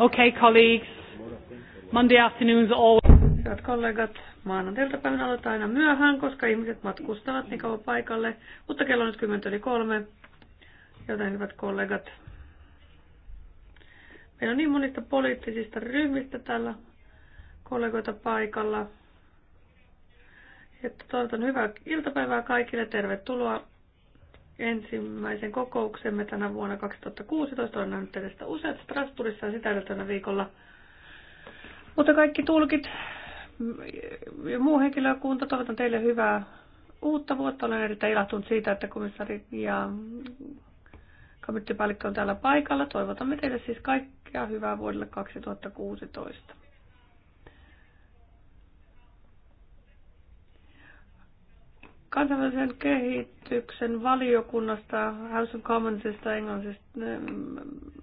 Okay, colleagues. Monday afternoons all. Hyvät kollegat, maanantailtapäivänä aloittaa aina myöhään, koska ihmiset matkustavat niin kauan paikalle, mutta kello on nyt 10 yli kolme, joten hyvät kollegat, meillä on niin monista poliittisista ryhmistä täällä kollegoita paikalla, että toivotan hyvää iltapäivää kaikille, tervetuloa ensimmäisen kokouksemme tänä vuonna 2016. Olen nähnyt teille sitä useat Strasbourgissa ja sitä edeltävällä viikolla. Mutta kaikki tulkit ja muu henkilökunta, toivotan teille hyvää uutta vuotta. Olen erittäin ilahtunut siitä, että komissari ja kabinettipäällikkö on täällä paikalla. Toivotamme teille siis kaikkea hyvää vuodelle 2016. kansainvälisen kehityksen valiokunnasta, House of Commonsista, Englannista, mm,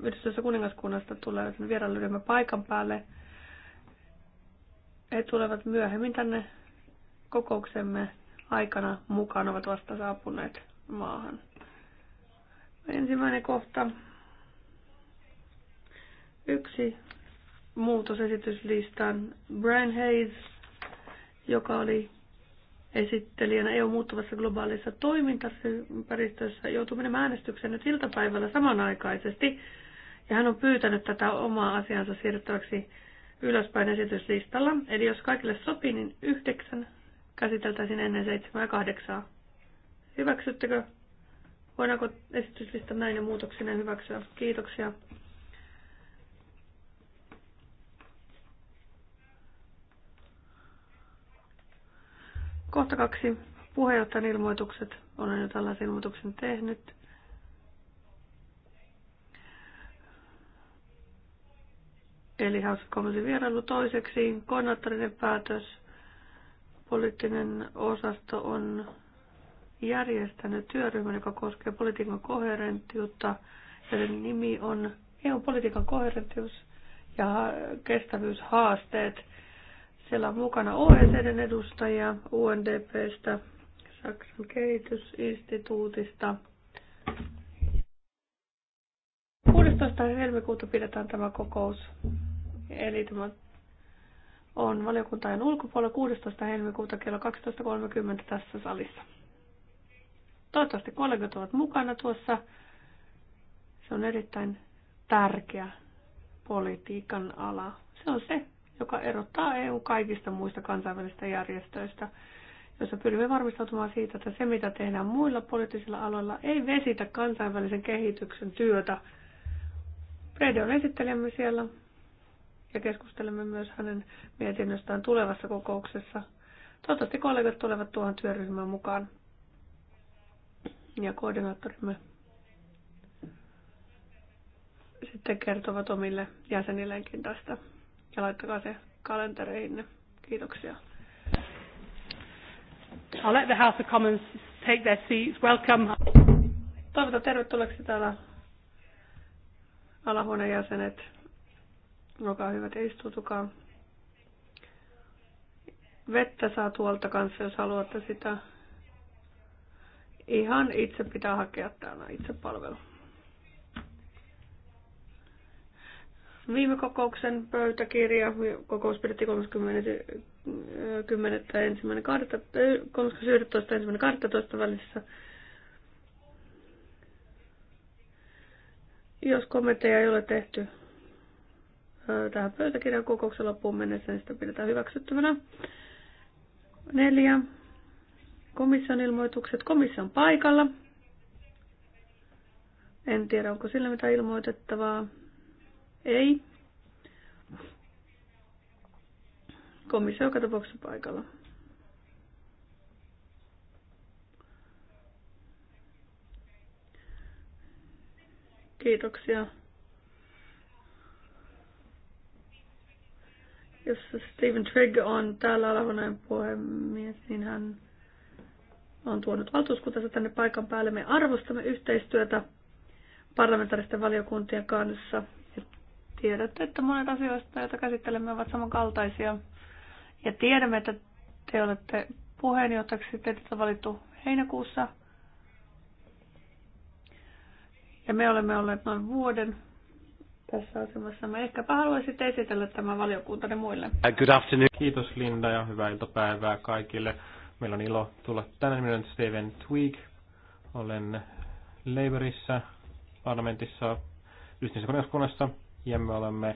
yhdistyössä kuningaskunnasta tulee sen vierailuryhmä paikan päälle. He tulevat myöhemmin tänne kokouksemme aikana mukaan, ovat vasta saapuneet maahan. Ensimmäinen kohta. Yksi muutosesityslistaan. Brian Hayes, joka oli esittelijänä EU muuttuvassa globaalissa toimintaympäristössä joutuu menemään äänestykseen nyt iltapäivällä samanaikaisesti. Ja hän on pyytänyt tätä omaa asiansa siirrettäväksi ylöspäin esityslistalla. Eli jos kaikille sopii, niin yhdeksän käsiteltäisiin ennen seitsemää ja kahdeksaa. Hyväksyttekö? Voidaanko esityslista näin ja muutoksineen hyväksyä? Kiitoksia. Kohta kaksi. Puheenjohtajan ilmoitukset. Olen jo tällaisen ilmoituksen tehnyt. Eli Hauskakomitin vierailu toiseksi. Koordinaattorinen päätös. Poliittinen osasto on järjestänyt työryhmän, joka koskee politiikan koherenttiutta. Ja sen nimi on EU-politiikan koherenttius ja kestävyyshaasteet – siellä on mukana OECDn edustajia UNDPstä, Saksan kehitysinstituutista. 16. helmikuuta pidetään tämä kokous. Eli tämä on valiokuntajan ulkopuolella 16. helmikuuta kello 12.30 tässä salissa. Toivottavasti kollegat ovat mukana tuossa. Se on erittäin tärkeä politiikan ala. Se on se, joka erottaa EUn kaikista muista kansainvälisistä järjestöistä, jossa pyrimme varmistautumaan siitä, että se mitä tehdään muilla poliittisilla aloilla ei vesitä kansainvälisen kehityksen työtä. Predeon esittelemme siellä ja keskustelemme myös hänen mietinnöstään tulevassa kokouksessa. Toivottavasti kollegat tulevat tuohon työryhmään mukaan ja koordinaattorimme sitten kertovat omille jäsenilleenkin tästä ja laittakaa se kalentereihin. Kiitoksia. I'll let the House of Commons take their seats. Welcome. Toivotan tervetulleeksi täällä alahuoneen jäsenet. Olkaa hyvät ja istutukaa. Vettä saa tuolta kanssa, jos haluatte sitä. Ihan itse pitää hakea täällä itse palvelu. Viime kokouksen pöytäkirja, kokous pidettiin 30.11.12. 30. välissä. Jos kommentteja ei ole tehty tähän pöytäkirjan kokouksen loppuun mennessä, niin sitä pidetään hyväksyttävänä. Neljä. Komission ilmoitukset. Komissio on paikalla. En tiedä, onko sillä mitä ilmoitettavaa. Ei. Komissio joka tapauksessa paikalla. Kiitoksia. Jos Steven Trigg on täällä alahuoneen puhemies, niin hän on tuonut valtuuskuntansa tänne paikan päälle. Me arvostamme yhteistyötä parlamentaaristen valiokuntien kanssa – Tiedätte, että monet asioista, joita käsittelemme, ovat samankaltaisia. Ja tiedämme, että te olette puheenjohtajaksi, teitä valittu heinäkuussa. Ja me olemme olleet noin vuoden tässä asemassa. Mä ehkäpä haluaisit esitellä tämän valiokuntanne muille. Good afternoon. Kiitos Linda ja hyvää iltapäivää kaikille. Meillä on ilo tulla tänne. Minä olen Steven Twig. Olen Labourissa, parlamentissa, yhdistyneissä ja me olemme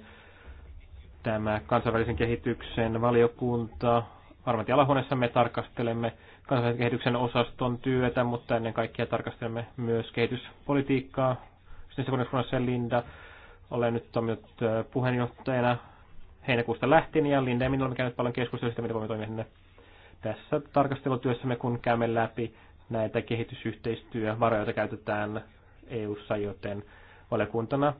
tämä kansainvälisen kehityksen valiokunta. Varmasti alahuoneessa me tarkastelemme kansainvälisen kehityksen osaston työtä, mutta ennen kaikkea tarkastelemme myös kehityspolitiikkaa. Sitten se Linda, olen nyt toiminut puheenjohtajana heinäkuusta lähtien ja Linda ja minulla on käynyt paljon keskustelua siitä, miten voimme toimia sinne tässä tarkastelutyössämme, kun käymme läpi näitä kehitysyhteistyövaroja, joita käytetään EU-ssa, joten valiokuntana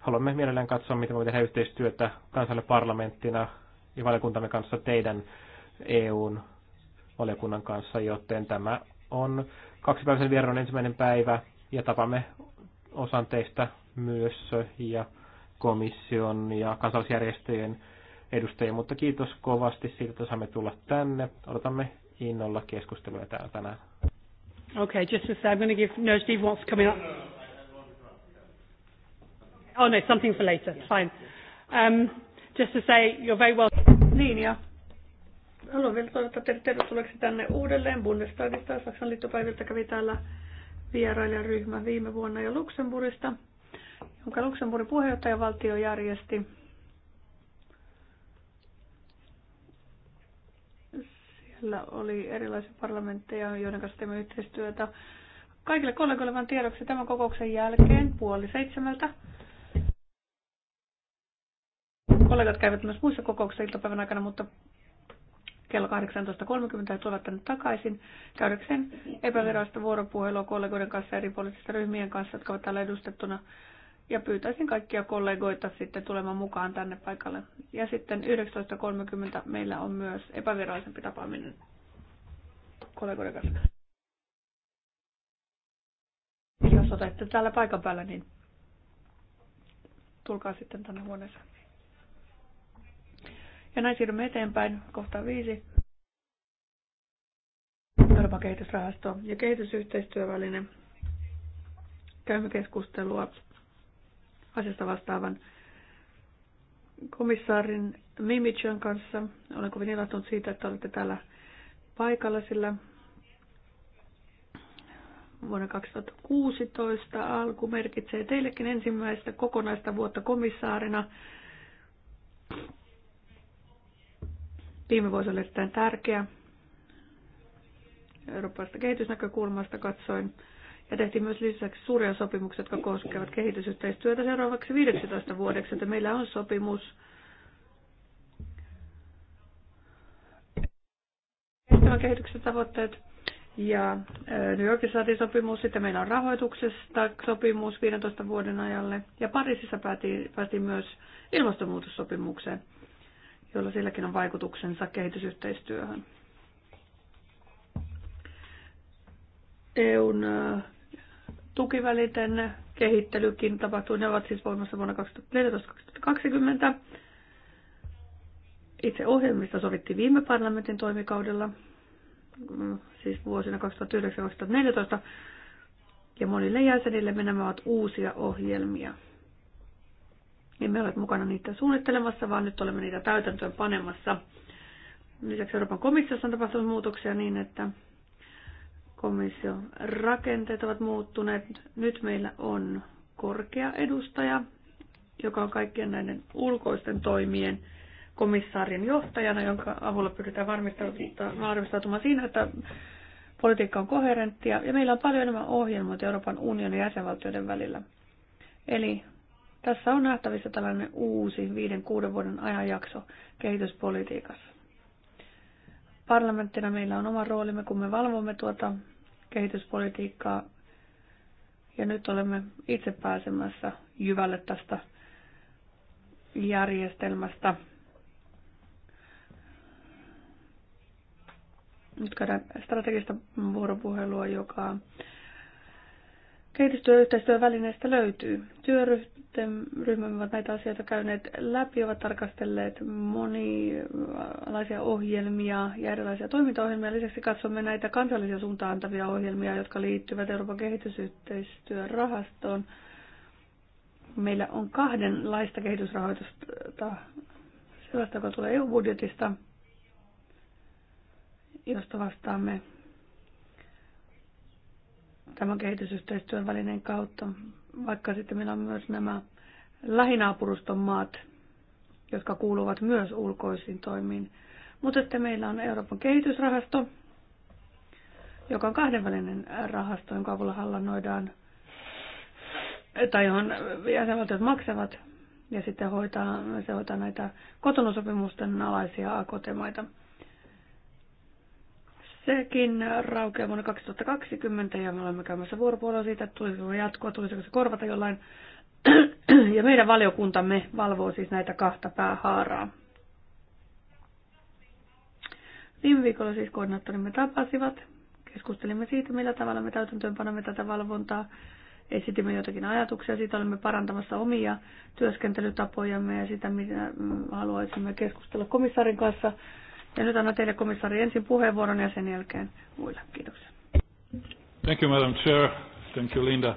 haluamme mielellään katsoa, miten voimme tehdä yhteistyötä kansalle parlamenttina ja valiokuntamme kanssa teidän EUn valiokunnan kanssa, joten tämä on kaksipäiväisen vieron ensimmäinen päivä ja tapamme osan teistä myös ja komission ja kansallisjärjestöjen edustajia, mutta kiitos kovasti siitä, että saamme tulla tänne. Odotamme innolla keskustelua täällä tänään. Okay, just to say, I'm going to give... No, Steve wants coming up. Oh no, something for later. Yeah. Fine. Um, just to say, you're very welcome. Niin ja haluan vielä toivottaa teille tervetulleeksi tänne uudelleen Bundestagista. Saksan liittopäiviltä kävi täällä vierailijaryhmä viime vuonna ja Luxemburgista, jonka Luxemburgin puheenjohtajavaltio järjesti. Siellä oli erilaisia parlamentteja, joiden kanssa teemme yhteistyötä. Kaikille kollegoille vain tiedoksi tämän kokouksen jälkeen puoli seitsemältä Kollegat käyvät myös muissa kokouksissa iltapäivän aikana, mutta kello 18.30 he tulevat tänne takaisin käydäkseen epävirallista vuoropuhelua kollegoiden kanssa eri poliittisten ryhmien kanssa, jotka ovat täällä edustettuna. Ja pyytäisin kaikkia kollegoita sitten tulemaan mukaan tänne paikalle. Ja sitten 19.30 meillä on myös epävirallisempi tapaaminen kollegoiden kanssa. jos olette täällä paikan päällä, niin tulkaa sitten tänne huoneeseen. Ja näin siirrymme eteenpäin kohta viisi. Euroopan kehitysrahasto ja kehitysyhteistyöväline. Käymme keskustelua asiasta vastaavan komissaarin Mimichan kanssa. Olen kovin ilahtunut siitä, että olette täällä paikalla, sillä vuonna 2016 alku merkitsee teillekin ensimmäistä kokonaista vuotta komissaarina – Viime vuosi oli erittäin tärkeä eurooppalaisesta kehitysnäkökulmasta katsoin. Ja tehtiin myös lisäksi suuria sopimuksia, jotka koskevat kehitysyhteistyötä seuraavaksi 15 vuodeksi, että meillä on sopimus kestävän kehityksen tavoitteet ja New Yorkissa saatiin sopimus, sitten meillä on rahoituksesta sopimus 15 vuoden ajalle ja Pariisissa päätiin, päästiin myös ilmastonmuutossopimukseen joilla silläkin on vaikutuksensa kehitysyhteistyöhön. EUn tukiväliten kehittelykin tapahtui. Ne ovat siis voimassa vuonna 2014-2020. Itse ohjelmista sovittiin viime parlamentin toimikaudella, siis vuosina 2009-2014, ja monille jäsenille nämä ovat uusia ohjelmia – emme niin ole mukana niitä suunnittelemassa, vaan nyt olemme niitä täytäntöön panemassa. Lisäksi Euroopan komissiossa on tapahtunut muutoksia niin, että komission rakenteet ovat muuttuneet. Nyt meillä on korkea edustaja, joka on kaikkien näiden ulkoisten toimien komissaarien johtajana, jonka avulla pyritään varmistautumaan siinä, että politiikka on koherenttia. Ja meillä on paljon enemmän ohjelmoita Euroopan unionin jäsenvaltioiden välillä. Eli tässä on nähtävissä tällainen uusi viiden kuuden vuoden ajanjakso kehityspolitiikassa. Parlamenttina meillä on oma roolimme, kun me valvomme tuota kehityspolitiikkaa. Ja nyt olemme itse pääsemässä jyvälle tästä järjestelmästä. Nyt käydään strategista vuoropuhelua, joka Kehitystyöyhteistyövälineistä löytyy. Työryhmämme ovat näitä asioita käyneet läpi, ovat tarkastelleet monialaisia ohjelmia ja erilaisia toimintaohjelmia. Lisäksi katsomme näitä kansallisia suuntaan antavia ohjelmia, jotka liittyvät Euroopan kehitysyhteistyörahastoon. Meillä on kahdenlaista kehitysrahoitusta, sellaista, joka tulee EU-budjetista, josta vastaamme tämän kehitysyhteistyön välinen kautta, vaikka sitten meillä on myös nämä lähinaapuruston maat, jotka kuuluvat myös ulkoisiin toimiin. Mutta sitten meillä on Euroopan kehitysrahasto, joka on kahdenvälinen rahasto, jonka avulla hallannoidaan tai johon jäsenvaltiot maksavat ja sitten hoitaa, se hoitaa näitä kotonusopimusten alaisia AKT-maita. Sekin raukeaa vuonna 2020 ja me olemme käymässä vuoropuolella siitä, että tulisiko jatkoa, tulisiko se korvata jollain. ja meidän valiokuntamme valvoo siis näitä kahta päähaaraa. Viime viikolla siis koordinaattorimme tapasivat. Keskustelimme siitä, millä tavalla me täytäntöönpanemme tätä valvontaa. Esitimme jotakin ajatuksia, siitä olemme parantamassa omia työskentelytapojamme ja sitä, mitä mm, haluaisimme keskustella komissaarin kanssa ja nyt annan teille komissaari ensin puheenvuoron ja sen jälkeen muille. Kiitoksia. Thank you, Madam Chair. Thank you, Linda.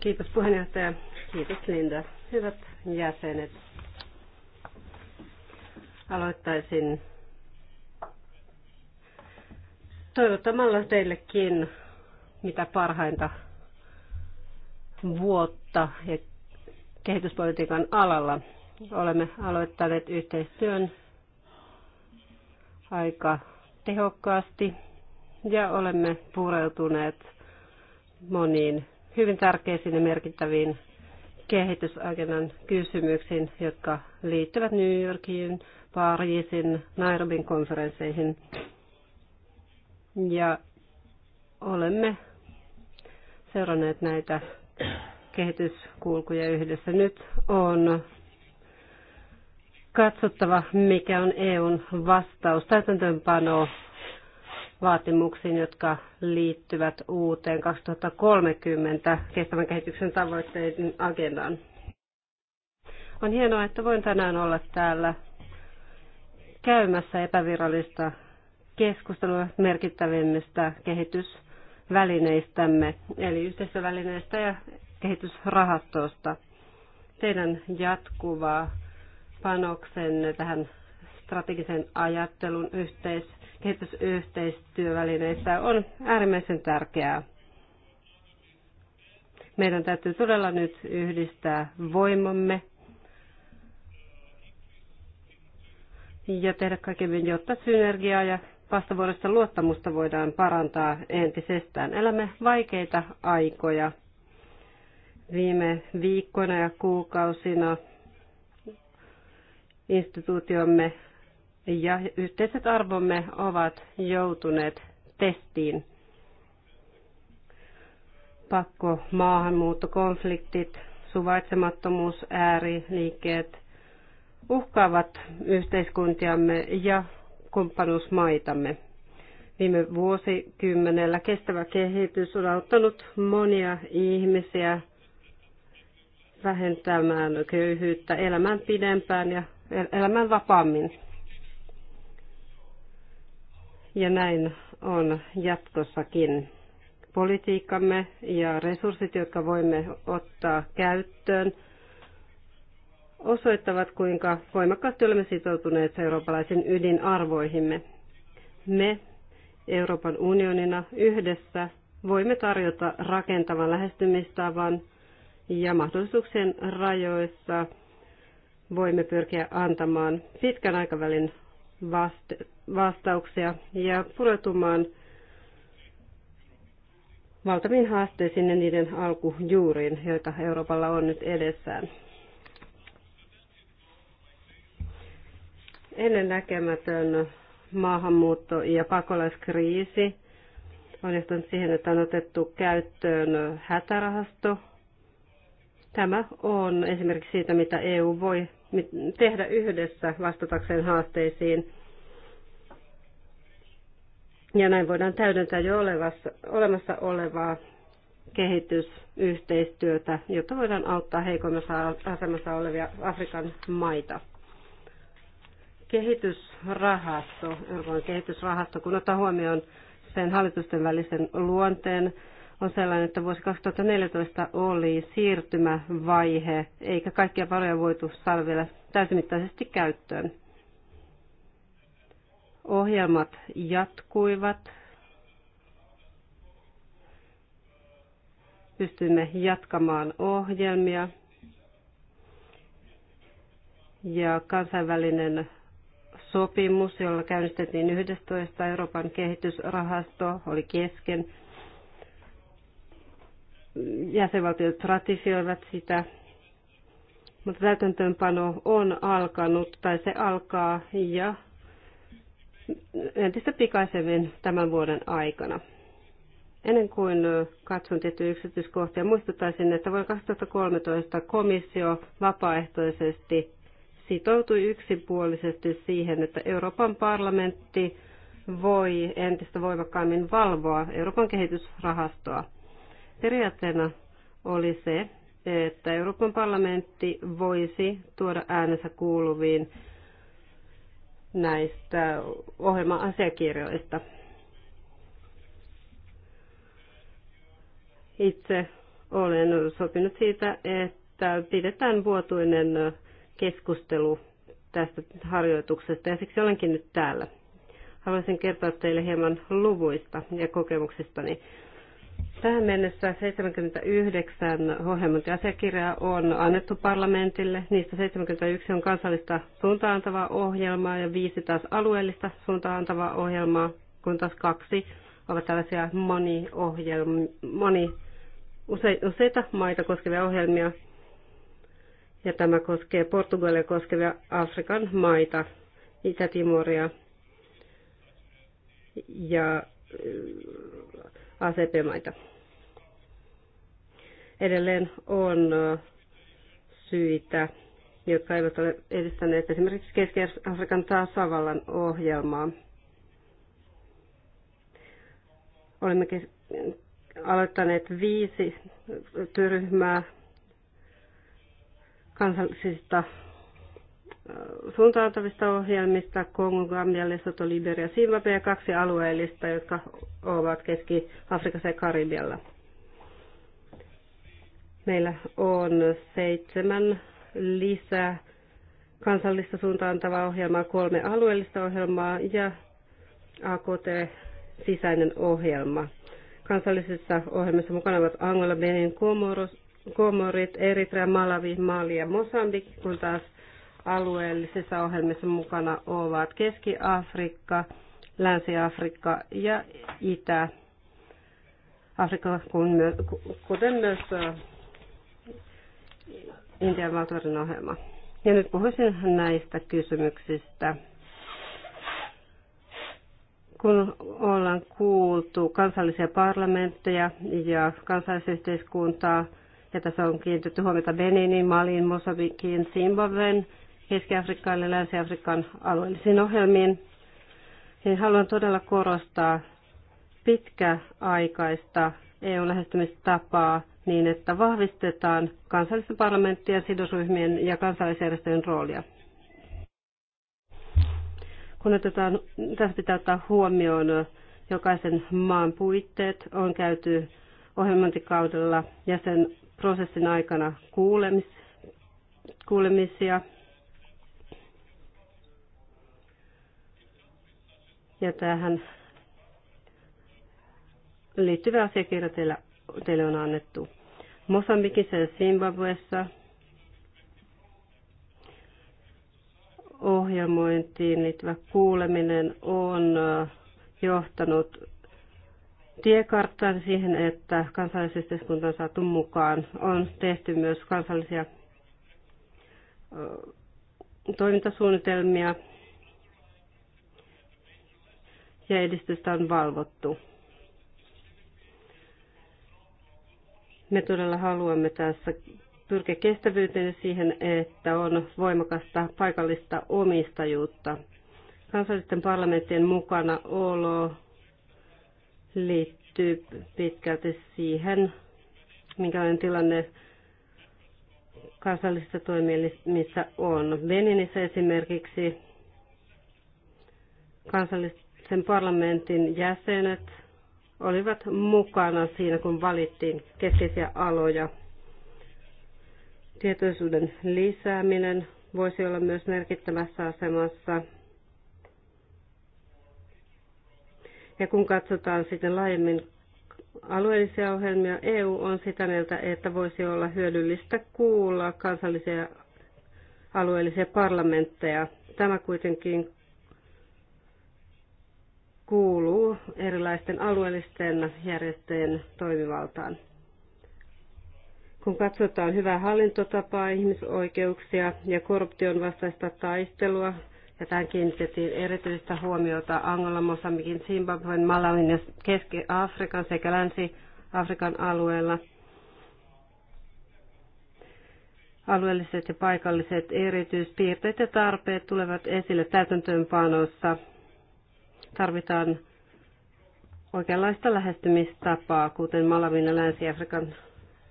Kiitos puheenjohtaja. Kiitos Linda. Hyvät jäsenet. Aloittaisin toivottamalla teillekin mitä parhainta vuotta ja kehityspolitiikan alalla. Olemme aloittaneet yhteistyön aika tehokkaasti ja olemme pureutuneet moniin hyvin tärkeisiin ja merkittäviin kehitysagendan kysymyksiin, jotka liittyvät New Yorkiin, Pariisin, Nairobin konferensseihin. Ja olemme seuranneet näitä kehityskulkuja yhdessä. Nyt on katsottava, mikä on EUn vastaus täytäntöönpanoon vaatimuksiin, jotka liittyvät uuteen 2030 kestävän kehityksen tavoitteiden agendaan. On hienoa, että voin tänään olla täällä käymässä epävirallista keskustelua merkittävimmistä kehitysvälineistämme, eli yhteisövälineistä ja kehitysrahastosta. Teidän jatkuvaa panoksen tähän strategisen ajattelun yhteis, kehitysyhteistyövälineistä on äärimmäisen tärkeää. Meidän täytyy todella nyt yhdistää voimamme ja tehdä kaiken, jotta synergiaa ja vastavuoroista luottamusta voidaan parantaa entisestään. Elämme vaikeita aikoja. Viime viikkoina ja kuukausina instituutiomme ja yhteiset arvomme ovat joutuneet testiin. Pakko, maahanmuutto, konfliktit, suvaitsemattomuus, ääriliikkeet uhkaavat yhteiskuntiamme ja kumppanuusmaitamme. Viime vuosikymmenellä kestävä kehitys on auttanut monia ihmisiä vähentämään köyhyyttä, elämän pidempään ja elämään vapaammin. Ja näin on jatkossakin. Politiikkamme ja resurssit, jotka voimme ottaa käyttöön, osoittavat, kuinka voimakkaasti olemme sitoutuneet eurooppalaisiin ydinarvoihimme. Me Euroopan unionina yhdessä voimme tarjota rakentavan lähestymistavan ja mahdollisuuksien rajoissa voimme pyrkiä antamaan pitkän aikavälin vastauksia ja pureutumaan valtaviin haasteisiin ja niiden alkujuuriin, joita Euroopalla on nyt edessään. Ennen näkemätön maahanmuutto- ja pakolaiskriisi on johtanut siihen, että on otettu käyttöön hätärahasto Tämä on esimerkiksi siitä, mitä EU voi tehdä yhdessä vastatakseen haasteisiin. Ja näin voidaan täydentää jo olevassa, olemassa olevaa kehitysyhteistyötä, jotta voidaan auttaa heikoimmassa asemassa olevia Afrikan maita. Kehitysrahasto, Euroopan kehitysrahasto, kun ottaa huomioon sen hallitusten välisen luonteen, on sellainen, että vuosi 2014 oli siirtymävaihe, eikä kaikkia varoja voitu saada vielä täysimittaisesti käyttöön. Ohjelmat jatkuivat. Pystymme jatkamaan ohjelmia. Ja kansainvälinen sopimus, jolla käynnistettiin 11 Euroopan kehitysrahasto, oli kesken jäsenvaltiot ratifioivat sitä, mutta täytäntöönpano on alkanut tai se alkaa ja entistä pikaisemmin tämän vuoden aikana. Ennen kuin katson tiettyjä yksityiskohtia, muistuttaisin, että vuonna 2013 komissio vapaaehtoisesti sitoutui yksipuolisesti siihen, että Euroopan parlamentti voi entistä voimakkaammin valvoa Euroopan kehitysrahastoa – Periaatteena oli se, että Euroopan parlamentti voisi tuoda äänensä kuuluviin näistä ohjelma-asiakirjoista. Itse olen sopinut siitä, että pidetään vuotuinen keskustelu tästä harjoituksesta ja siksi olenkin nyt täällä. Haluaisin kertoa teille hieman luvuista ja kokemuksistani. Tähän mennessä 79 ohjelmointiasiakirjaa on annettu parlamentille. Niistä 71 on kansallista suuntaantavaa ohjelmaa ja viisi taas alueellista suuntaantavaa ohjelmaa, kun taas kaksi ovat tällaisia moni, moni use, useita maita koskevia ohjelmia. Ja tämä koskee Portugalia koskevia Afrikan maita, Itä-Timoria ja ACP-maita. Edelleen on syitä, jotka eivät ole edistäneet esimerkiksi Keski-Afrikan tasavallan ohjelmaa. Olemme aloittaneet viisi työryhmää kansallisista suuntautuvista ohjelmista, Kongo, Gambia, Lesotho, Liberia, Zimbabwe ja kaksi alueellista, jotka ovat Keski-Afrikassa ja Karibialla. Meillä on seitsemän lisää kansallista suuntaantavaa ohjelmaa, kolme alueellista ohjelmaa ja AKT-sisäinen ohjelma. Kansallisissa ohjelmissa mukana ovat Angola, Benin, Komorit, Eritrea, Malawi, Mali ja Mosambik, kun taas alueellisissa ohjelmissa mukana ovat Keski-Afrikka, Länsi-Afrikka ja Itä. Afrikka, kuten myös Intian valtuuden ohjelma. Ja nyt puhuisin näistä kysymyksistä. Kun ollaan kuultu kansallisia parlamentteja ja kansallisyhteiskuntaa, ja tässä on kiinnitetty huomiota Beninin, Malin, Mosavikin, Zimbabwen Keski-Afrikkaan ja Länsi-Afrikan alueellisiin ohjelmiin, niin haluan todella korostaa pitkäaikaista EU-lähestymistapaa niin, että vahvistetaan kansallisten parlamenttien, sidosryhmien ja kansallisjärjestöjen roolia. Kun otetaan, tässä pitää ottaa huomioon jokaisen maan puitteet, on käyty ohjelmointikaudella ja sen prosessin aikana kuulemis, kuulemisia Ja tähän liittyvä asiakirja teille, teille on annettu. Mosambikissa ja Zimbabwessa ohjelmointiin liittyvä kuuleminen on äh, johtanut tiekarttaan siihen, että kansallisyhteiskunta on saatu mukaan. On tehty myös kansallisia äh, toimintasuunnitelmia ja edistystä on valvottu. Me todella haluamme tässä pyrkiä kestävyyteen siihen, että on voimakasta paikallista omistajuutta. Kansallisten parlamenttien mukana olo liittyy pitkälti siihen, minkälainen tilanne kansallisissa toimielimissä on. Veninissä esimerkiksi kansalliset sen parlamentin jäsenet olivat mukana siinä, kun valittiin keskeisiä aloja. Tietoisuuden lisääminen voisi olla myös merkittävässä asemassa. Ja kun katsotaan sitten laajemmin alueellisia ohjelmia, EU on sitä mieltä, että voisi olla hyödyllistä kuulla kansallisia alueellisia parlamentteja. Tämä kuitenkin kuuluu erilaisten alueellisten järjestöjen toimivaltaan. Kun katsotaan hyvää hallintotapaa, ihmisoikeuksia ja korruption vastaista taistelua, ja tähän kiinnitettiin erityistä huomiota Angola, Mosambikin, Zimbabwen, Malawin ja Keski-Afrikan sekä Länsi-Afrikan alueella. Alueelliset ja paikalliset erityispiirteet ja tarpeet tulevat esille täytäntöönpanossa tarvitaan oikeanlaista lähestymistapaa, kuten Malavin ja Länsi-Afrikan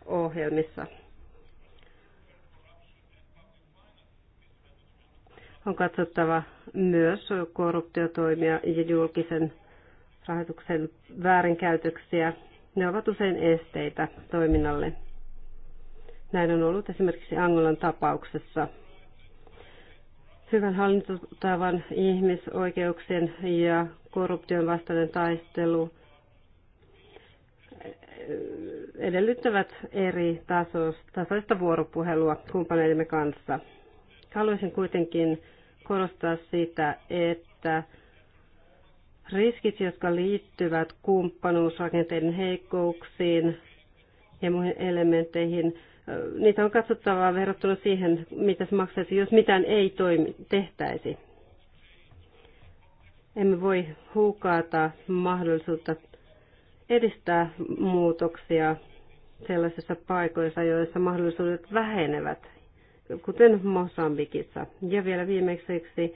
ohjelmissa. On katsottava myös korruptiotoimia ja julkisen rahoituksen väärinkäytöksiä. Ne ovat usein esteitä toiminnalle. Näin on ollut esimerkiksi Angolan tapauksessa hyvän hallintotavan ihmisoikeuksien ja korruption vastainen taistelu edellyttävät eri tasoista vuoropuhelua kumppaneidemme kanssa. Haluaisin kuitenkin korostaa sitä, että riskit, jotka liittyvät kumppanuusrakenteiden heikkouksiin ja muihin elementteihin, niitä on katsottavaa verrattuna siihen, mitä se maksaisi, jos mitään ei toimi, tehtäisi. Emme voi huukaata mahdollisuutta edistää muutoksia sellaisissa paikoissa, joissa mahdollisuudet vähenevät, kuten Mosambikissa. Ja vielä viimeiseksi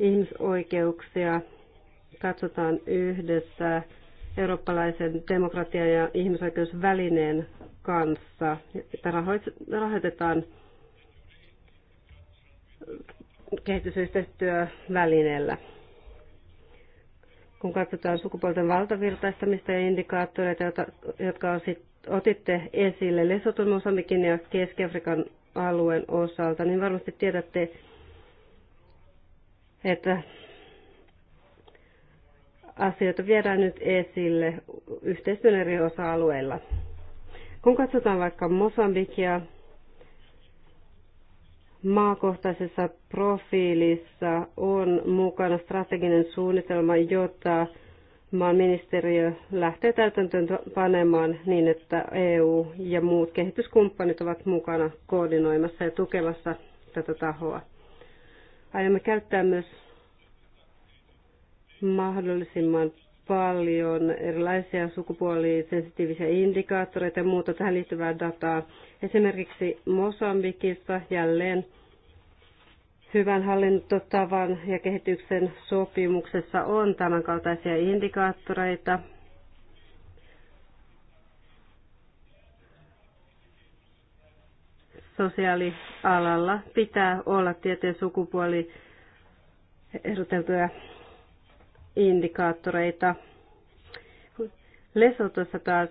ihmisoikeuksia katsotaan yhdessä eurooppalaisen demokratia- ja ihmisoikeusvälineen kanssa. Että rahoitetaan kehitysyhteistyövälineellä. Kun katsotaan sukupuolten valtavirtaistamista ja indikaattoreita, jotka otitte esille Lesotun, Mosambikin ja Keski-Afrikan alueen osalta, niin varmasti tiedätte, että asioita viedään nyt esille yhteistyön eri osa-alueilla. Kun katsotaan vaikka Mosambikia, maakohtaisessa profiilissa on mukana strateginen suunnitelma, jota maan ministeriö lähtee täytäntöön panemaan niin, että EU ja muut kehityskumppanit ovat mukana koordinoimassa ja tukemassa tätä tahoa. Aiomme käyttää myös mahdollisimman paljon erilaisia sukupuolisensitiivisiä indikaattoreita ja muuta tähän liittyvää dataa. Esimerkiksi Mosambikissa jälleen hyvän hallintotavan ja kehityksen sopimuksessa on tämänkaltaisia indikaattoreita. Sosiaalialalla pitää olla tieteen sukupuoli eroteltuja indikaattoreita. Lesotossa taas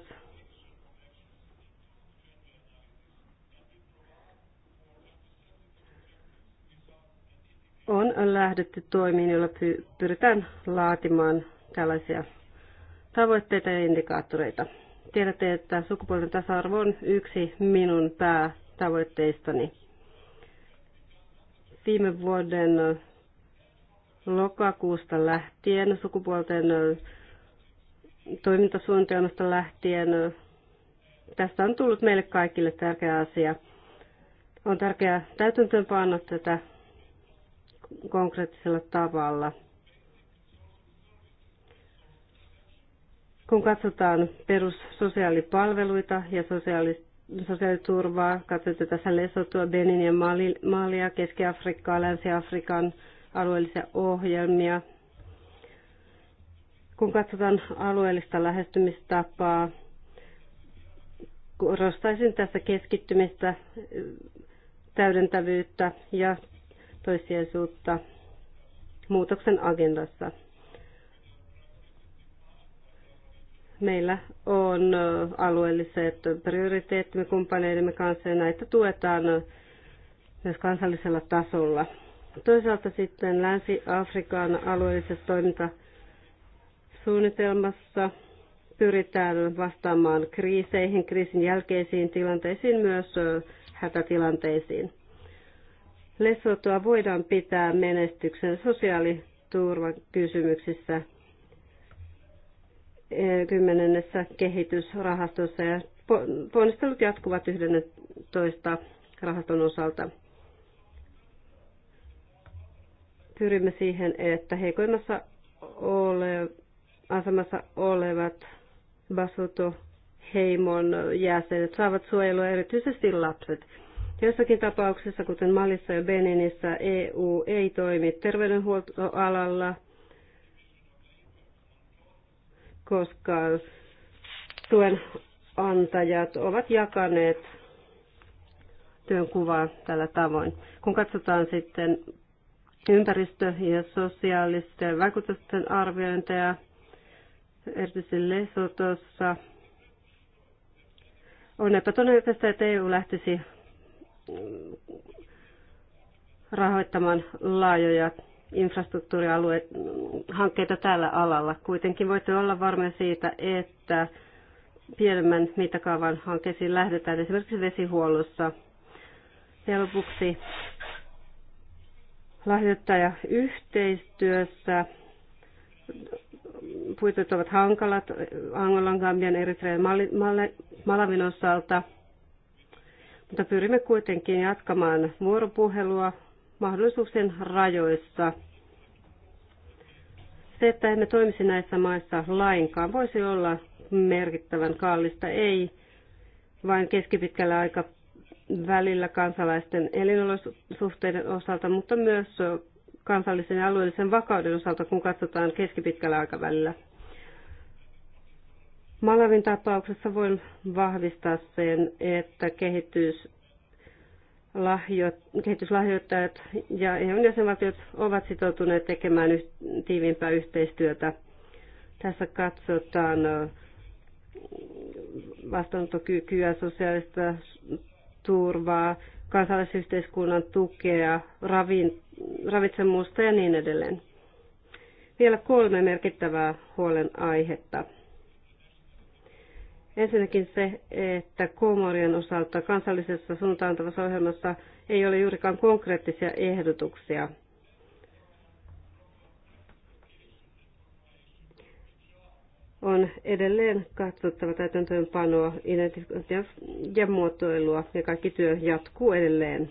on lähdetty toimiin, joilla pyritään laatimaan tällaisia tavoitteita ja indikaattoreita. Tiedätte, että sukupuolten tasa-arvo on yksi minun päätavoitteistani. Viime vuoden lokakuusta lähtien, sukupuolten toimintasuunnitelmasta lähtien. Tästä on tullut meille kaikille tärkeä asia. On tärkeää täytäntöönpanna tätä konkreettisella tavalla. Kun katsotaan perussosiaalipalveluita ja sosiaalista sosiaaliturvaa, katsotaan tässä Lesotua, Benin ja Malia, Keski-Afrikkaa, Länsi-Afrikan alueellisia ohjelmia. Kun katsotaan alueellista lähestymistapaa, korostaisin tässä keskittymistä, täydentävyyttä ja toissijaisuutta muutoksen agendassa. Meillä on alueelliset prioriteettimme kumppaneidemme kanssa ja näitä tuetaan myös kansallisella tasolla. Toisaalta sitten Länsi-Afrikan alueellisessa toimintasuunnitelmassa pyritään vastaamaan kriiseihin, kriisin jälkeisiin tilanteisiin, myös hätätilanteisiin. Lesotoa voidaan pitää menestyksen sosiaaliturvakysymyksissä kymmenennessä kehitysrahastossa ja ponnistelut jatkuvat 11 rahaston osalta. pyrimme siihen, että heikoimmassa ole, asemassa olevat basuto heimon jäsenet saavat suojelua erityisesti lapset. Joissakin tapauksissa, kuten Malissa ja Beninissä, EU ei toimi terveydenhuoltoalalla, koska tuen antajat ovat jakaneet työnkuvaa tällä tavoin. Kun katsotaan sitten ympäristö- ja sosiaalisten vaikutusten arviointeja, erityisesti Lesotossa. On epätodennäköistä, että EU lähtisi mm, rahoittamaan laajoja infrastruktuurihankkeita tällä alalla. Kuitenkin voitte olla varmoja siitä, että pienemmän mittakaavan hankkeisiin lähdetään esimerkiksi vesihuollossa. Ja lopuksi yhteistyössä. puitteet ovat hankalat Angolan, Gambian, Eritrean ja Malavin osalta, mutta pyrimme kuitenkin jatkamaan vuoropuhelua mahdollisuuksien rajoissa. Se, että emme toimisi näissä maissa lainkaan, voisi olla merkittävän kallista, ei vain keskipitkällä aika välillä kansalaisten elinolosuhteiden osalta, mutta myös kansallisen ja alueellisen vakauden osalta, kun katsotaan keskipitkällä aikavälillä. Malavin tapauksessa voin vahvistaa sen, että kehitys kehityslahjoittajat ja EUn jäsenvaltiot ovat sitoutuneet tekemään tiiviimpää yhteistyötä. Tässä katsotaan vastaanottokykyä, sosiaalista turvaa, kansalaisyhteiskunnan tukea, ravin, ravitsemusta ja niin edelleen. Vielä kolme merkittävää huolenaihetta. Ensinnäkin se, että Komorien osalta kansallisessa suuntaantavassa ohjelmassa ei ole juurikaan konkreettisia ehdotuksia – on edelleen katsottava täytäntöönpanoa, identifiointia ja muotoilua, ja kaikki työ jatkuu edelleen.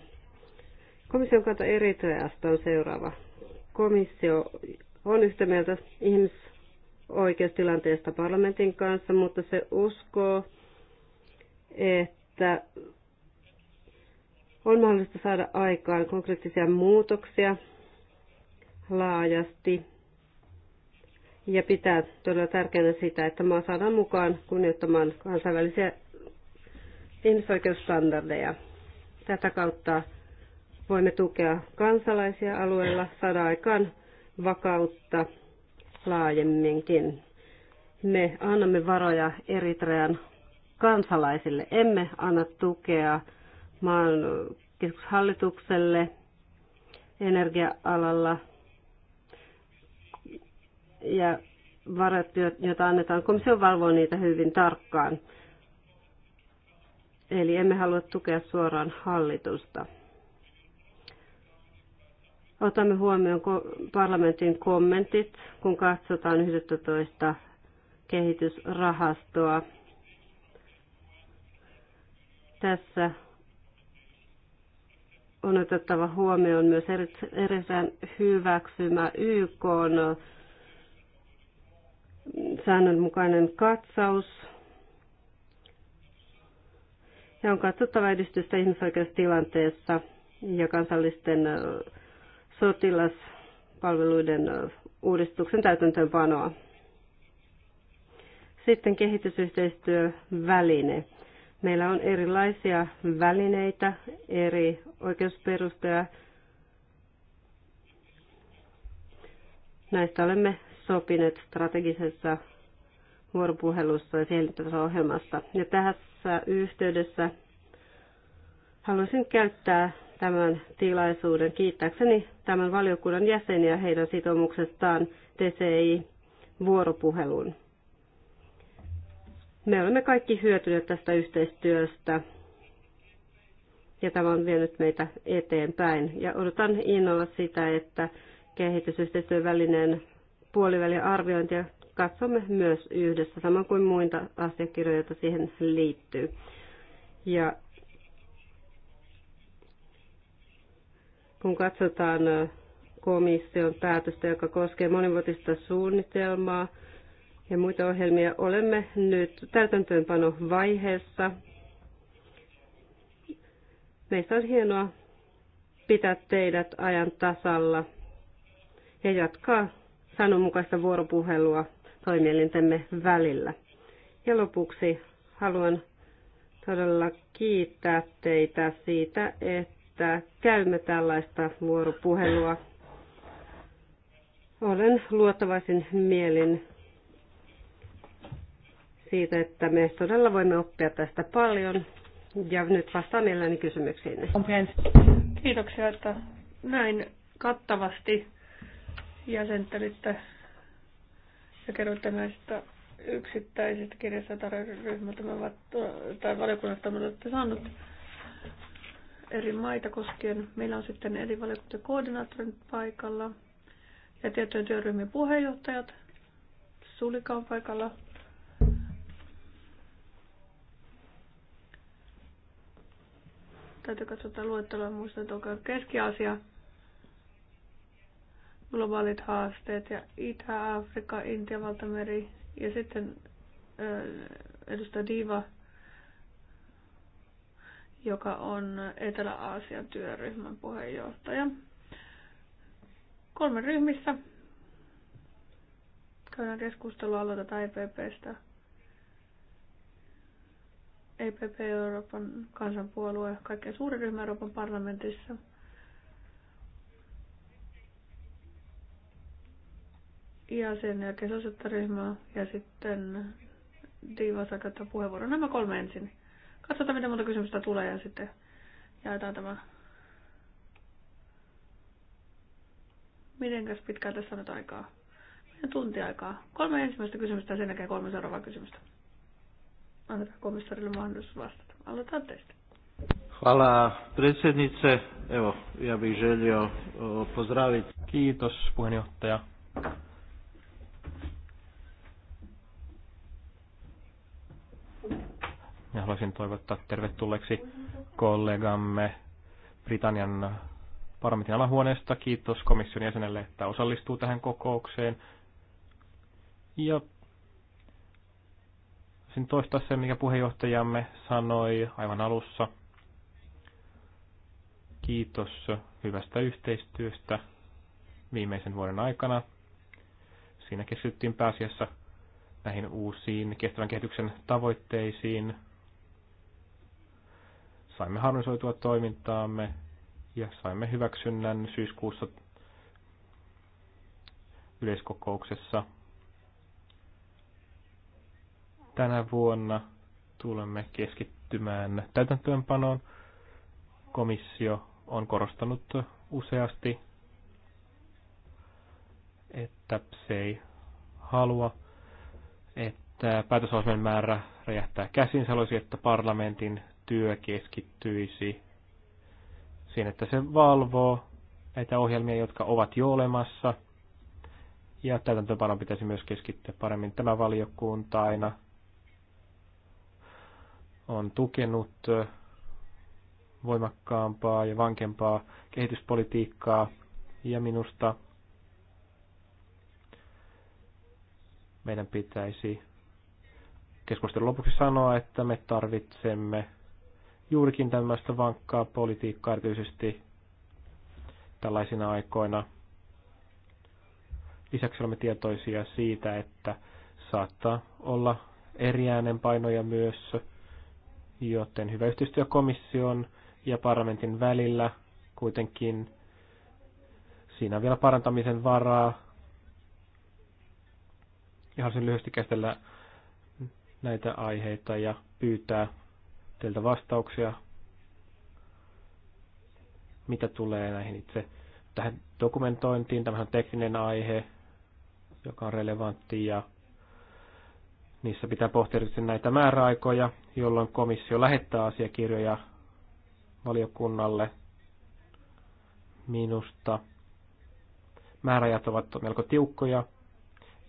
Komission kanta Eritreasta on seuraava. Komissio on yhtä mieltä ihmisoikeustilanteesta parlamentin kanssa, mutta se uskoo, että on mahdollista saada aikaan konkreettisia muutoksia laajasti ja pitää todella tärkeänä sitä, että maa saadaan mukaan kunnioittamaan kansainvälisiä ihmisoikeusstandardeja. Tätä kautta voimme tukea kansalaisia alueella, saada aikaan vakautta laajemminkin. Me annamme varoja Eritrean kansalaisille. Emme anna tukea maan keskushallitukselle energia-alalla ja varat, joita annetaan, komissio valvoo niitä hyvin tarkkaan. Eli emme halua tukea suoraan hallitusta. Otamme huomioon parlamentin kommentit, kun katsotaan 11 kehitysrahastoa. Tässä on otettava huomioon myös erittäin hyväksymä YK säännönmukainen katsaus. Ja on katsottava edistystä ihmisoikeustilanteessa ja kansallisten sotilaspalveluiden uudistuksen täytäntöönpanoa. Sitten kehitysyhteistyöväline. Meillä on erilaisia välineitä, eri oikeusperusteja Näistä olemme sopineet strategisessa vuoropuhelussa ja siellä ohjelmassa. Ja tässä yhteydessä haluaisin käyttää tämän tilaisuuden kiittääkseni tämän valiokunnan jäseniä heidän sitoumuksestaan TCI-vuoropuheluun. Me olemme kaikki hyötyneet tästä yhteistyöstä ja tämä on vienyt meitä eteenpäin. Ja odotan innolla sitä, että kehitysyhteistyövälineen puoliväliarviointia katsomme myös yhdessä, samoin kuin muita asiakirjoja, joita siihen liittyy. Ja kun katsotaan komission päätöstä, joka koskee monivuotista suunnitelmaa ja muita ohjelmia, olemme nyt vaiheessa. Meistä on hienoa pitää teidät ajan tasalla ja jatkaa sanonmukaista vuoropuhelua toimielintemme välillä. Ja lopuksi haluan todella kiittää teitä siitä, että käymme tällaista vuoropuhelua. Olen luottavaisin mielin siitä, että me todella voimme oppia tästä paljon. Ja nyt vastaan mielelläni kysymyksiin. Kiitoksia, että näin kattavasti jäsentelitte ja kerroitte näistä yksittäisistä kirjasta tarjoryhmältä tai valiokunnasta me olette saaneet eri maita koskien. Meillä on sitten eri valiokunnan koordinaattorit paikalla ja tietojen työryhmien puheenjohtajat. Sulika on paikalla. Täytyy katsoa luettelua, muistan, että onko keski globaalit haasteet ja Itä-Afrikka, Intia, Valtameri ja sitten edustaja Diva, joka on Etelä-Aasian työryhmän puheenjohtaja. Kolme ryhmissä. Käydään keskustelua, aloitetaan EPPstä. EPP Euroopan kansanpuolue, kaikkein suurin ryhmä Euroopan parlamentissa – ja sen jälkeen sosiaaliryhmää ja sitten Diva saa käyttää puheenvuoron. Nämä kolme ensin. Katsotaan, mitä monta kysymystä tulee ja sitten jaetaan tämä. Mitenkäs pitkään tässä on nyt aikaa? Miten tunti aikaa. Kolme ensimmäistä kysymystä ja sen jälkeen kolme seuraavaa kysymystä. Annetaan komissarille mahdollisuus vastata. Aloitetaan teistä. Hvala predsjednice. Evo, ja bih želio pozdraviti. Kiitos puheenjohtaja. haluaisin toivottaa tervetulleeksi kollegamme Britannian parlamentin alahuoneesta. Kiitos komission jäsenelle, että osallistuu tähän kokoukseen. Ja sin toistaa sen, mikä puheenjohtajamme sanoi aivan alussa. Kiitos hyvästä yhteistyöstä viimeisen vuoden aikana. Siinä keskityttiin pääasiassa näihin uusiin kestävän kehityksen tavoitteisiin – saimme harmonisoitua toimintaamme ja saimme hyväksynnän syyskuussa yleiskokouksessa. Tänä vuonna tulemme keskittymään täytäntöönpanoon. Komissio on korostanut useasti, että se ei halua, että päätösohjelman määrä räjähtää käsin. Se haluaisi, että parlamentin työ keskittyisi siihen, että se valvoo näitä ohjelmia, jotka ovat jo olemassa. Ja täytäntöönpanon pitäisi myös keskittyä paremmin. Tämä valiokunta aina on tukenut voimakkaampaa ja vankempaa kehityspolitiikkaa. Ja minusta meidän pitäisi keskustelun lopuksi sanoa, että me tarvitsemme juurikin tämmöistä vankkaa politiikkaa erityisesti tällaisina aikoina. Lisäksi olemme tietoisia siitä, että saattaa olla eri äänenpainoja myös, joten hyvä yhteistyö komission ja parlamentin välillä kuitenkin siinä on vielä parantamisen varaa. Ja sen lyhyesti käsitellä näitä aiheita ja pyytää teiltä vastauksia, mitä tulee näihin itse tähän dokumentointiin. Tämä on tekninen aihe, joka on relevantti ja niissä pitää pohtia näitä määräaikoja, jolloin komissio lähettää asiakirjoja valiokunnalle minusta. Määräajat ovat melko tiukkoja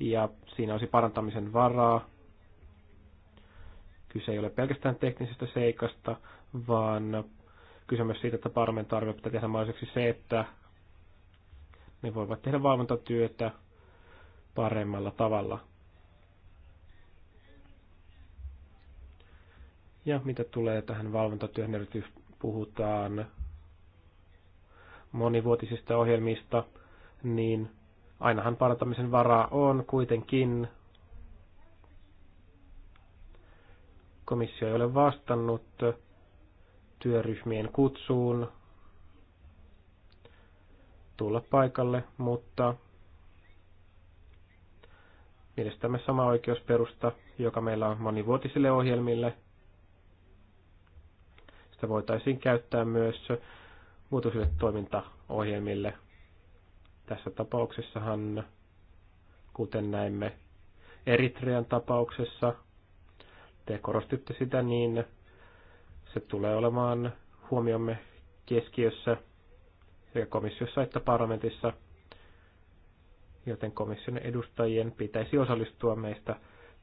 ja siinä olisi parantamisen varaa. Kyse ei ole pelkästään teknisestä seikasta, vaan kyse myös siitä, että parlamentaarilla pitää tehdä mahdolliseksi se, että ne voivat tehdä valvontatyötä paremmalla tavalla. Ja mitä tulee tähän valvontatyöhön, niin erityisesti puhutaan monivuotisista ohjelmista, niin ainahan parantamisen varaa on kuitenkin. Komissio ei ole vastannut työryhmien kutsuun tulla paikalle, mutta mielestämme sama oikeusperusta, joka meillä on monivuotisille ohjelmille. Sitä voitaisiin käyttää myös vuotuisille toimintaohjelmille. Tässä tapauksessahan, kuten näimme Eritrean tapauksessa, te korostitte sitä, niin se tulee olemaan huomiomme keskiössä sekä komissiossa että parlamentissa, joten komission edustajien pitäisi osallistua meistä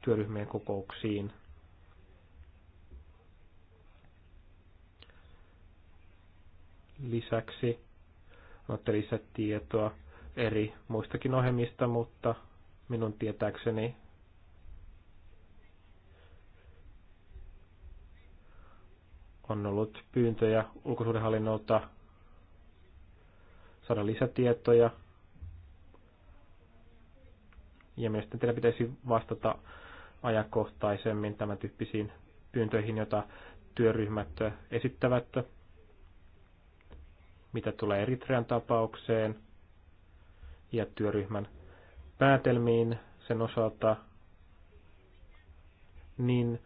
työryhmien kokouksiin. Lisäksi otte lisätietoa eri muistakin ohjelmista, mutta minun tietääkseni on ollut pyyntöjä ulkosuhdehallinnolta saada lisätietoja. Ja mielestäni teillä pitäisi vastata ajankohtaisemmin tämän tyyppisiin pyyntöihin, joita työryhmät esittävät. Mitä tulee Eritrean tapaukseen ja työryhmän päätelmiin sen osalta, niin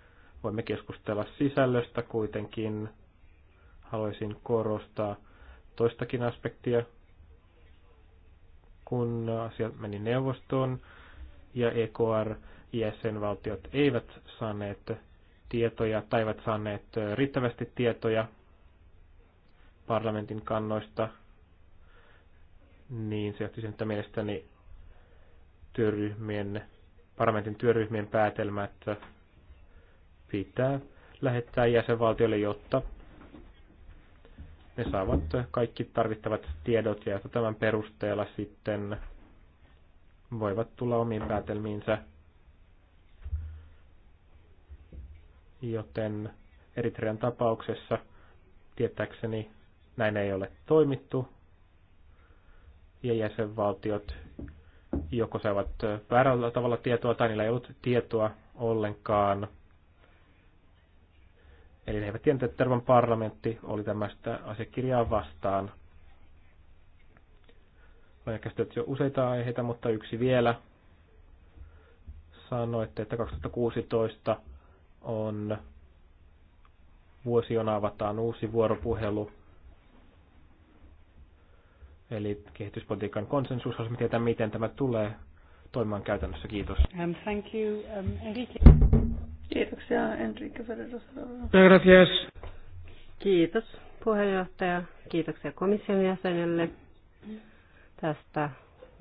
Voimme keskustella sisällöstä kuitenkin. Haluaisin korostaa toistakin aspektia, kun asia meni neuvostoon ja EKR-jäsenvaltiot eivät saaneet tietoja tai eivät saaneet riittävästi tietoja parlamentin kannoista, niin se johti sen, että mielestäni työryhmien, parlamentin työryhmien päätelmät pitää lähettää jäsenvaltiolle, jotta ne saavat kaikki tarvittavat tiedot ja että tämän perusteella sitten voivat tulla omiin päätelmiinsä. Joten Eritrean tapauksessa tietääkseni näin ei ole toimittu. Ja jäsenvaltiot joko saivat väärällä tavalla tietoa tai niillä ei ollut tietoa ollenkaan Eli ne eivät tienneet, että parlamentti oli tämmöistä asiakirjaa vastaan. Olen käsitellyt jo useita aiheita, mutta yksi vielä. Sanoitte, että 2016 on vuosi, jona avataan uusi vuoropuhelu. Eli kehityspolitiikan konsensus, jos me tietää, miten tämä tulee toimimaan käytännössä. Kiitos. Um, thank you, um, Kiitoksia Enrique Ferrero. Gracias. Kiitos puheenjohtaja. Kiitoksia komission jäsenelle tästä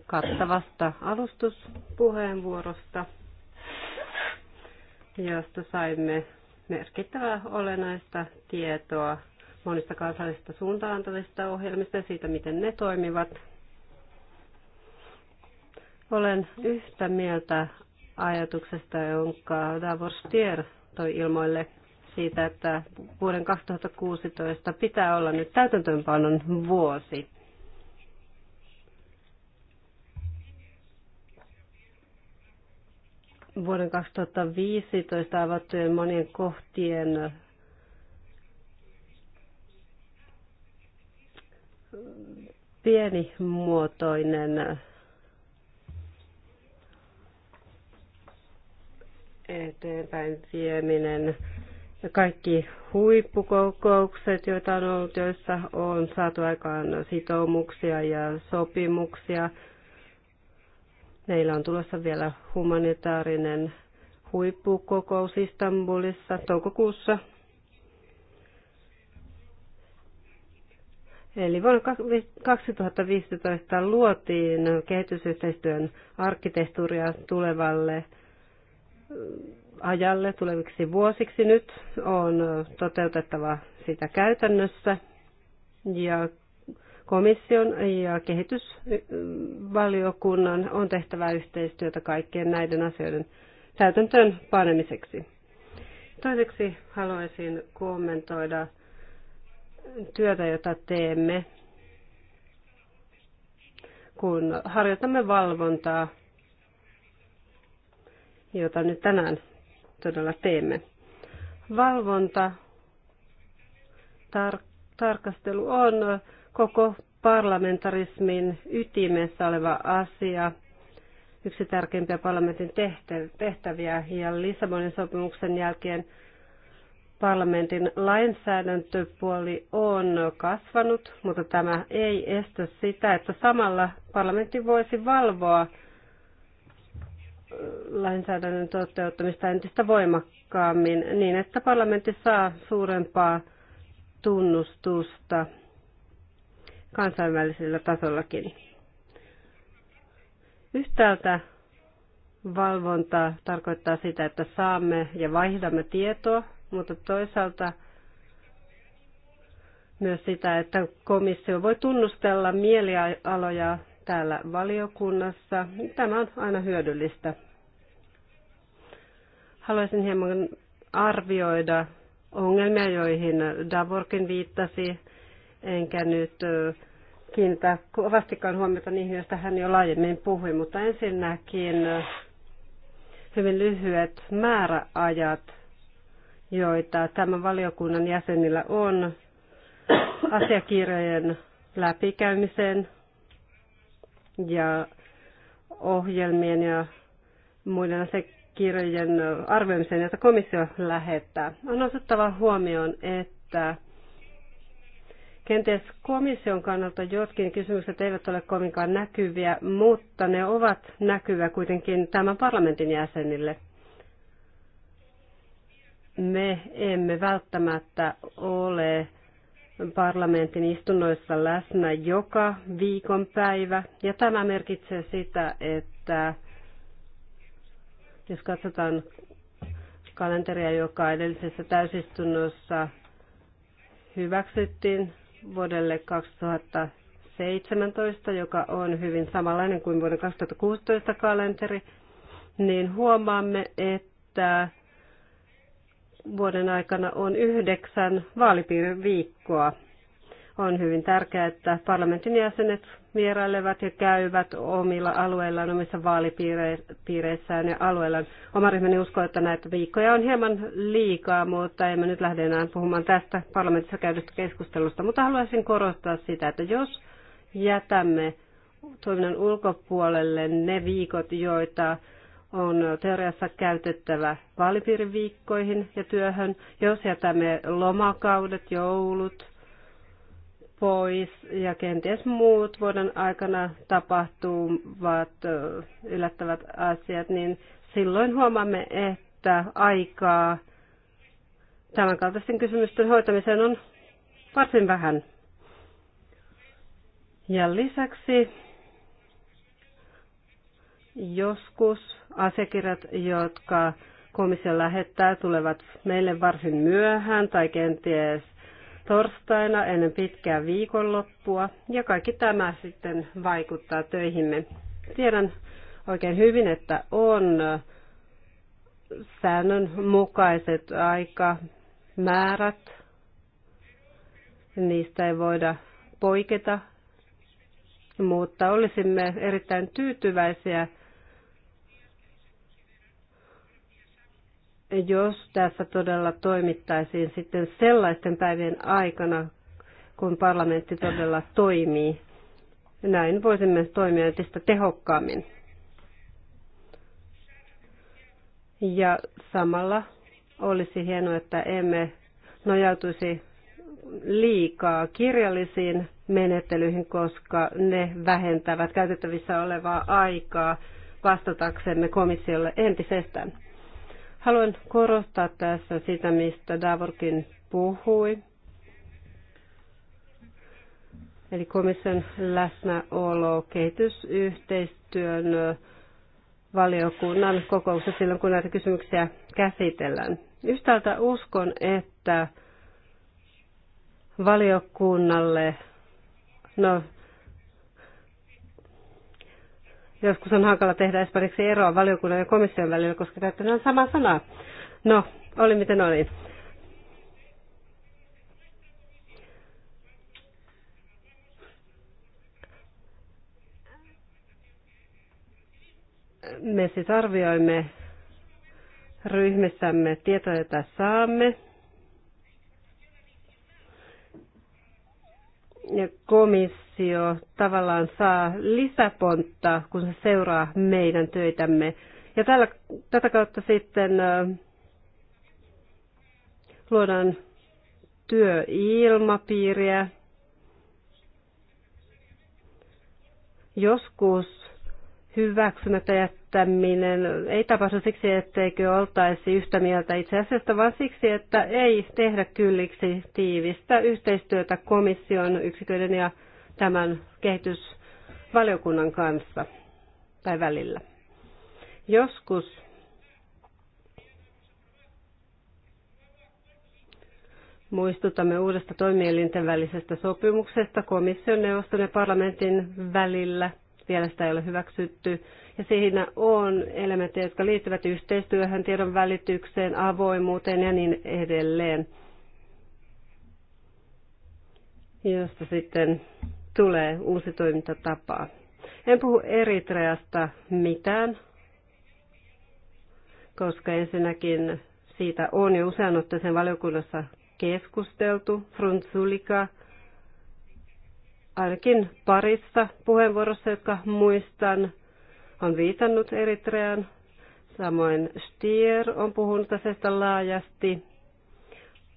kattavasta alustuspuheenvuorosta, josta saimme merkittävää olennaista tietoa monista kansallisista suuntaantavista ohjelmista ja siitä, miten ne toimivat. Olen yhtä mieltä ajatuksesta, jonka Davor Stier toi ilmoille siitä, että vuoden 2016 pitää olla nyt täytäntöönpanon vuosi. Vuoden 2015 avattujen monien kohtien pienimuotoinen eteenpäin vieminen ja kaikki huippukokoukset, joita on ollut, joissa on saatu aikaan sitoumuksia ja sopimuksia. Meillä on tulossa vielä humanitaarinen huippukokous Istanbulissa toukokuussa. Eli vuonna 2015 luotiin kehitysyhteistyön arkkitehtuuria tulevalle ajalle tuleviksi vuosiksi nyt on toteutettava sitä käytännössä ja komission ja kehitysvaliokunnan on tehtävä yhteistyötä kaikkien näiden asioiden täytäntöön panemiseksi. Toiseksi haluaisin kommentoida työtä, jota teemme, kun harjoitamme valvontaa jota nyt tänään todella teemme. Valvonta, tar- tarkastelu on koko parlamentarismin ytimessä oleva asia, yksi tärkeimpiä parlamentin tehtäviä ja Lissabonin sopimuksen jälkeen parlamentin lainsäädäntöpuoli on kasvanut, mutta tämä ei estä sitä, että samalla parlamentti voisi valvoa lainsäädännön toteuttamista entistä voimakkaammin niin, että parlamentti saa suurempaa tunnustusta kansainvälisellä tasollakin. Yhtäältä valvonta tarkoittaa sitä, että saamme ja vaihdamme tietoa, mutta toisaalta myös sitä, että komissio voi tunnustella mielialoja täällä valiokunnassa. Tämä on aina hyödyllistä. Haluaisin hieman arvioida ongelmia, joihin Davorkin viittasi, enkä nyt kiinnitä kovastikaan huomiota niihin, joista hän jo laajemmin puhui, mutta ensinnäkin hyvin lyhyet määräajat, joita tämän valiokunnan jäsenillä on asiakirjojen läpikäymiseen ja ohjelmien ja muiden Kirjojen arvioimiseen, joita komissio lähettää. On otettava huomioon, että kenties komission kannalta jotkin kysymykset eivät ole kovinkaan näkyviä, mutta ne ovat näkyviä kuitenkin tämän parlamentin jäsenille. Me emme välttämättä ole parlamentin istunnoissa läsnä joka viikonpäivä, ja tämä merkitsee sitä, että jos katsotaan kalenteria, joka edellisessä täysistunnossa hyväksyttiin vuodelle 2017, joka on hyvin samanlainen kuin vuoden 2016 kalenteri, niin huomaamme, että vuoden aikana on yhdeksän vaalipiiriviikkoa. On hyvin tärkeää, että parlamentin jäsenet vierailevat ja käyvät omilla alueillaan, omissa vaalipiireissään ja alueillaan. Oma ryhmäni uskoo, että näitä viikkoja on hieman liikaa, mutta emme nyt lähde enää puhumaan tästä parlamentissa käydystä keskustelusta. Mutta haluaisin korostaa sitä, että jos jätämme toiminnan ulkopuolelle ne viikot, joita on teoriassa käytettävä vaalipiiriviikkoihin ja työhön. Jos jätämme lomakaudet, joulut, pois ja kenties muut vuoden aikana tapahtuvat yllättävät asiat, niin silloin huomaamme, että aikaa tämänkaltaisten kysymysten hoitamiseen on varsin vähän. Ja lisäksi joskus asiakirjat, jotka komissio lähettää, tulevat meille varsin myöhään tai kenties torstaina ennen pitkää viikonloppua ja kaikki tämä sitten vaikuttaa töihimme. Tiedän oikein hyvin, että on säännönmukaiset aikamäärät. Niistä ei voida poiketa, mutta olisimme erittäin tyytyväisiä, jos tässä todella toimittaisiin sitten sellaisten päivien aikana, kun parlamentti todella toimii. Näin voisimme toimia entistä tehokkaammin. Ja samalla olisi hienoa, että emme nojautuisi liikaa kirjallisiin menettelyihin, koska ne vähentävät käytettävissä olevaa aikaa vastataksemme komissiolle entisestään. Haluan korostaa tässä sitä, mistä Davorkin puhui. Eli komission läsnäolo kehitysyhteistyön valiokunnan kokouksessa silloin, kun näitä kysymyksiä käsitellään. Yhtäältä uskon, että valiokunnalle, no Joskus on hankala tehdä esimerkiksi eroa valiokunnan ja komission välillä, koska käytetään samaa sanaa. No, oli miten oli. Me siis arvioimme ryhmissämme tietoja, joita saamme komissio tavallaan saa lisäpontta, kun se seuraa meidän töitämme. Ja tällä, tätä kautta sitten luodaan työilmapiiriä. Joskus hyväksymättä jättäminen ei tapahdu siksi, etteikö oltaisi yhtä mieltä itse asiassa, vaan siksi, että ei tehdä kylliksi tiivistä yhteistyötä komission yksiköiden ja tämän kehitysvaliokunnan kanssa tai välillä. Joskus muistutamme uudesta toimielinten välisestä sopimuksesta komission, neuvoston ja parlamentin välillä – vielä sitä ei ole hyväksytty. Ja siinä on elementtejä, jotka liittyvät yhteistyöhön, tiedon välitykseen, avoimuuteen ja niin edelleen. Josta sitten tulee uusi toimintatapa. En puhu Eritreasta mitään, koska ensinnäkin siitä on jo usein otteeseen valiokunnassa keskusteltu. Frunzulika ainakin parissa puheenvuorossa, jotka muistan, on viitannut Eritrean. Samoin Stier on puhunut asiasta laajasti.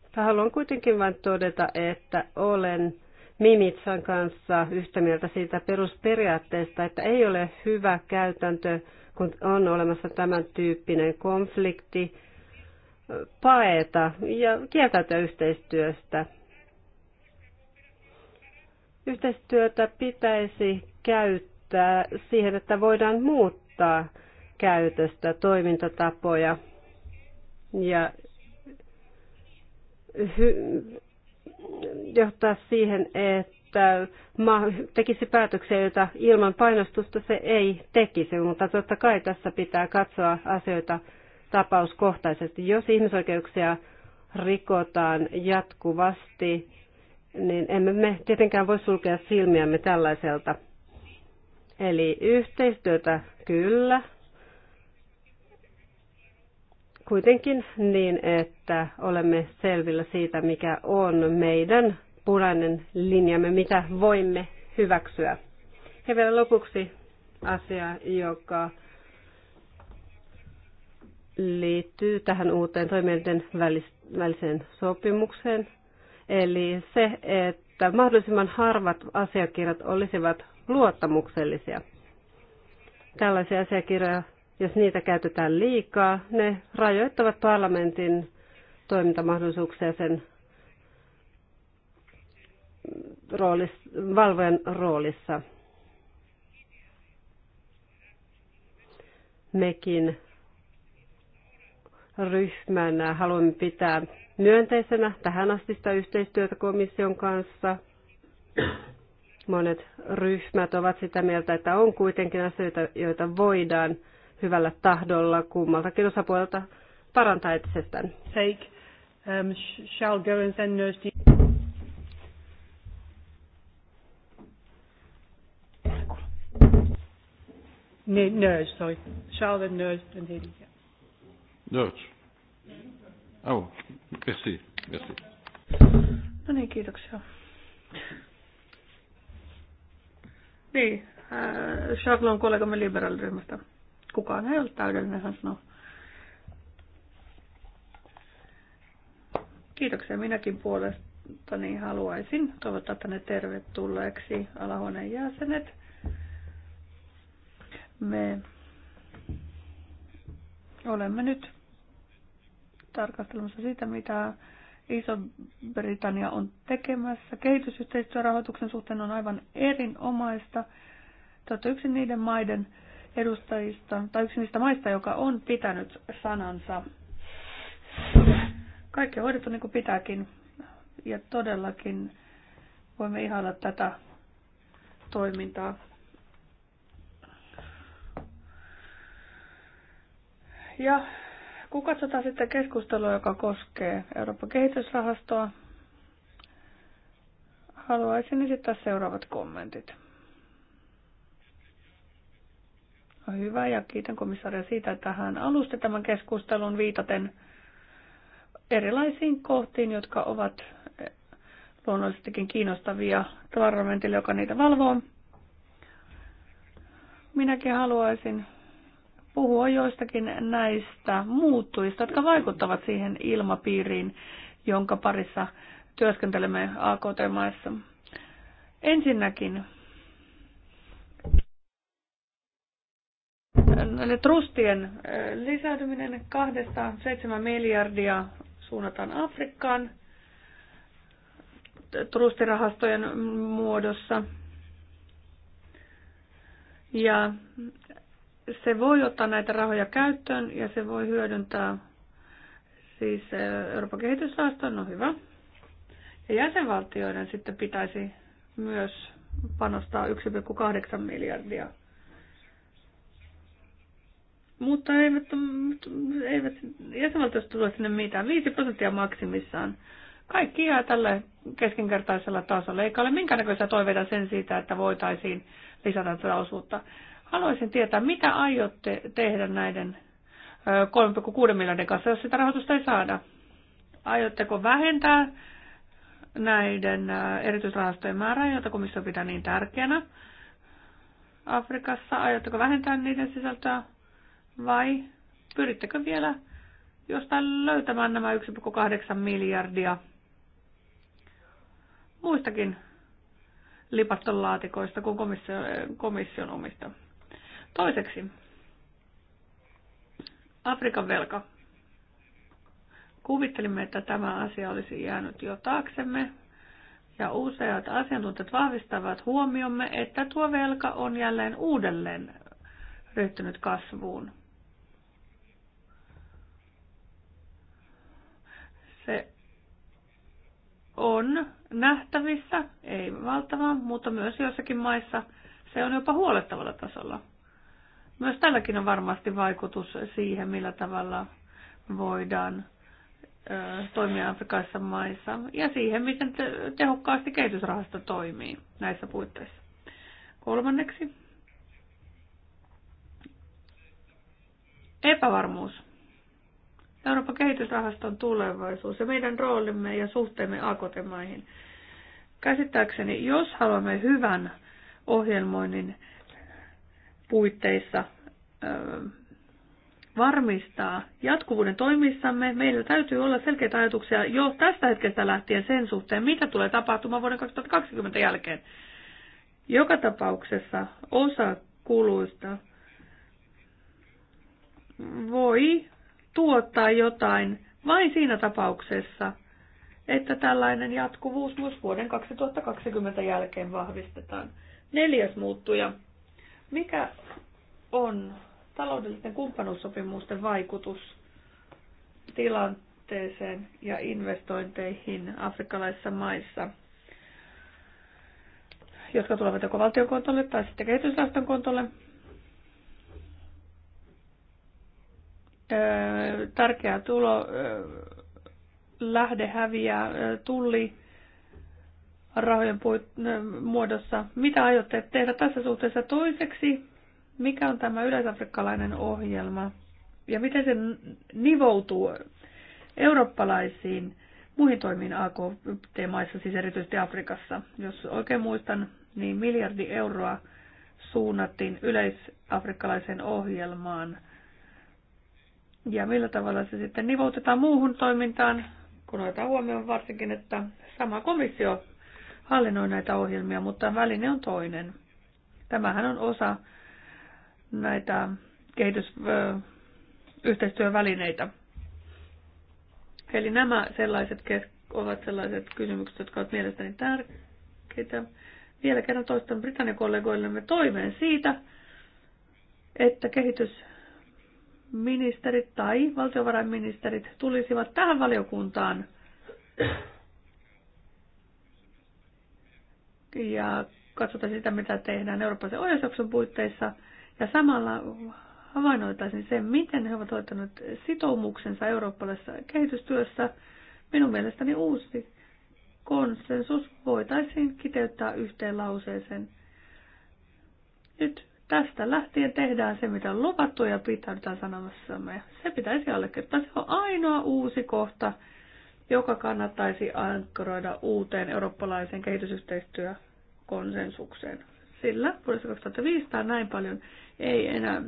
Mutta haluan kuitenkin vain todeta, että olen Mimitsan kanssa yhtä mieltä siitä perusperiaatteesta, että ei ole hyvä käytäntö, kun on olemassa tämän tyyppinen konflikti, paeta ja kieltäytyä yhteistyöstä. Yhteistyötä pitäisi käyttää siihen, että voidaan muuttaa käytöstä toimintatapoja ja johtaa siihen, että maa tekisi päätöksiä, joita ilman painostusta se ei tekisi, mutta totta kai tässä pitää katsoa asioita tapauskohtaisesti. Jos ihmisoikeuksia rikotaan jatkuvasti, niin emme me tietenkään voi sulkea silmiämme tällaiselta. Eli yhteistyötä kyllä, kuitenkin niin, että olemme selvillä siitä, mikä on meidän punainen linjamme, mitä voimme hyväksyä. Ja vielä lopuksi asia, joka liittyy tähän uuteen toimijoiden väliseen sopimukseen, Eli se, että mahdollisimman harvat asiakirjat olisivat luottamuksellisia. Tällaisia asiakirjoja, jos niitä käytetään liikaa, ne rajoittavat parlamentin toimintamahdollisuuksia sen roolis, valvojen roolissa. Mekin ryhmänä haluamme pitää myönteisenä tähän sitä yhteistyötä komission kanssa. Monet ryhmät ovat sitä mieltä, että on kuitenkin asioita, joita voidaan hyvällä tahdolla kummaltakin osapuolelta parantaa itsestään. Take, um, shall go and send nurse Nee, sorry. Charles Oh, merci, merci. No niin, kiitoksia. Niin, äh, Charles on kollegamme liberaaliryhmästä. Kukaan ei ole täydellinen, hän sanoo. Kiitoksia minäkin puolestani haluaisin toivottaa tänne tervetulleeksi alahuoneen jäsenet. Me olemme nyt tarkastelemassa sitä, mitä Iso-Britannia on tekemässä. Kehitysyhteistyörahoituksen suhteen on aivan erinomaista. Te yksi niiden maiden edustajista, tai yksi niistä maista, joka on pitänyt sanansa. Kaikki on hoidettu niin kuin pitääkin. Ja todellakin voimme ihailla tätä toimintaa. Ja kun katsotaan sitten keskustelua, joka koskee Euroopan kehitysrahastoa, haluaisin esittää seuraavat kommentit. On hyvä ja kiitän komissaria siitä, että hän alusti tämän keskustelun viitaten erilaisiin kohtiin, jotka ovat luonnollisestikin kiinnostavia parlamentille, joka niitä valvoo. Minäkin haluaisin puhua joistakin näistä muuttujista, jotka vaikuttavat siihen ilmapiiriin, jonka parissa työskentelemme AKT-maissa. Ensinnäkin trustien lisäytyminen 2-7 miljardia suunnataan Afrikkaan trustirahastojen muodossa. Ja se voi ottaa näitä rahoja käyttöön ja se voi hyödyntää siis eh, Euroopan kehitysrahasto, no hyvä. Ja jäsenvaltioiden sitten pitäisi myös panostaa 1,8 miljardia. Mutta eivät, eivät jäsenvaltioista tule sinne mitään, 5 prosenttia maksimissaan. Kaikki jää tälle keskinkertaisella tasolla, eikä ole minkäännäköisiä toiveita sen siitä, että voitaisiin lisätä tätä osuutta. Haluaisin tietää, mitä aiotte tehdä näiden 3,6 miljardin kanssa, jos sitä rahoitusta ei saada. Aiotteko vähentää näiden erityisrahastojen määrää, jota komissio pitää niin tärkeänä Afrikassa? Aiotteko vähentää niiden sisältöä vai pyrittekö vielä jostain löytämään nämä 1,8 miljardia muistakin lipaston laatikoista kuin komission, komission omista? Toiseksi, Afrikan velka. Kuvittelimme, että tämä asia olisi jäänyt jo taaksemme, ja useat asiantuntijat vahvistavat huomiomme, että tuo velka on jälleen uudelleen ryhtynyt kasvuun. Se on nähtävissä, ei valtavan, mutta myös joissakin maissa se on jopa huolettavalla tasolla. Myös tälläkin on varmasti vaikutus siihen, millä tavalla voidaan toimia Afrikassa maissa ja siihen, miten tehokkaasti kehitysrahasto toimii näissä puitteissa. Kolmanneksi, epävarmuus. Euroopan kehitysrahaston tulevaisuus ja meidän roolimme ja suhteemme AKT-maihin. Käsittääkseni, jos haluamme hyvän ohjelmoinnin puitteissa varmistaa jatkuvuuden toimissamme, meillä täytyy olla selkeitä ajatuksia jo tästä hetkestä lähtien sen suhteen, mitä tulee tapahtumaan vuoden 2020 jälkeen. Joka tapauksessa osa kuluista voi tuottaa jotain vain siinä tapauksessa, että tällainen jatkuvuus myös vuoden 2020 jälkeen vahvistetaan. Neljäs muuttuja mikä on taloudellisten kumppanuussopimusten vaikutus tilanteeseen ja investointeihin afrikkalaisissa maissa, jotka tulevat joko valtiokontolle tai sitten kehitysrahaston kontolle? Tärkeä tulo lähde häviää tulli rahojen muodossa. Mitä aiotte tehdä tässä suhteessa toiseksi? Mikä on tämä yleisafrikkalainen ohjelma? Ja miten se nivoutuu eurooppalaisiin muihin toimiin AKT-maissa, siis erityisesti Afrikassa? Jos oikein muistan, niin miljardi euroa suunnattiin yleisafrikkalaiseen ohjelmaan. Ja millä tavalla se sitten nivoutetaan muuhun toimintaan, kun otetaan huomioon varsinkin, että sama komissio hallinnoi näitä ohjelmia, mutta väline on toinen. Tämähän on osa näitä kehitysyhteistyövälineitä. Eli nämä sellaiset ovat sellaiset kysymykset, jotka ovat mielestäni tärkeitä. Vielä kerran toistan Britannian kollegoillemme toiveen siitä, että kehitysministerit tai valtiovarainministerit tulisivat tähän valiokuntaan ja katsotaan sitä, mitä tehdään Euroopan ohjausjakson puitteissa ja samalla havainnoitaisin sen, miten he ovat hoitaneet sitoumuksensa eurooppalaisessa kehitystyössä. Minun mielestäni uusi konsensus voitaisiin kiteyttää yhteen lauseeseen. Nyt tästä lähtien tehdään se, mitä on luvattu ja pitää sanomassamme. Se pitäisi allekirjoittaa. Se on ainoa uusi kohta, joka kannattaisi ankkuroida uuteen eurooppalaiseen kehitysyhteistyökonsensukseen. Sillä vuodesta 2005 näin paljon ei enää,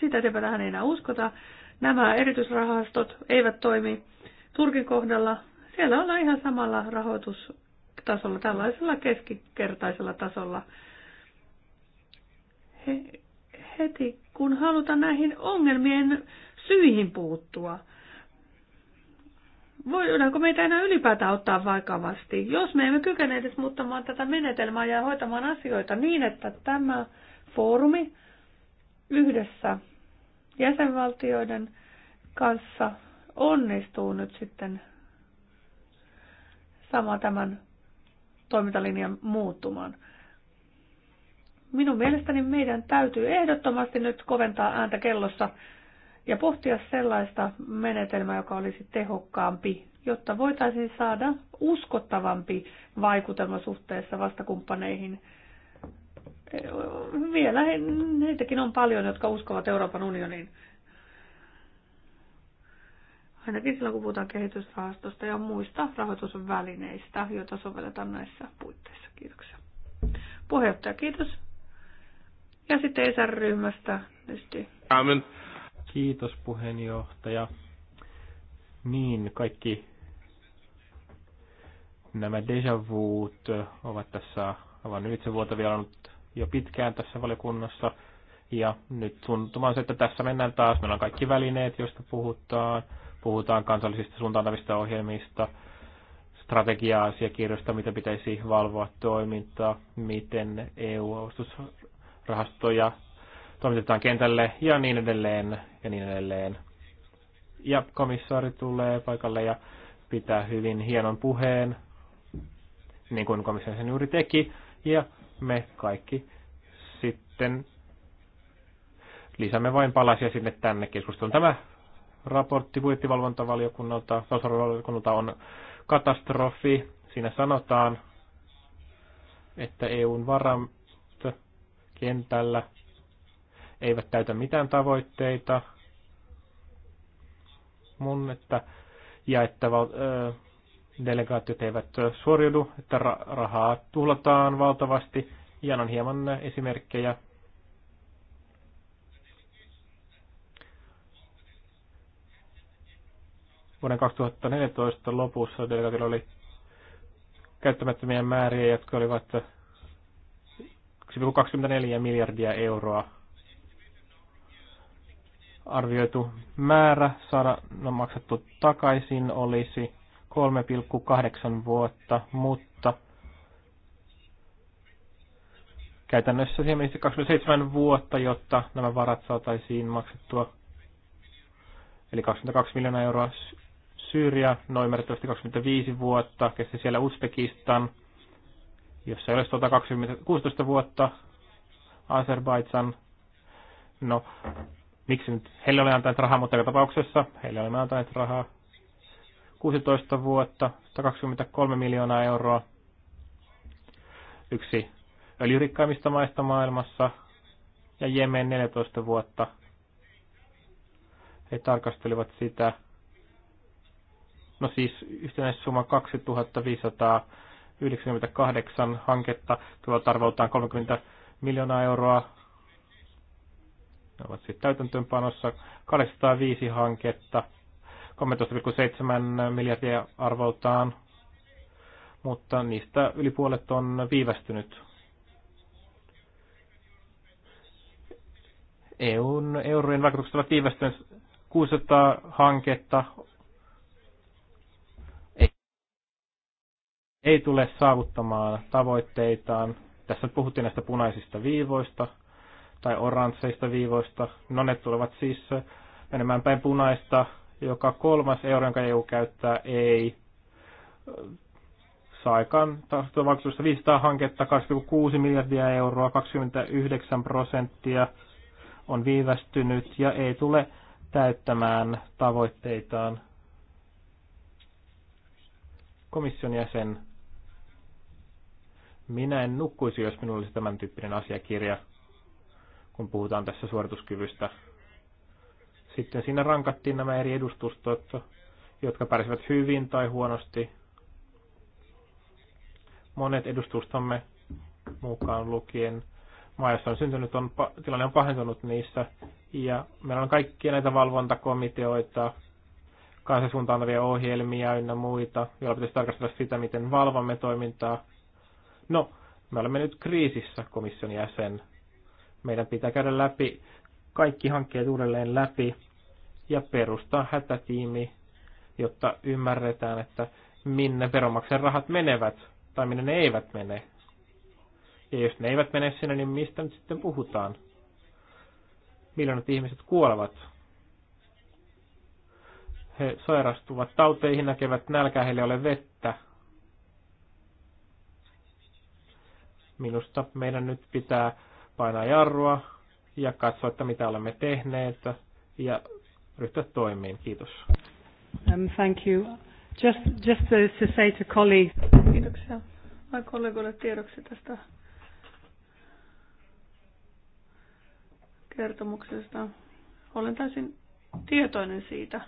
sitä eteenpäin tähän ei enää uskota. Nämä erityisrahastot eivät toimi Turkin kohdalla. Siellä ollaan ihan samalla rahoitustasolla, tällaisella keskikertaisella tasolla. He, heti kun halutaan näihin ongelmien syihin puuttua – voidaanko meitä enää ylipäätään ottaa vakavasti, jos me emme kykene edes muuttamaan tätä menetelmää ja hoitamaan asioita niin, että tämä foorumi yhdessä jäsenvaltioiden kanssa onnistuu nyt sitten sama tämän toimintalinjan muuttumaan. Minun mielestäni meidän täytyy ehdottomasti nyt koventaa ääntä kellossa ja pohtia sellaista menetelmää, joka olisi tehokkaampi, jotta voitaisiin saada uskottavampi vaikutelma suhteessa vastakumppaneihin. Vielä heitäkin on paljon, jotka uskovat Euroopan unioniin. Ainakin silloin, kun puhutaan kehitysrahastosta ja muista rahoitusvälineistä, joita sovelletaan näissä puitteissa. Kiitoksia. Puheenjohtaja, kiitos. Ja sitten ESR-ryhmästä. Amen. Kiitos puheenjohtaja. Niin, kaikki nämä deja vuut ovat tässä aivan vielä ollut jo pitkään tässä valiokunnassa. Ja nyt tuntuma on se, että tässä mennään taas. Meillä on kaikki välineet, joista puhutaan. Puhutaan kansallisista suuntaantavista ohjelmista, strategia-asiakirjoista, mitä pitäisi valvoa toimintaa, miten EU-avustusrahastoja toimitetaan kentälle ja niin edelleen ja niin edelleen. Ja komissaari tulee paikalle ja pitää hyvin hienon puheen, niin kuin komissaari sen juuri teki. Ja me kaikki sitten lisäämme vain palasia sinne tänne keskusteluun. Tämä raportti budjettivalvontavaliokunnalta, talousarvovaliokunnalta on katastrofi. Siinä sanotaan, että EUn varat kentällä eivät täytä mitään tavoitteita, mun, että, ja että val, ö, delegaatiot eivät suoriudu, että ra, rahaa tuhlataan valtavasti, ja on hieman esimerkkejä. Vuoden 2014 lopussa delegaatilla oli käyttämättömiä määriä, jotka olivat 1,24 miljardia euroa arvioitu määrä saada no, maksettu takaisin olisi 3,8 vuotta, mutta käytännössä siihen menisi 27 vuotta, jotta nämä varat saataisiin maksettua. Eli 22 miljoonaa euroa Syyriä, noin merkittävästi 25 vuotta, kesti siellä Uzbekistan, jossa ei tuota 20, 16 vuotta, Azerbaidsan, no Miksi nyt heille oli antanut rahaa, mutta joka tapauksessa heille olemme antanut rahaa 16 vuotta, 123 miljoonaa euroa. Yksi öljyrikkaimmista maista maailmassa ja Jemen 14 vuotta. He tarkastelivat sitä. No siis summa 2598 hanketta, tuolla tarvotaan 30 miljoonaa euroa. Ne ovat siis täytäntöönpanossa 805 hanketta, 13,7 miljardia arvoltaan, mutta niistä yli puolet on viivästynyt. EUn, eurojen vaikutukset ovat viivästyneet 600 hanketta. Ei, ei tule saavuttamaan tavoitteitaan. Tässä puhuttiin näistä punaisista viivoista – tai oransseista viivoista. No ne tulevat siis menemään päin punaista. Joka kolmas euro, jonka EU käyttää, ei saa aikaan vaikutusta 500 hanketta, 2,6 miljardia euroa, 29 prosenttia on viivästynyt ja ei tule täyttämään tavoitteitaan. Komission jäsen. Minä en nukkuisi, jos minulla olisi tämän tyyppinen asiakirja kun puhutaan tässä suorituskyvystä. Sitten siinä rankattiin nämä eri edustustot, jotka pärsivät hyvin tai huonosti. Monet edustustamme mukaan lukien maa, on syntynyt, on, tilanne on pahentunut niissä. Ja meillä on kaikkia näitä valvontakomiteoita, kansansuuntaantavia ohjelmia ynnä muita, joilla pitäisi tarkastella sitä, miten valvomme toimintaa. No, me olemme nyt kriisissä komission jäsen. Meidän pitää käydä läpi kaikki hankkeet uudelleen läpi ja perustaa hätätiimi, jotta ymmärretään, että minne veromaksen rahat menevät tai minne ne eivät mene. Ja jos ne eivät mene sinne, niin mistä nyt sitten puhutaan? Miljoonat ihmiset kuolevat. He sairastuvat tauteihin, näkevät nälkää, ei ole vettä. Minusta meidän nyt pitää painaa jarrua ja katsoa, että mitä olemme tehneet ja ryhtyä toimiin. Kiitos. Um, thank you. Just, just to, to say to colleagues. Kiitoksia. Vai kollegoille tiedoksi tästä kertomuksesta. Olen täysin tietoinen siitä,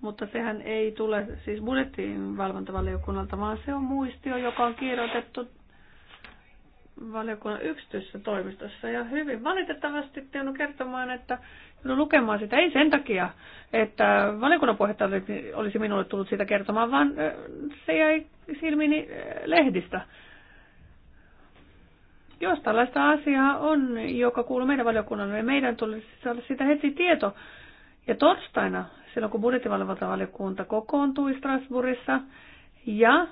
mutta sehän ei tule siis budjettiin valvontavaliokunnalta, vaan se on muistio, joka on kirjoitettu valiokunnan yksityisessä toimistossa ja hyvin valitettavasti joudun kertomaan, että joudun lukemaan sitä ei sen takia, että valiokunnan puhetta olisi minulle tullut sitä kertomaan, vaan se jäi silmiini lehdistä. Jos tällaista asiaa on, joka kuuluu meidän valiokunnalle, niin meidän tulisi saada sitä heti tieto. Ja torstaina, silloin kun budjettivalvontavaliokunta kokoontui Strasbourgissa ja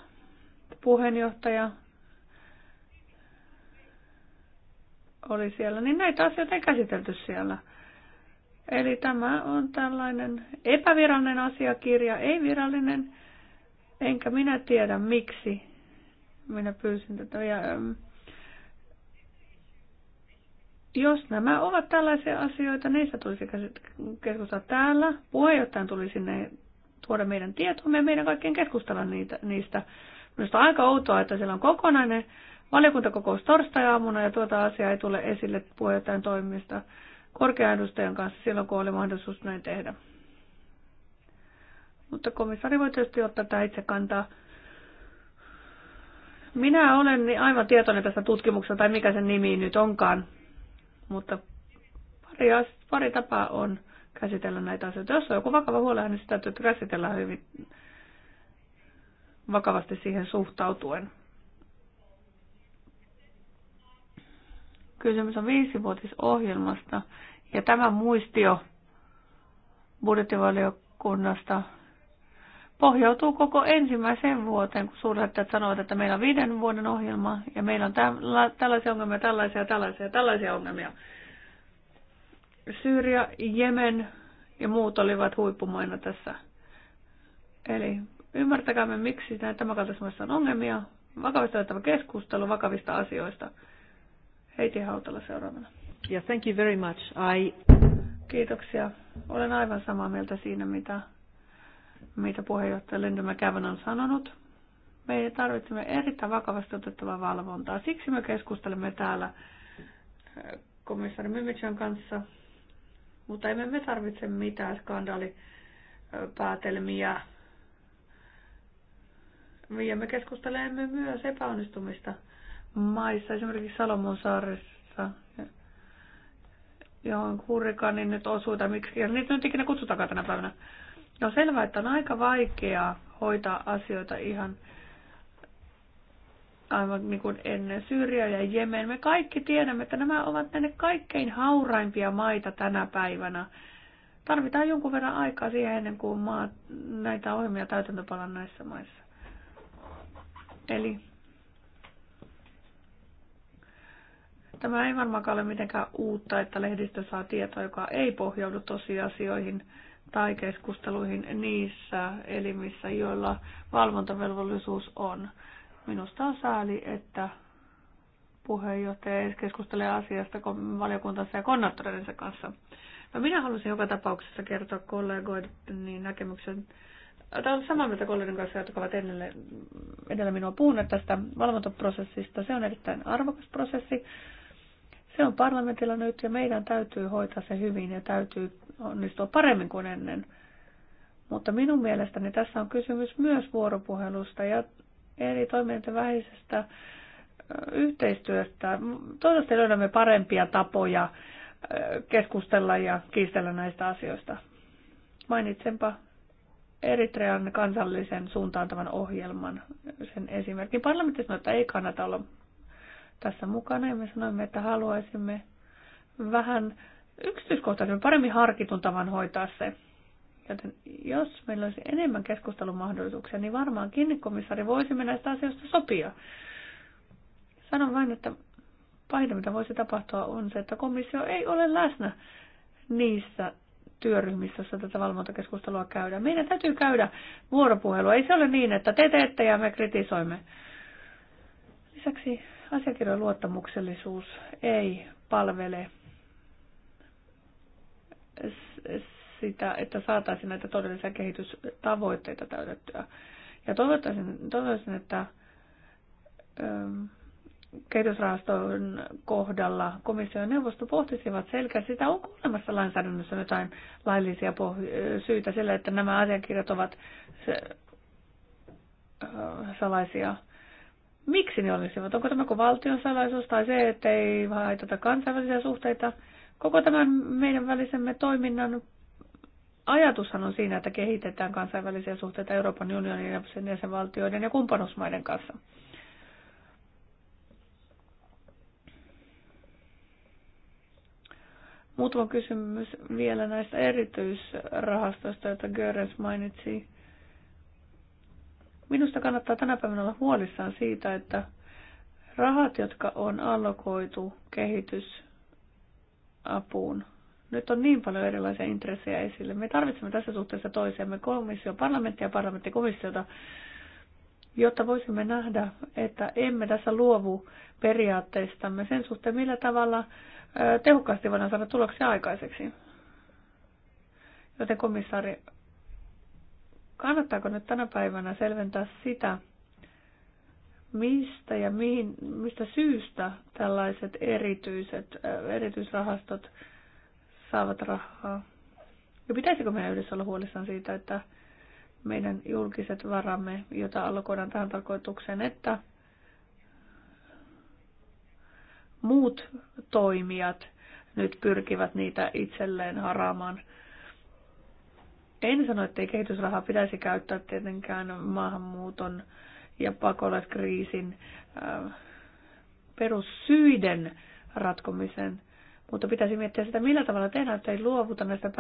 puheenjohtaja oli siellä, niin näitä asioita ei käsitelty siellä. Eli tämä on tällainen epävirallinen asiakirja, ei virallinen, enkä minä tiedä miksi minä pyysin tätä. Ja, ähm, jos nämä ovat tällaisia asioita, niistä tulisi keskustella täällä. Puheenjohtajan tulisi sinne tuoda meidän tietomme ja meidän kaikkien keskustella niitä, niistä. Minusta on aika outoa, että siellä on kokonainen valiokuntakokous torstai-aamuna ja tuota asiaa ei tule esille puheenjohtajan toimista korkean edustajan kanssa silloin, kun oli mahdollisuus näin tehdä. Mutta komissaari voi tietysti ottaa tämä itse kantaa. Minä olen niin aivan tietoinen tästä tutkimuksesta, tai mikä sen nimi nyt onkaan, mutta pari, pari tapaa on käsitellä näitä asioita. Jos on joku vakava huolenaihe, niin sitä täytyy käsitellä hyvin vakavasti siihen suhtautuen. Kysymys on viisivuotisohjelmasta ja tämä muistio budjettivaliokunnasta pohjautuu koko ensimmäiseen vuoteen, kun suurlähettäjät sanovat, että meillä on viiden vuoden ohjelma ja meillä on tällaisia ongelmia, tällaisia, tällaisia, tällaisia ongelmia. Syyria, Jemen ja muut olivat huippumaina tässä. Eli ymmärtäkäämme, miksi tämä kaltaisemassa on ongelmia. Vakavista otettava keskustelu vakavista asioista. Heidi Hautala seuraavana. Yeah, thank you very much. I... Kiitoksia. Olen aivan samaa mieltä siinä, mitä, mitä puheenjohtaja Linda McGavin on sanonut. Me tarvitsemme erittäin vakavasti otettavaa valvontaa. Siksi me keskustelemme täällä äh, komissaari Mimichan kanssa, mutta emme me tarvitse mitään skandaalipäätelmiä. Äh, ja me keskustelemme myös epäonnistumista maissa, esimerkiksi Salomon saaressa, johon hurrikaani niin nyt osuu, tai miksi, ja niitä nyt ikinä kutsutaan tänä päivänä. On no selvää, että on aika vaikeaa hoitaa asioita ihan aivan niin kuin ennen Syyriä ja Jemen. Me kaikki tiedämme, että nämä ovat ne kaikkein hauraimpia maita tänä päivänä. Tarvitaan jonkun verran aikaa siihen ennen kuin maat, näitä ohjelmia täytäntöpalan näissä maissa. Eli Tämä ei varmaankaan ole mitenkään uutta, että lehdistö saa tietoa, joka ei pohjaudu tosiasioihin tai keskusteluihin niissä elimissä, joilla valvontavelvollisuus on. Minusta on sääli, että puheenjohtaja ei keskustele asiasta valiokuntansa ja konnattoreidensa kanssa. No minä halusin joka tapauksessa kertoa kollegoiden näkemyksen. Tämä on samaa mieltä kollegoiden kanssa, jotka ovat edellä, edellä minua puhuneet tästä valvontaprosessista. Se on erittäin arvokas prosessi. Se on parlamentilla nyt ja meidän täytyy hoitaa se hyvin ja täytyy onnistua paremmin kuin ennen. Mutta minun mielestäni tässä on kysymys myös vuoropuhelusta ja eri toimijoiden välisestä yhteistyöstä. Toivottavasti löydämme parempia tapoja keskustella ja kiistellä näistä asioista. Mainitsenpa Eritrean kansallisen suuntaantavan ohjelman sen esimerkin. parlamentissa että ei kannata olla tässä mukana ja me sanoimme, että haluaisimme vähän yksityiskohtaisemmin, paremmin harkitun tavan hoitaa se. Joten jos meillä olisi enemmän keskustelumahdollisuuksia, niin varmaankin komissaari voisimme näistä asioista sopia. Sanon vain, että pahinta mitä voisi tapahtua on se, että komissio ei ole läsnä niissä työryhmissä, jossa tätä valvontakeskustelua käydään. Meidän täytyy käydä vuoropuhelua. Ei se ole niin, että te teette ja me kritisoimme. Lisäksi Asiakirjan luottamuksellisuus ei palvele sitä, että saataisiin näitä todellisia kehitystavoitteita täytettyä. Ja toivottaisin, toivottaisin että ähm, kehitysrahaston kohdalla komissio ja neuvosto pohtisivat selkeästi sitä, onko olemassa lainsäädännössä jotain laillisia syitä sille, että nämä asiakirjat ovat se, äh, salaisia. Miksi ne olisivat? Onko tämä valtion salaisuus tai se, että ei haitata kansainvälisiä suhteita? Koko tämän meidän välisemme toiminnan ajatushan on siinä, että kehitetään kansainvälisiä suhteita Euroopan unionin ja sen jäsenvaltioiden ja kumppanuusmaiden kanssa. Muutama kysymys vielä näistä erityisrahastoista, joita Görens mainitsi. Minusta kannattaa tänä päivänä olla huolissaan siitä, että rahat, jotka on allokoitu kehitysapuun, nyt on niin paljon erilaisia intressejä esille. Me tarvitsemme tässä suhteessa toisiamme komissio, parlamentti ja parlamentti komissiota, jotta voisimme nähdä, että emme tässä luovu periaatteistamme sen suhteen, millä tavalla tehokkaasti voidaan saada tuloksia aikaiseksi. Joten komissaari, Kannattaako nyt tänä päivänä selventää sitä, mistä ja mihin, mistä syystä tällaiset erityiset, erityisrahastot saavat rahaa? Ja pitäisikö meidän yhdessä olla huolissaan siitä, että meidän julkiset varamme, joita allokoidaan tähän tarkoitukseen, että muut toimijat nyt pyrkivät niitä itselleen haraamaan – en sano, että ei kehitysrahaa pitäisi käyttää tietenkään maahanmuuton ja pakolaiskriisin äh, perussyiden ratkomisen, mutta pitäisi miettiä sitä, millä tavalla tehdään, että ei luovuta näistä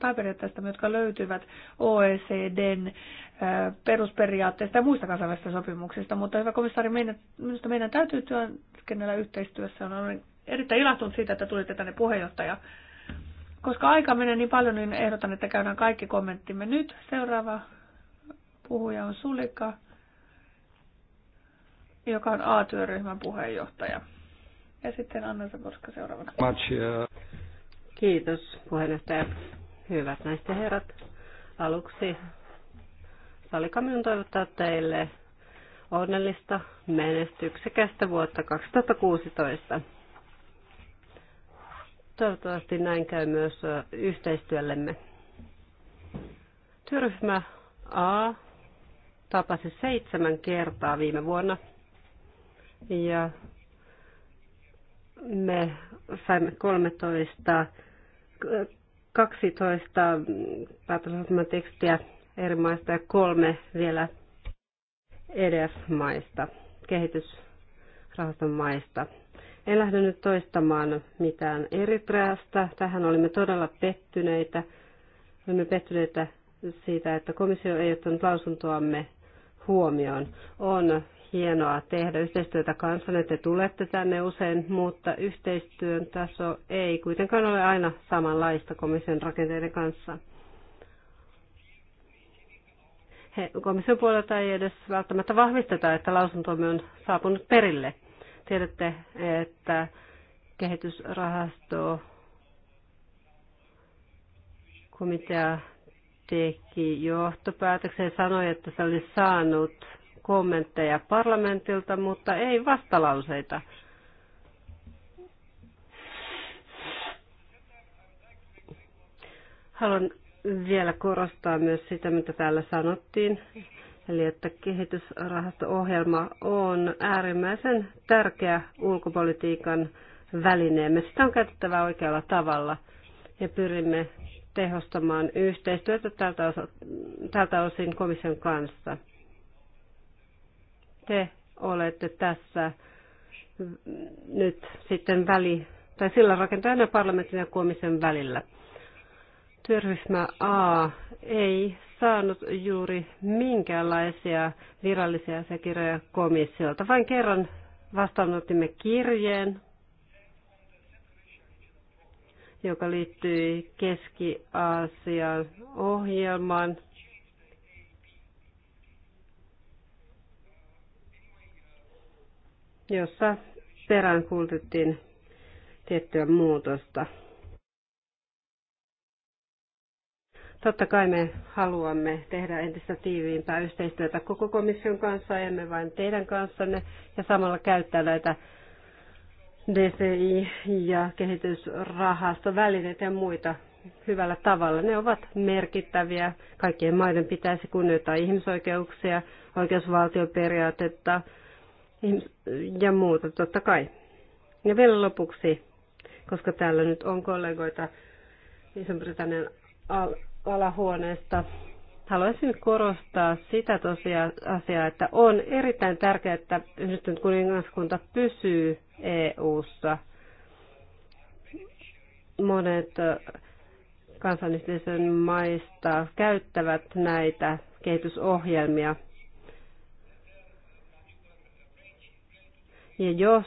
pääperiaatteista, jotka löytyvät OECDn äh, perusperiaatteista ja muista kansainvälisistä sopimuksista. Mutta hyvä komissaari, minusta meidän täytyy työskennellä yhteistyössä. on erittäin ilahtunut siitä, että tulitte tänne puheenjohtaja koska aika menee niin paljon, niin ehdotan, että käydään kaikki kommenttimme nyt. Seuraava puhuja on Sulika, joka on A-työryhmän puheenjohtaja. Ja sitten Anna Saborska seuraavana. Kiitos puheenjohtaja. Hyvät näistä herrat. Aluksi Salika on toivottaa teille onnellista menestyksekästä vuotta 2016. Toivottavasti näin käy myös yhteistyöllemme. Työryhmä A tapasi seitsemän kertaa viime vuonna ja me saimme 13, 12 tekstiä eri maista ja kolme vielä EDF-maista, kehitysrahaston maista. En lähde nyt toistamaan mitään Eritreasta. Tähän olimme todella pettyneitä. Olimme pettyneitä siitä, että komissio ei ottanut lausuntoamme huomioon. On hienoa tehdä yhteistyötä kanssanne. Te tulette tänne usein, mutta yhteistyön taso ei kuitenkaan ole aina samanlaista komission rakenteiden kanssa. He, komission puolelta ei edes välttämättä vahvisteta, että lausuntomme on saapunut perille. Tiedätte, että kehitysrahasto komitea teki johtopäätöksen ja sanoi, että se oli saanut kommentteja parlamentilta, mutta ei vastalauseita. Haluan vielä korostaa myös sitä, mitä täällä sanottiin Eli että kehitysrahasto-ohjelma on äärimmäisen tärkeä ulkopolitiikan välineemme. Sitä on käytettävä oikealla tavalla ja pyrimme tehostamaan yhteistyötä tältä, osa, tältä osin komission kanssa. Te olette tässä nyt sitten väli, tai sillä rakentajana parlamentin ja komission välillä. Työryhmä A ei saanut juuri minkäänlaisia virallisia asiakirjoja komissiolta. Vain kerran vastaanotimme kirjeen, joka liittyi Keski-Aasian ohjelmaan. jossa peräänkuultettiin tiettyä muutosta. Totta kai me haluamme tehdä entistä tiiviimpää yhteistyötä koko komission kanssa, emme vain teidän kanssanne, ja samalla käyttää näitä DCI- ja kehitysrahastovälineitä ja muita hyvällä tavalla. Ne ovat merkittäviä. Kaikkien maiden pitäisi kunnioittaa ihmisoikeuksia, oikeusvaltioperiaatetta ja muuta totta kai. Ja vielä lopuksi, koska täällä nyt on kollegoita Iso-Britannian alahuoneesta. Haluaisin korostaa sitä asiaa, että on erittäin tärkeää, että yhdistynyt kuningaskunta pysyy EU-ssa. Monet kansallisten maista käyttävät näitä kehitysohjelmia. Ja jos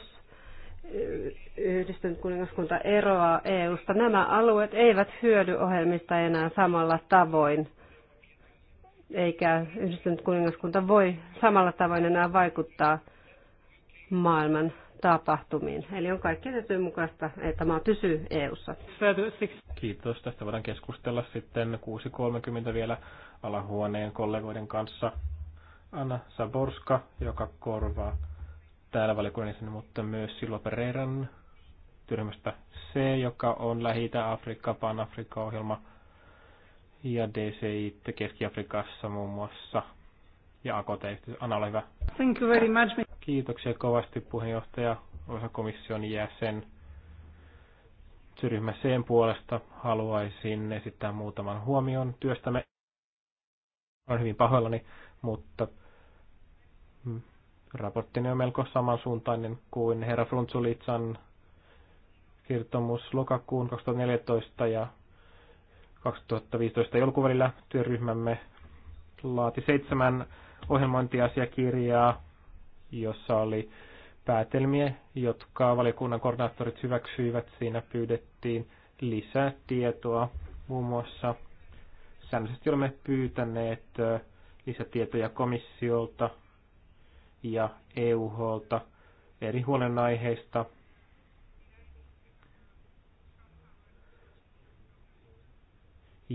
yhdistynyt kuningaskunta eroaa EUsta, nämä alueet eivät hyödy ohjelmista enää samalla tavoin, eikä yhdistynyt kuningaskunta voi samalla tavoin enää vaikuttaa maailman tapahtumiin. Eli on kaikki täytyy mukaista, että maa pysyy EUssa. Kiitos. Tästä voidaan keskustella sitten 6.30 vielä alahuoneen kollegoiden kanssa. Anna Saborska, joka korvaa täällä valiokunnan mutta myös Silva Pereiran tyrmästä C, joka on lähi Afrikka, Pan-Afrikka-ohjelma ja DCI Keski-Afrikassa muun muassa. Ja AKT, Anna, ole hyvä. Thank you very much. Kiitoksia kovasti puheenjohtaja, osakomission jäsen. Työryhmä C puolesta haluaisin esittää muutaman huomion työstämme. Olen hyvin pahoillani, mutta mm, raporttini on melko samansuuntainen kuin herra Frunzulitsan kertomus lokakuun 2014 ja 2015 joulukuvälillä työryhmämme laati seitsemän ohjelmointiasiakirjaa, jossa oli päätelmiä, jotka valiokunnan koordinaattorit hyväksyivät. Siinä pyydettiin lisää tietoa. Muun muassa säännöllisesti olemme pyytäneet lisätietoja komissiolta ja EUHlta eri huolenaiheista,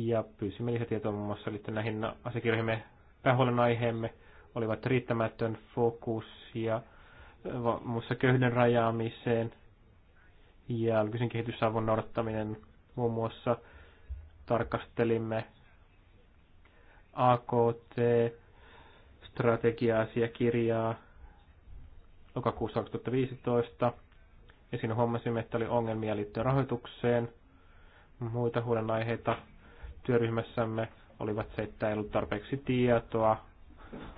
ja pyysimme lisätietoa muun muassa liittyen näihin asiakirjoihimme päähuolen aiheemme olivat riittämätön fokus ja äh, muussa köyhyyden rajaamiseen ja nykyisen kehitysavun noudattaminen muun muassa tarkastelimme AKT strategia-asiakirjaa lokakuussa 2015 ja siinä huomasimme, että oli ongelmia liittyen rahoitukseen, muita huolenaiheita työryhmässämme olivat se, että ei ollut tarpeeksi tietoa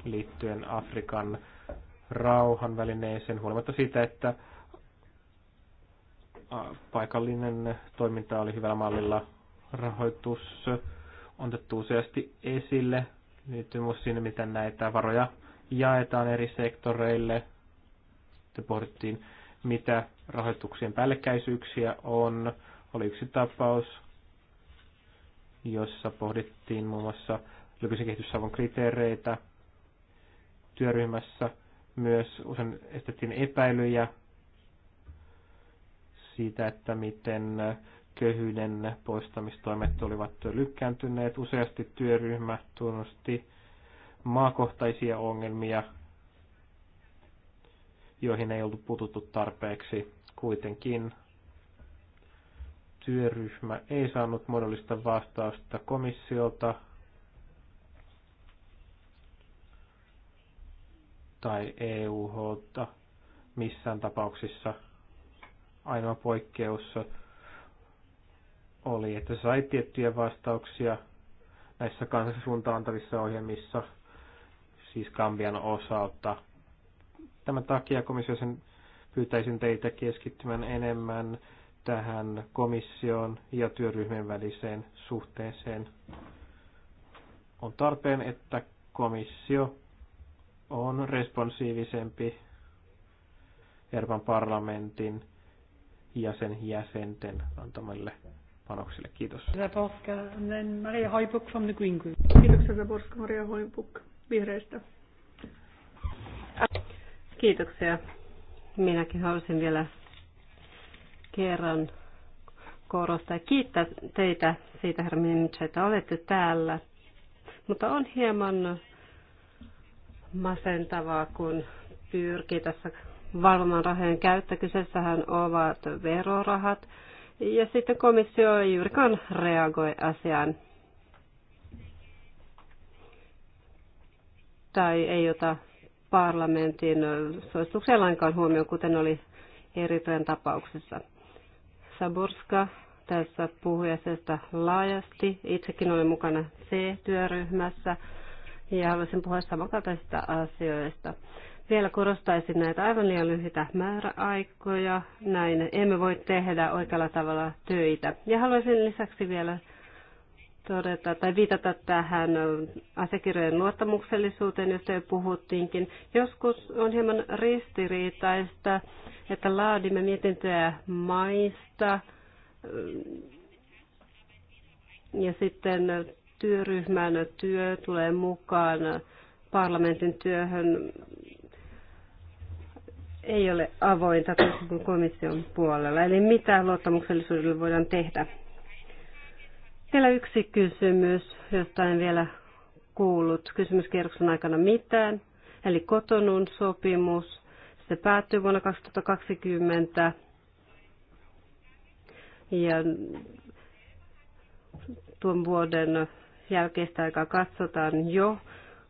liittyen Afrikan rauhanvälineeseen, huolimatta siitä, että paikallinen toiminta oli hyvällä mallilla. Rahoitus on otettu useasti esille, liittyy myös siinä, miten näitä varoja jaetaan eri sektoreille. Sitten pohdittiin, mitä rahoituksien päällekkäisyyksiä on. Oli yksi tapaus, jossa pohdittiin muun muassa yliopiston kehitysavun kriteereitä. Työryhmässä myös usein estettiin epäilyjä siitä, että miten köyhyyden poistamistoimet olivat lykkääntyneet. Useasti työryhmä tunnusti maakohtaisia ongelmia, joihin ei ollut puututtu tarpeeksi kuitenkin työryhmä ei saanut muodollista vastausta komissiolta tai EUHlta missään tapauksissa. Ainoa poikkeus oli, että se sai tiettyjä vastauksia näissä kansansuuntaan antavissa ohjelmissa, siis Kambian osalta. Tämän takia komissio sen pyytäisin teitä keskittymään enemmän tähän komission ja työryhmien väliseen suhteeseen. On tarpeen, että komissio on responsiivisempi Euroopan parlamentin ja sen jäsenten antamille panoksille. Kiitos. Zaborska, Maria Hoibuk from the Green Group. Kiitoksia Zaborska, Maria Hoibuk vihreistä. Kiitoksia. Minäkin halusin vielä kerran korostaa ja kiittää teitä siitä, herra että olette täällä. Mutta on hieman masentavaa, kun pyrkii tässä valvomaan rahojen käyttö. Kyseessähän ovat verorahat. Ja sitten komissio ei juurikaan reagoi asiaan. Tai ei ota parlamentin suosituksia lainkaan huomioon, kuten oli Eritrean tapauksessa. Saborska tässä puhui asiasta laajasti. Itsekin olen mukana C-työryhmässä ja haluaisin puhua samankaltaisista asioista. Vielä korostaisin näitä aivan liian lyhyitä määräaikoja. Näin emme voi tehdä oikealla tavalla töitä. Ja haluaisin lisäksi vielä todeta tai viitata tähän asiakirjojen luottamuksellisuuteen, josta jo puhuttiinkin. Joskus on hieman ristiriitaista, että laadimme mietintöjä maista mm, ja sitten työryhmän työ tulee mukaan parlamentin työhön. Ei ole avointa komission puolella. Eli mitä luottamuksellisuudelle voidaan tehdä? Vielä yksi kysymys, josta en vielä kuullut kysymyskierroksen aikana mitään. Eli kotonun sopimus, se päättyy vuonna 2020. Ja tuon vuoden jälkeistä aikaa katsotaan jo.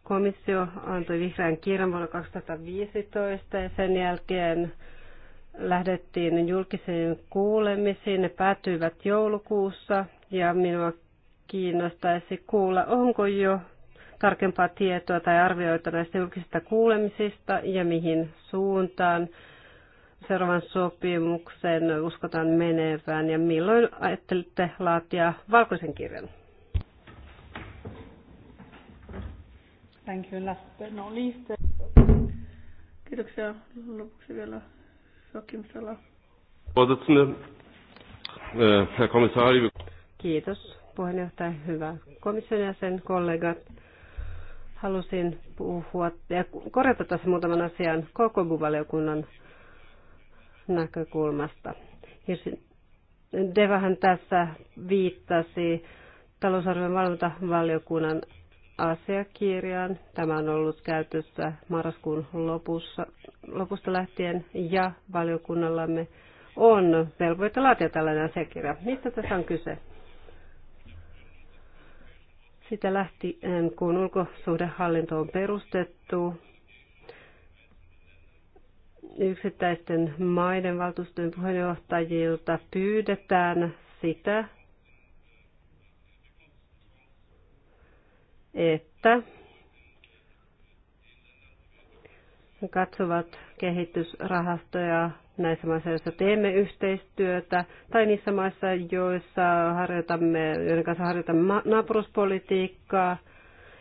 Komissio antoi vihreän kirjan vuonna 2015 ja sen jälkeen lähdettiin julkisiin kuulemisiin. Ne päätyivät joulukuussa ja minua kiinnostaisi kuulla, onko jo tarkempaa tietoa tai arvioita näistä julkisista kuulemisista ja mihin suuntaan seuraavan sopimuksen uskotaan menevään ja milloin ajattelitte laatia valkoisen kirjan? No, Kiitoksia. Lopuksi vielä Joakim Sala. Äh, Herr Kommissari. Kiitos puheenjohtaja, hyvä komission jäsen, kollegat. Halusin puhua ja korjata tässä muutaman asian koko valiokunnan näkökulmasta. Devahan tässä viittasi talousarvion valvontavaliokunnan asiakirjaan. Tämä on ollut käytössä marraskuun lopussa, lopusta lähtien ja valiokunnallamme on velvoite laatia tällainen asiakirja. Mistä tässä on kyse? Sitä lähtien, kun ulkosuhdehallinto on perustettu, yksittäisten maiden valtuustojen puheenjohtajilta pyydetään sitä, että katsovat kehitysrahastoja näissä maissa, joissa teemme yhteistyötä, tai niissä maissa, joissa harjoitamme, joiden kanssa harjoitamme naapuruspolitiikkaa,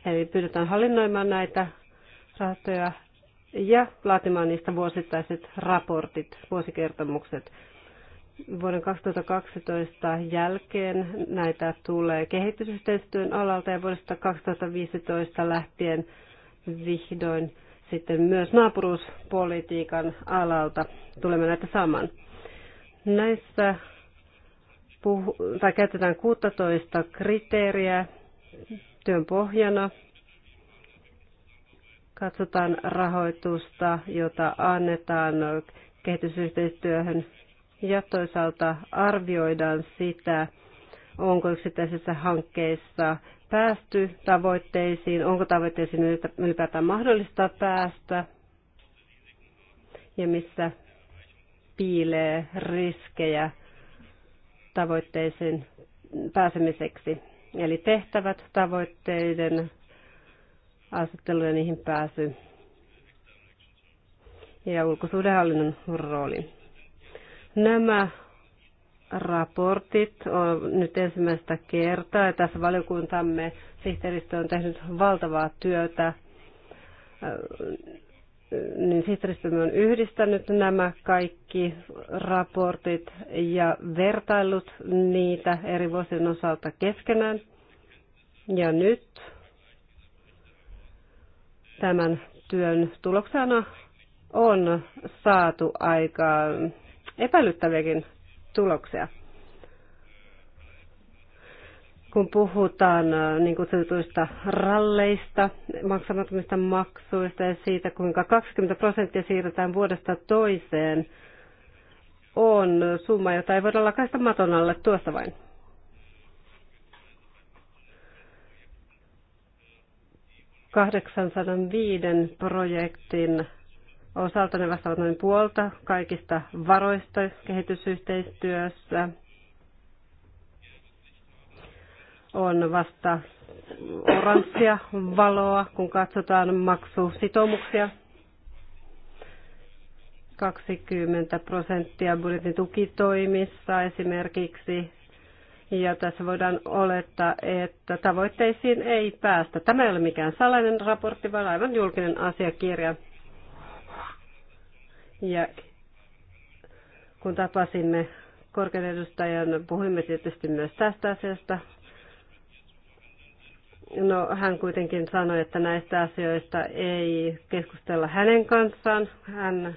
eli pyydetään hallinnoimaan näitä rahastoja ja laatimaan niistä vuosittaiset raportit, vuosikertomukset. Vuoden 2012 jälkeen näitä tulee kehitysyhteistyön alalta ja vuodesta 2015 lähtien vihdoin sitten myös naapuruuspolitiikan alalta tulemme näitä saman. Näissä puhu, tai käytetään 16 kriteeriä työn pohjana. Katsotaan rahoitusta, jota annetaan kehitysyhteistyöhön ja toisaalta arvioidaan sitä, onko yksittäisessä hankkeessa päästy tavoitteisiin, onko tavoitteisiin ylipäätään mahdollista päästä ja missä piilee riskejä tavoitteisiin pääsemiseksi. Eli tehtävät, tavoitteiden asettelu ja niihin pääsy ja ulkosuhdehallinnon rooli. Nämä raportit on nyt ensimmäistä kertaa ja tässä valiokuntamme sihteeristö on tehnyt valtavaa työtä. Niin sihteeristömme on yhdistänyt nämä kaikki raportit ja vertaillut niitä eri vuosien osalta keskenään. Ja nyt tämän työn tuloksena on saatu aika epäilyttäviäkin tuloksia. Kun puhutaan äh, niin kutsutuista ralleista, maksamattomista maksuista ja siitä, kuinka 20 prosenttia siirretään vuodesta toiseen, on summa, jota ei voida lakaista maton alle tuosta vain. 805 projektin osalta. Ne vastaavat noin puolta kaikista varoista kehitysyhteistyössä. On vasta oranssia valoa, kun katsotaan maksusitoumuksia. 20 prosenttia budjetin tukitoimissa esimerkiksi. Ja tässä voidaan olettaa, että tavoitteisiin ei päästä. Tämä ei ole mikään salainen raportti, vaan aivan julkinen asiakirja. Ja kun tapasimme korkean edustajan, puhuimme tietysti myös tästä asiasta. No, hän kuitenkin sanoi, että näistä asioista ei keskustella hänen kanssaan. Hän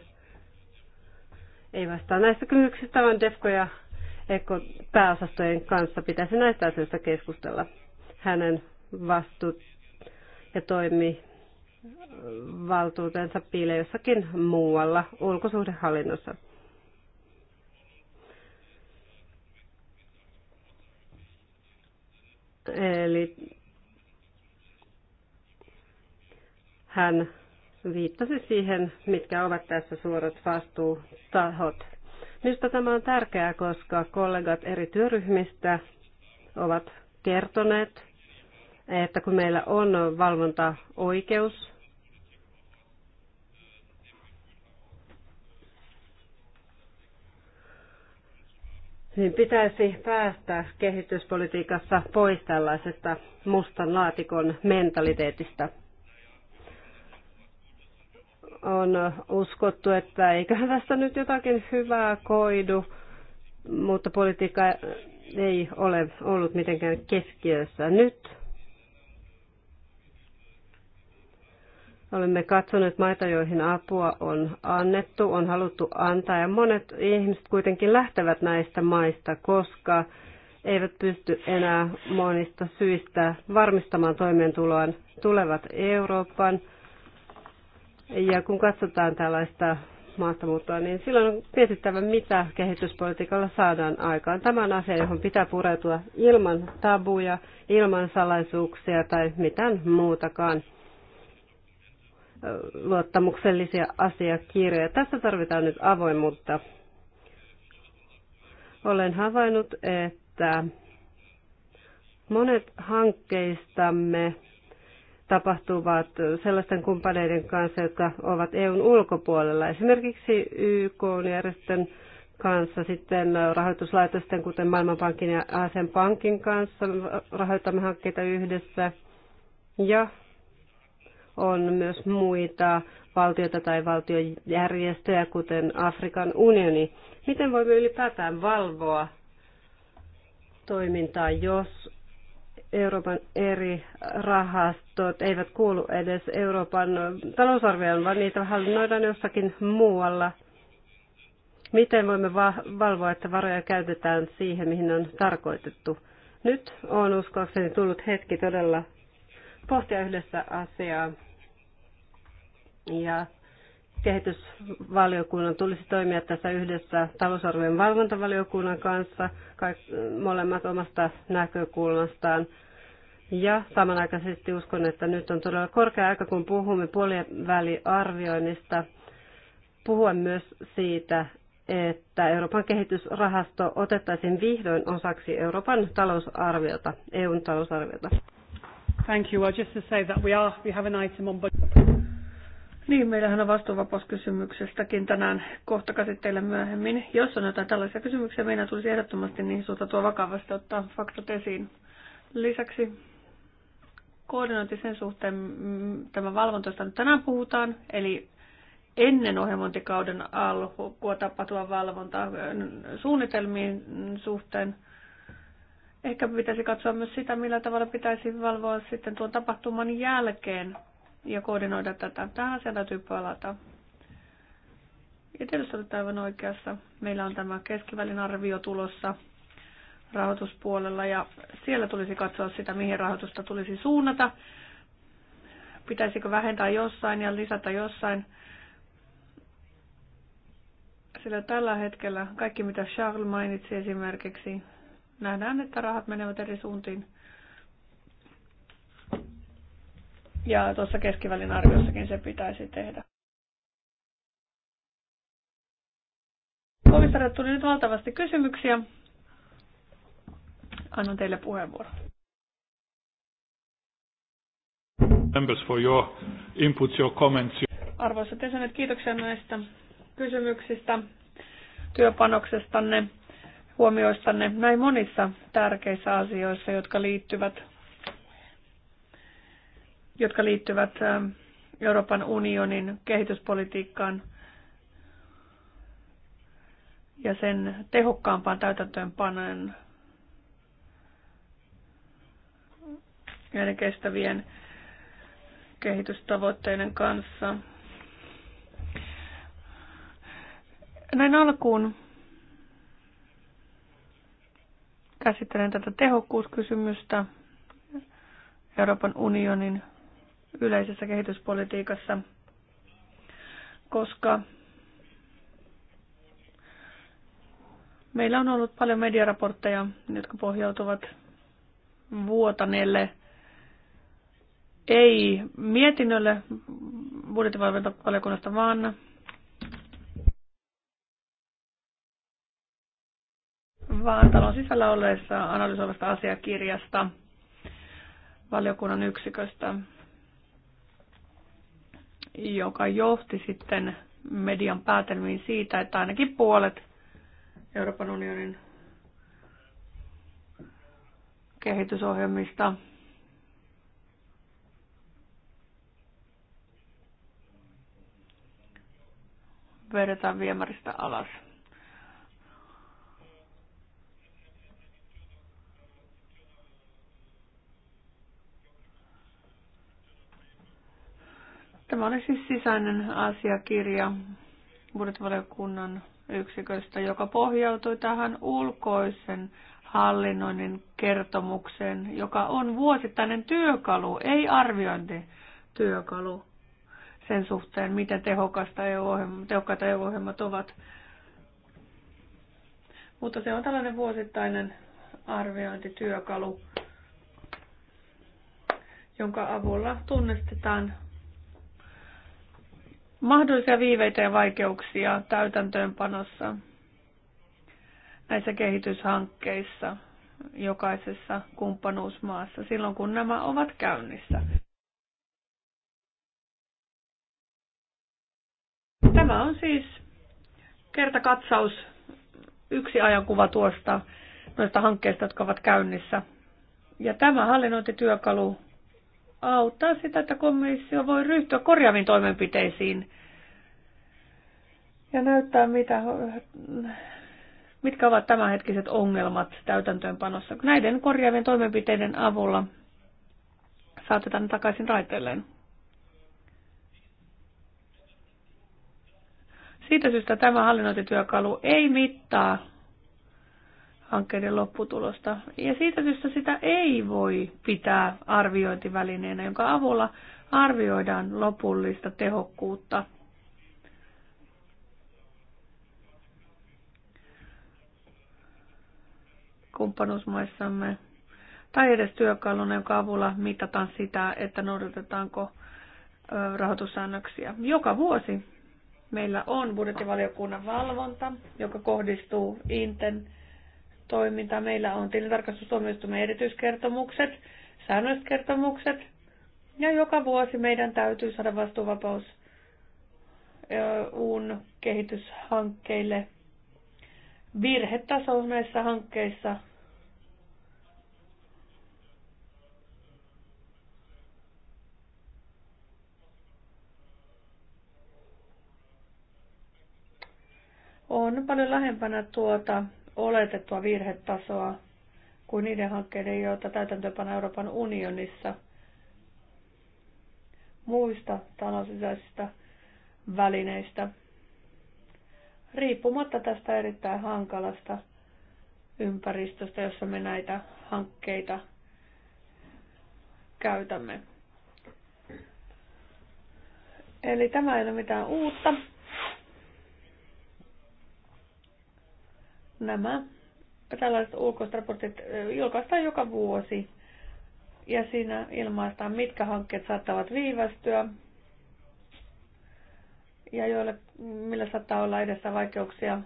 ei vastaa näistä kysymyksistä, vaan DEFCO ja ECO pääosastojen kanssa pitäisi näistä asioista keskustella. Hänen vastuut ja toimi valtuutensa piilee jossakin muualla ulkosuhdehallinnossa. Eli hän viittasi siihen, mitkä ovat tässä suorat vastuutahot. Minusta tämä on tärkeää, koska kollegat eri työryhmistä ovat kertoneet että kun meillä on valvontaoikeus, niin pitäisi päästä kehityspolitiikassa pois tällaisesta mustan laatikon mentaliteetista. On uskottu, että eiköhän tästä nyt jotakin hyvää koidu, mutta politiikka ei ole ollut mitenkään keskiössä. Nyt Olemme katsoneet maita, joihin apua on annettu, on haluttu antaa ja monet ihmiset kuitenkin lähtevät näistä maista, koska eivät pysty enää monista syistä varmistamaan toimeentuloaan, tulevat Euroopan. Ja kun katsotaan tällaista maastamuuttoa, niin silloin on mietittävä, mitä kehityspolitiikalla saadaan aikaan. Tämä on asia, johon pitää pureutua ilman tabuja, ilman salaisuuksia tai mitään muutakaan luottamuksellisia asiakirjoja. Tässä tarvitaan nyt avoimuutta. Olen havainnut, että monet hankkeistamme tapahtuvat sellaisten kumppaneiden kanssa, jotka ovat EUn ulkopuolella. Esimerkiksi YK-järjestön kanssa, sitten rahoituslaitosten, kuten Maailmanpankin ja Aasian pankin kanssa rahoitamme hankkeita yhdessä. Ja on myös muita valtioita tai valtiojärjestöjä, kuten Afrikan unioni. Miten voimme ylipäätään valvoa toimintaa, jos Euroopan eri rahastot eivät kuulu edes Euroopan talousarvioon, vaan niitä hallinnoidaan jossakin muualla. Miten voimme valvoa, että varoja käytetään siihen, mihin ne on tarkoitettu? Nyt on uskoakseni tullut hetki todella pohtia yhdessä asiaa. Ja kehitysvaliokunnan tulisi toimia tässä yhdessä talousarvion valvontavaliokunnan kanssa, kaikki, molemmat omasta näkökulmastaan. Ja samanaikaisesti uskon, että nyt on todella korkea aika, kun puhumme puoliväliarvioinnista, puhua myös siitä, että Euroopan kehitysrahasto otettaisiin vihdoin osaksi Euroopan talousarviota, EUn talousarviota. Thank you. Well, just to say that we, are, we have an item on Niin, meillähän on vastuuvapauskysymyksestäkin tänään kohta käsitteillä myöhemmin. Jos on jotain tällaisia kysymyksiä, meidän tulisi ehdottomasti niihin suhtautua vakavasti ottaa faktat esiin. Lisäksi koordinointi sen suhteen, mm, tämä valvontoista nyt tänään puhutaan, eli ennen ohjelmointikauden alkua tapahtuva valvonta mm, suunnitelmiin suhteen – Ehkä pitäisi katsoa myös sitä, millä tavalla pitäisi valvoa sitten tuon tapahtuman jälkeen ja koordinoida tätä. Tähän asiaan täytyy palata. Ja tietysti olet aivan oikeassa. Meillä on tämä keskivälin arvio tulossa rahoituspuolella ja siellä tulisi katsoa sitä, mihin rahoitusta tulisi suunnata. Pitäisikö vähentää jossain ja lisätä jossain. Sillä tällä hetkellä kaikki, mitä Charles mainitsi esimerkiksi, Nähdään, että rahat menevät eri suuntiin. Ja tuossa keskivälin arviossakin se pitäisi tehdä. Komissaari tuli nyt valtavasti kysymyksiä. Annan teille puheenvuoron. Members for your inputs, your comments. Arvoisat jäsenet, kiitoksia näistä kysymyksistä, työpanoksestanne huomioistanne näin monissa tärkeissä asioissa, jotka liittyvät, jotka liittyvät Euroopan unionin kehityspolitiikkaan ja sen tehokkaampaan täytäntöönpanoon näiden kestävien kehitystavoitteiden kanssa. Näin alkuun Käsittelen tätä tehokkuuskysymystä Euroopan unionin yleisessä kehityspolitiikassa, koska meillä on ollut paljon mediaraportteja, jotka pohjautuvat vuotaneelle ei mietinnölle budjettivalvontavaliokunnasta, vaan vaan talon sisällä olleessa analysoivasta asiakirjasta valiokunnan yksiköstä, joka johti sitten median päätelmiin siitä, että ainakin puolet Euroopan unionin kehitysohjelmista vedetään viemäristä alas. Tämä oli siis sisäinen asiakirja budjettivaliokunnan yksiköstä, joka pohjautui tähän ulkoisen hallinnoinnin kertomukseen, joka on vuosittainen työkalu, ei arviointityökalu sen suhteen, miten tehokasta EU tehokkaita EU-ohjelmat ovat. Mutta se on tällainen vuosittainen arviointityökalu, jonka avulla tunnistetaan mahdollisia viiveitä ja vaikeuksia täytäntöönpanossa näissä kehityshankkeissa jokaisessa kumppanuusmaassa silloin, kun nämä ovat käynnissä. Tämä on siis kertakatsaus, yksi ajankuva tuosta noista hankkeista, jotka ovat käynnissä. Ja tämä hallinnointityökalu auttaa sitä, että komissio voi ryhtyä korjaaviin toimenpiteisiin ja näyttää, mitä, mitkä ovat tämänhetkiset ongelmat täytäntöönpanossa. Näiden korjaavien toimenpiteiden avulla saatetaan takaisin raiteilleen. Siitä syystä tämä hallinnointityökalu ei mittaa hankkeiden lopputulosta. Ja siitä syystä sitä ei voi pitää arviointivälineenä, jonka avulla arvioidaan lopullista tehokkuutta. kumppanuusmaissamme tai edes työkaluna, jonka avulla mitataan sitä, että noudatetaanko rahoitussäännöksiä. Joka vuosi meillä on budjettivaliokunnan valvonta, joka kohdistuu Inten toiminta. Meillä on tilintarkastustuomioistuimen erityiskertomukset, säännölliset kertomukset ja joka vuosi meidän täytyy saada vastuuvapaus uun kehityshankkeille. Virhetaso näissä hankkeissa on paljon lähempänä tuota oletettua virhetasoa kuin niiden hankkeiden, joita täytäntöönpana Euroopan unionissa muista talousisäisistä välineistä. Riippumatta tästä erittäin hankalasta ympäristöstä, jossa me näitä hankkeita käytämme. Eli tämä ei ole mitään uutta. Nämä tällaiset ulkoiset raportit julkaistaan joka vuosi ja siinä ilmaistaan, mitkä hankkeet saattavat viivästyä ja joille, millä saattaa olla edessä vaikeuksia.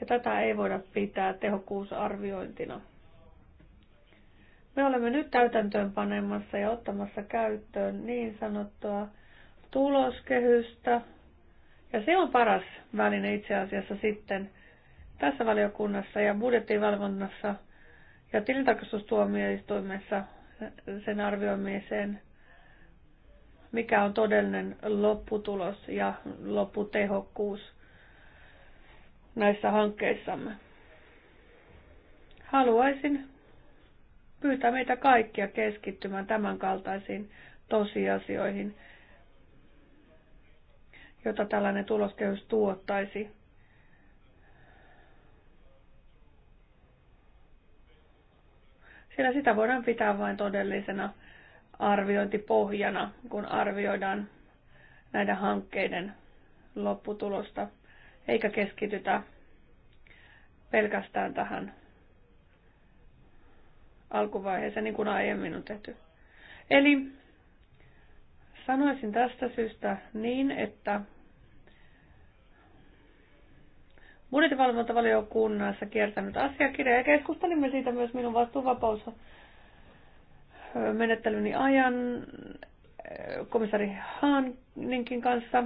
Ja tätä ei voida pitää tehokkuusarviointina. Me olemme nyt täytäntöönpanemassa ja ottamassa käyttöön niin sanottua tuloskehystä, ja se on paras väline itse asiassa sitten tässä valiokunnassa ja budjettivalvonnassa ja tilintarkastustuomioistuimessa sen arvioimiseen, mikä on todellinen lopputulos ja lopputehokkuus näissä hankkeissamme. Haluaisin pyytää meitä kaikkia keskittymään tämänkaltaisiin tosiasioihin jota tällainen tuloskehys tuottaisi. Sillä sitä voidaan pitää vain todellisena arviointipohjana, kun arvioidaan näiden hankkeiden lopputulosta, eikä keskitytä pelkästään tähän alkuvaiheeseen, niin kuin aiemmin on tehty. Eli Sanoisin tästä syystä niin, että budjettivalvontavaliokunnassa kiertänyt asiakirja ja keskustelimme siitä myös minun vastuuvapaus menettelyni ajan eh, komissari Haaninkin kanssa.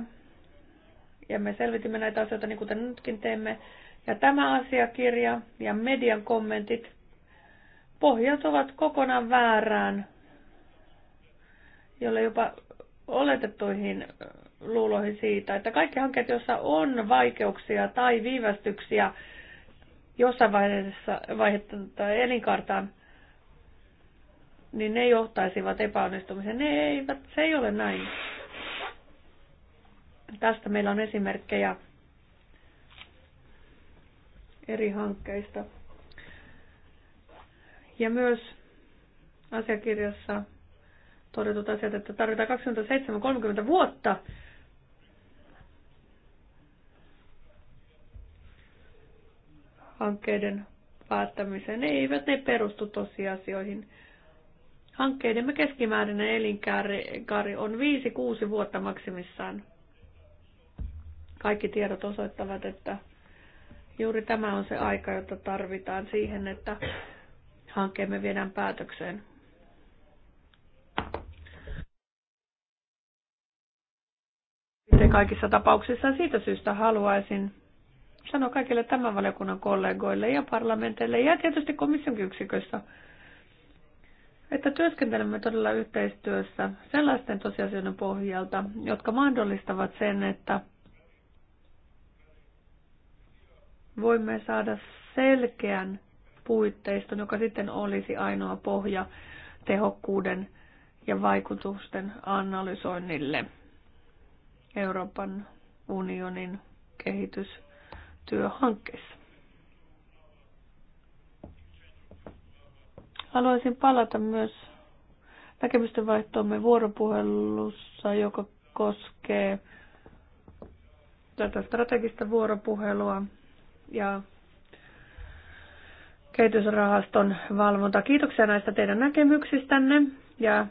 Ja me selvitimme näitä asioita niin kuten nytkin teemme. Ja tämä asiakirja ja median kommentit pohjautuvat kokonaan väärään, jolle jopa oletettuihin luuloihin siitä, että kaikki hankkeet, joissa on vaikeuksia tai viivästyksiä jossain vaiheessa vaihetta elinkaartaan, niin ne johtaisivat epäonnistumiseen. Ne eivät, se ei ole näin. Tästä meillä on esimerkkejä eri hankkeista. Ja myös asiakirjassa todetut asiat, että tarvitaan 27-30 vuotta. hankkeiden päättämiseen. Ne eivät ne perustu tosiasioihin. Hankkeiden keskimääräinen elinkaari on 5-6 vuotta maksimissaan. Kaikki tiedot osoittavat, että juuri tämä on se aika, jota tarvitaan siihen, että hankkeemme viedään päätökseen. miltei kaikissa tapauksissa. Siitä syystä haluaisin sanoa kaikille tämän valiokunnan kollegoille ja parlamenteille ja tietysti komission yksikössä, että työskentelemme todella yhteistyössä sellaisten tosiasioiden pohjalta, jotka mahdollistavat sen, että voimme saada selkeän puitteiston, joka sitten olisi ainoa pohja tehokkuuden ja vaikutusten analysoinnille. Euroopan unionin kehitystyöhankkeessa. Haluaisin palata myös näkemysten vaihtoomme vuoropuhelussa, joka koskee tätä strategista vuoropuhelua ja kehitysrahaston valvonta. Kiitoksia näistä teidän näkemyksistänne ja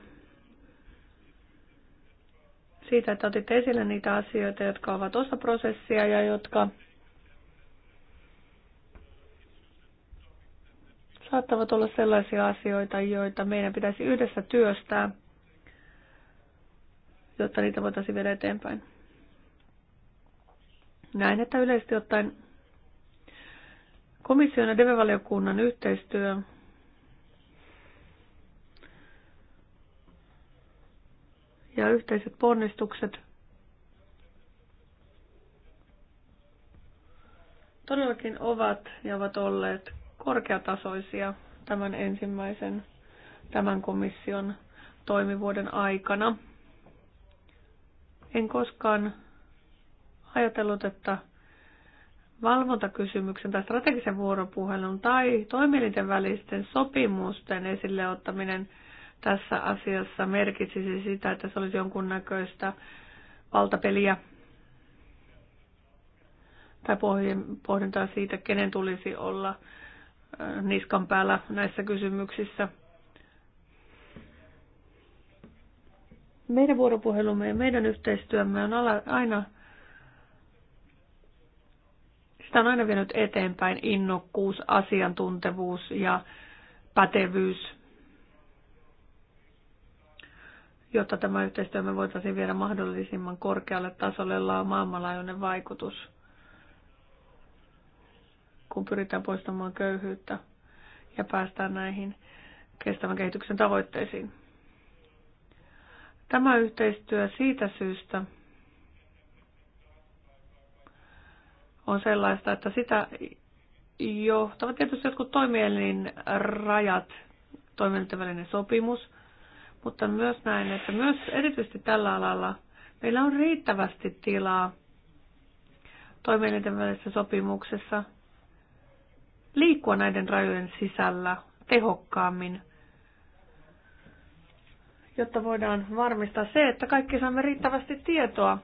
siitä, että otitte esille niitä asioita, jotka ovat osa prosessia ja jotka saattavat olla sellaisia asioita, joita meidän pitäisi yhdessä työstää, jotta niitä voitaisiin viedä eteenpäin. Näin, että yleisesti ottaen komission ja devevaliokunnan yhteistyö ja yhteiset ponnistukset todellakin ovat ja ovat olleet korkeatasoisia tämän ensimmäisen tämän komission toimivuoden aikana. En koskaan ajatellut, että valvontakysymyksen tai strategisen vuoropuhelun tai toimielinten välisten sopimusten esille ottaminen – tässä asiassa merkitsisi sitä, että se olisi jonkunnäköistä valtapeliä tai pohdintaa siitä, kenen tulisi olla niskan päällä näissä kysymyksissä. Meidän vuoropuhelumme ja meidän yhteistyömme on aina, sitä on aina vienyt eteenpäin innokkuus, asiantuntevuus ja pätevyys – jotta tämä yhteistyömme voitaisiin viedä mahdollisimman korkealle tasolle, jolla on maailmanlaajuinen vaikutus, kun pyritään poistamaan köyhyyttä ja päästään näihin kestävän kehityksen tavoitteisiin. Tämä yhteistyö siitä syystä on sellaista, että sitä johtavat tietysti jotkut toimielin rajat, toimintavälinen sopimus – mutta myös näin, että myös erityisesti tällä alalla meillä on riittävästi tilaa toimielinten välisessä sopimuksessa liikkua näiden rajojen sisällä tehokkaammin, jotta voidaan varmistaa se, että kaikki saamme riittävästi tietoa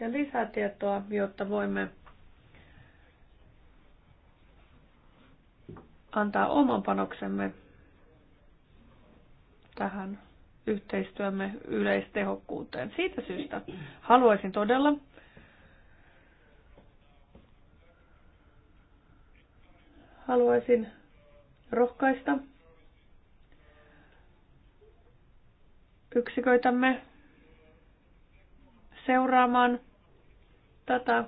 ja lisätietoa, jotta voimme antaa oman panoksemme tähän yhteistyömme yleistehokkuuteen. Siitä syystä haluaisin todella haluaisin rohkaista yksiköitämme seuraamaan tätä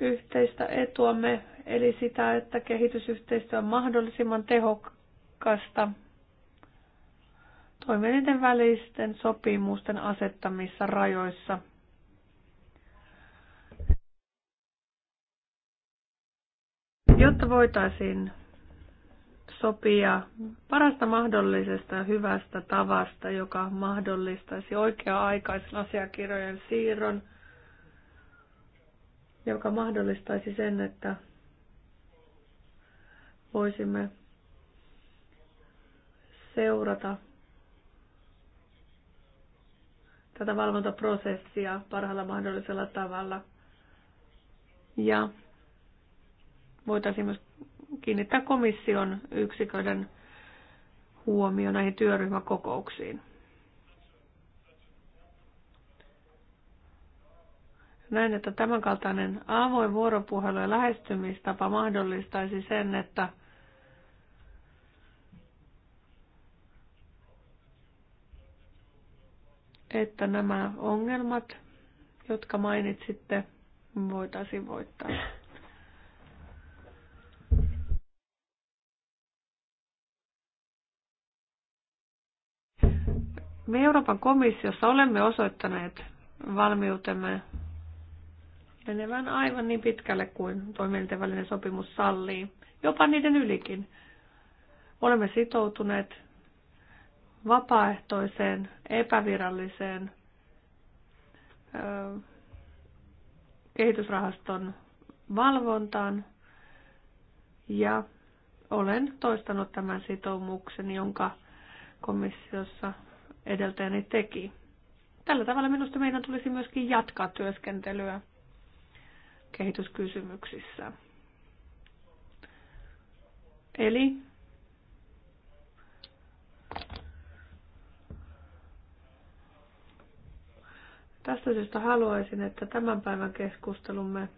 yhteistä etuamme, eli sitä, että kehitysyhteistyö on mahdollisimman tehokasta – toimielinten välisten sopimusten asettamissa rajoissa. Jotta voitaisiin sopia parasta mahdollisesta hyvästä tavasta, joka mahdollistaisi oikea-aikaisen asiakirjojen siirron, joka mahdollistaisi sen, että voisimme seurata tätä valvontaprosessia parhaalla mahdollisella tavalla. Ja voitaisiin myös kiinnittää komission yksiköiden huomio näihin työryhmäkokouksiin. Näin, että tämänkaltainen avoin vuoropuhelu ja lähestymistapa mahdollistaisi sen, että – että nämä ongelmat, jotka mainitsitte, voitaisiin voittaa. Me Euroopan komissiossa olemme osoittaneet valmiutemme menevän aivan niin pitkälle kuin toimielinten välinen sopimus sallii, jopa niiden ylikin. Olemme sitoutuneet vapaaehtoiseen, epäviralliseen ö, kehitysrahaston valvontaan ja olen toistanut tämän sitoumuksen, jonka komissiossa edeltäjäni teki. Tällä tavalla minusta meidän tulisi myöskin jatkaa työskentelyä kehityskysymyksissä. Eli Tästä syystä haluaisin, että tämän päivän keskustelumme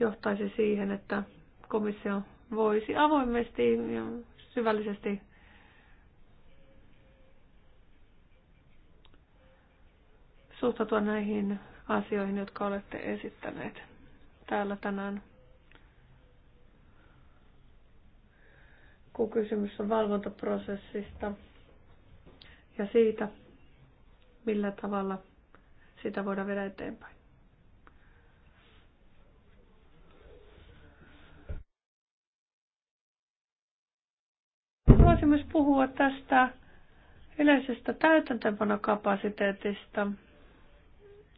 johtaisi siihen, että komissio voisi avoimesti ja syvällisesti suhtautua näihin asioihin, jotka olette esittäneet täällä tänään. Kun kysymys on valvontaprosessista, ja siitä, millä tavalla sitä voidaan viedä eteenpäin. Voisin myös puhua tästä yleisestä täytäntöönpanokapasiteetista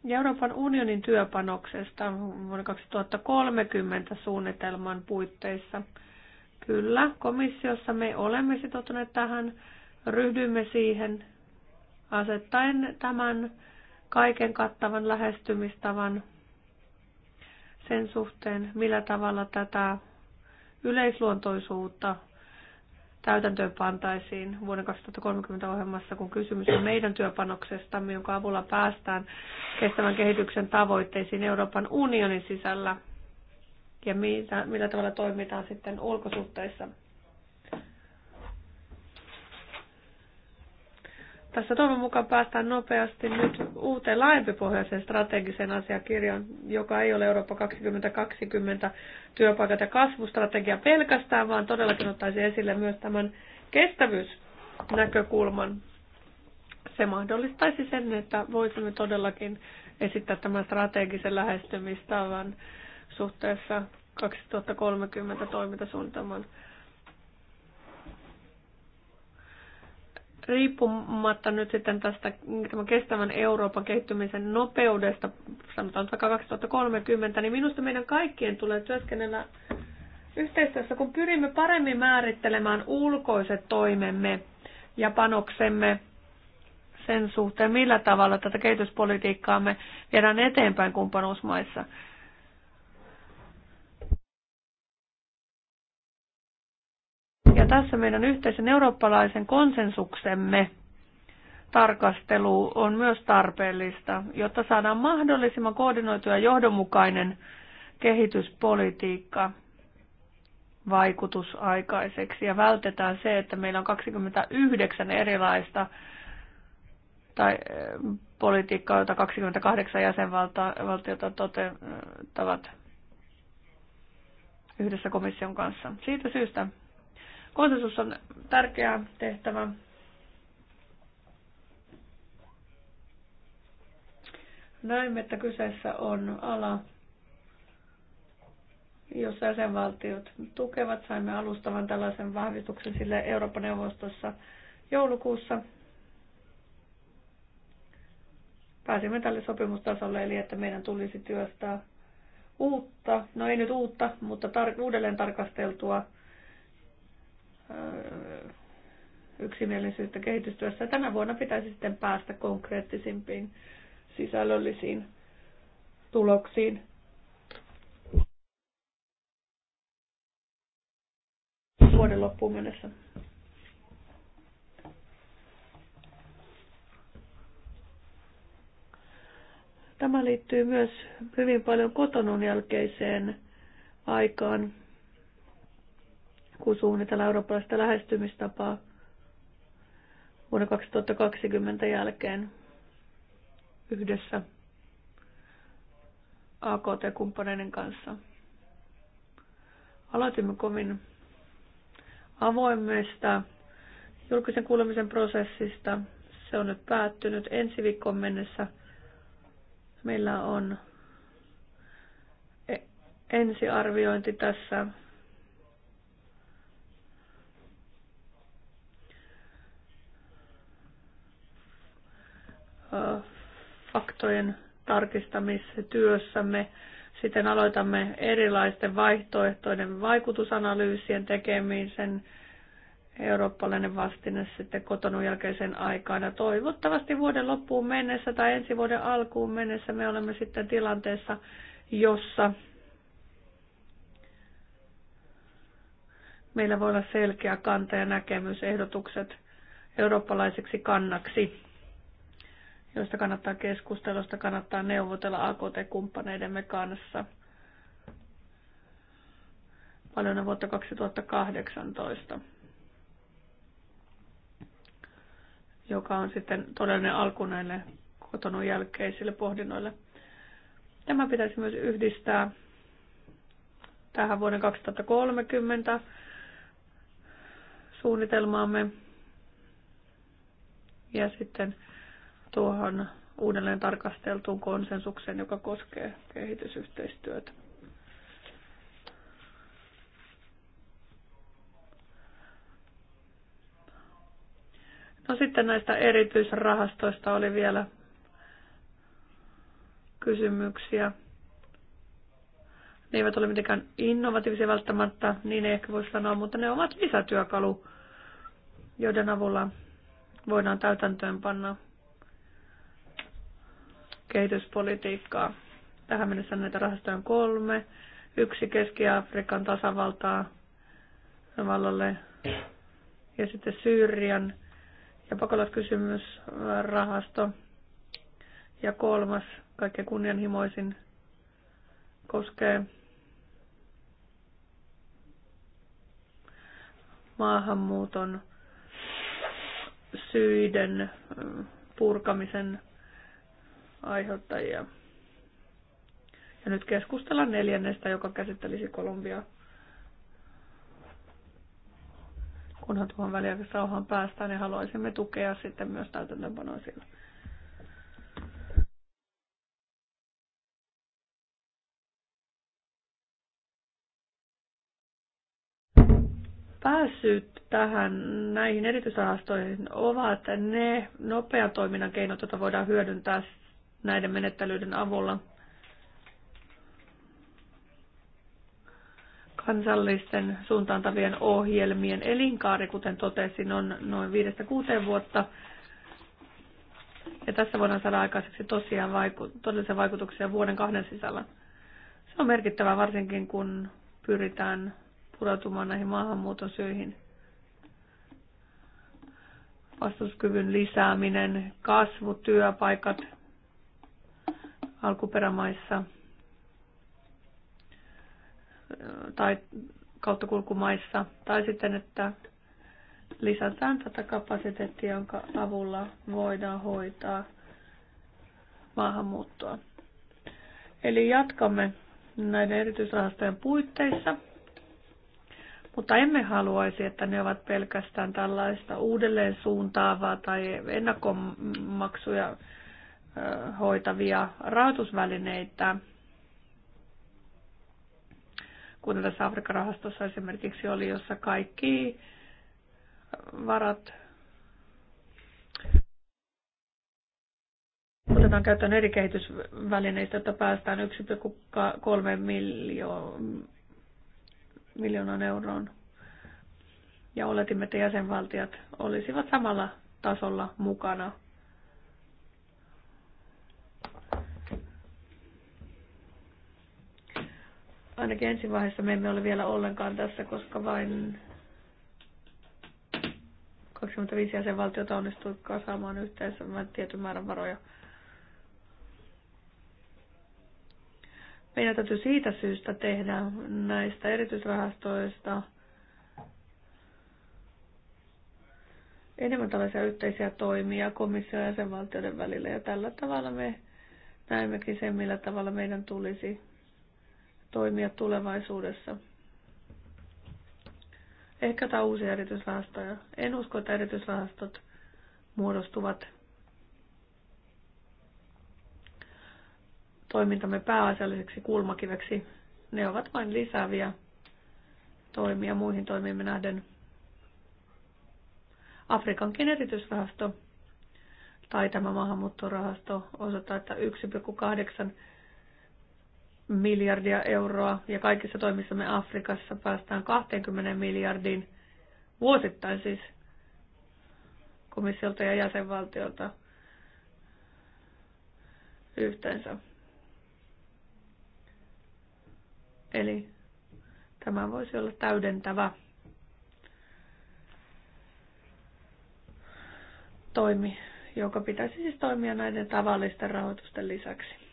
ja Euroopan unionin työpanoksesta vuonna 2030 suunnitelman puitteissa. Kyllä, komissiossa me olemme sitoutuneet tähän ryhdymme siihen asettaen tämän kaiken kattavan lähestymistavan sen suhteen, millä tavalla tätä yleisluontoisuutta täytäntöön pantaisiin vuoden 2030 ohjelmassa, kun kysymys on meidän työpanoksestamme, jonka avulla päästään kestävän kehityksen tavoitteisiin Euroopan unionin sisällä ja millä tavalla toimitaan sitten ulkosuhteissa. Tässä toivon mukaan päästään nopeasti nyt uuteen laajempipohjaiseen strategiseen asiakirjaan, joka ei ole Eurooppa 2020 työpaikat ja kasvustrategia pelkästään, vaan todellakin ottaisi esille myös tämän kestävyysnäkökulman. Se mahdollistaisi sen, että voisimme todellakin esittää tämän strategisen lähestymistavan suhteessa 2030 toimintasuunnitelman riippumatta nyt sitten tästä kestävän Euroopan kehittymisen nopeudesta, sanotaan vaikka 2030, niin minusta meidän kaikkien tulee työskennellä yhteistyössä, kun pyrimme paremmin määrittelemään ulkoiset toimemme ja panoksemme sen suhteen, millä tavalla tätä me viedään eteenpäin kumppanuusmaissa. Ja tässä meidän yhteisen eurooppalaisen konsensuksemme tarkastelu on myös tarpeellista, jotta saadaan mahdollisimman koordinoitu ja johdonmukainen kehityspolitiikka vaikutus aikaiseksi ja vältetään se, että meillä on 29 erilaista tai eh, politiikkaa, jota 28 jäsenvaltiota toteuttavat yhdessä komission kanssa. Siitä syystä Konsensus on tärkeä tehtävä. Näemme, että kyseessä on ala, jossa jäsenvaltiot tukevat. Saimme alustavan tällaisen vahvistuksen sille Euroopan neuvostossa joulukuussa. Pääsimme tälle sopimustasolle, eli että meidän tulisi työstää uutta, no ei nyt uutta, mutta tar- uudelleen tarkasteltua yksimielisyyttä kehitystyössä. Tänä vuonna pitäisi sitten päästä konkreettisimpiin sisällöllisiin tuloksiin. vuoden loppuun mennessä. Tämä liittyy myös hyvin paljon kotonun jälkeiseen aikaan kun suunnitellaan eurooppalaista lähestymistapaa vuonna 2020 jälkeen yhdessä AKT-kumppaneiden kanssa. Aloitimme kovin avoimesta julkisen kuulemisen prosessista. Se on nyt päättynyt. Ensi viikon mennessä meillä on e- ensiarviointi tässä faktojen tarkistamistyössämme. Sitten aloitamme erilaisten vaihtoehtoiden vaikutusanalyysien tekemisen. Eurooppalainen vastine sitten kotonun jälkeisen aikaan. Ja toivottavasti vuoden loppuun mennessä tai ensi vuoden alkuun mennessä me olemme sitten tilanteessa, jossa meillä voi olla selkeä kanta ja näkemys, ehdotukset eurooppalaiseksi kannaksi joista kannattaa keskustella, joista kannattaa neuvotella AKT-kumppaneidemme kanssa. Paljon vuotta 2018, joka on sitten todellinen alku näille kotonun jälkeisille pohdinnoille. Tämä pitäisi myös yhdistää tähän vuoden 2030 suunnitelmaamme ja sitten tuohon uudelleen tarkasteltuun konsensukseen, joka koskee kehitysyhteistyötä. No sitten näistä erityisrahastoista oli vielä kysymyksiä. Ne eivät ole mitenkään innovatiivisia välttämättä, niin ei ehkä voi sanoa, mutta ne ovat lisätyökalu, joiden avulla voidaan täytäntöön panna kehityspolitiikkaa. Tähän mennessä näitä rahastoja on kolme. Yksi Keski-Afrikan tasavaltaa vallalle ja sitten Syyrian ja pakolaiskysymysrahasto. Ja kolmas, kaikkein kunnianhimoisin, koskee maahanmuuton syiden purkamisen aiheuttajia. Ja nyt keskustellaan neljännestä, joka käsittelisi Kolumbiaa. Kunhan tuohon rauhaan päästään, niin haluaisimme tukea sitten myös täytäntöönpanoa sillä. Pääsyt tähän näihin erityisrahastoihin ovat ne nopean toiminnan keinot, joita voidaan hyödyntää näiden menettelyiden avulla kansallisten suuntaantavien ohjelmien elinkaari, kuten totesin, on noin 5-6 vuotta. Ja tässä voidaan saada aikaiseksi tosiaan vaiku- todellisia vaikutuksia vuoden kahden sisällä. Se on merkittävää varsinkin, kun pyritään pureutumaan näihin maahanmuuton syihin. Vastuskyvyn lisääminen, kasvu, työpaikat, alkuperämaissa tai kauttakulkumaissa, tai sitten, että lisätään tätä kapasiteettia, jonka avulla voidaan hoitaa maahanmuuttoa. Eli jatkamme näiden erityisrahastojen puitteissa, mutta emme haluaisi, että ne ovat pelkästään tällaista uudelleen suuntaavaa tai ennakkomaksuja hoitavia rahoitusvälineitä, kuten tässä Afrikan rahastossa esimerkiksi oli, jossa kaikki varat otetaan käyttöön eri kehitysvälineistä, jotta päästään 1,3 miljo- miljoonan euroon. Ja oletimme, että jäsenvaltiot olisivat samalla tasolla mukana ainakin ensi vaiheessa me emme ole vielä ollenkaan tässä, koska vain 25 jäsenvaltiota onnistui kasaamaan yhteensä tietyn määrän varoja. Meidän täytyy siitä syystä tehdä näistä erityisrahastoista enemmän tällaisia yhteisiä toimia komission ja jäsenvaltioiden välillä. Ja tällä tavalla me näemmekin sen, millä tavalla meidän tulisi toimia tulevaisuudessa. Ehkä tämä uusi erityisrahasto. En usko, että erityisrahastot muodostuvat toimintamme pääasialliseksi kulmakiveksi. Ne ovat vain lisääviä toimia muihin toimiimme nähden. Afrikankin erityisrahasto tai tämä maahanmuuttorahasto osoittaa, että 1,8 miljardia euroa ja kaikissa toimissamme Afrikassa päästään 20 miljardin vuosittain siis komissiolta ja jäsenvaltiolta yhteensä. Eli tämä voisi olla täydentävä toimi, joka pitäisi siis toimia näiden tavallisten rahoitusten lisäksi.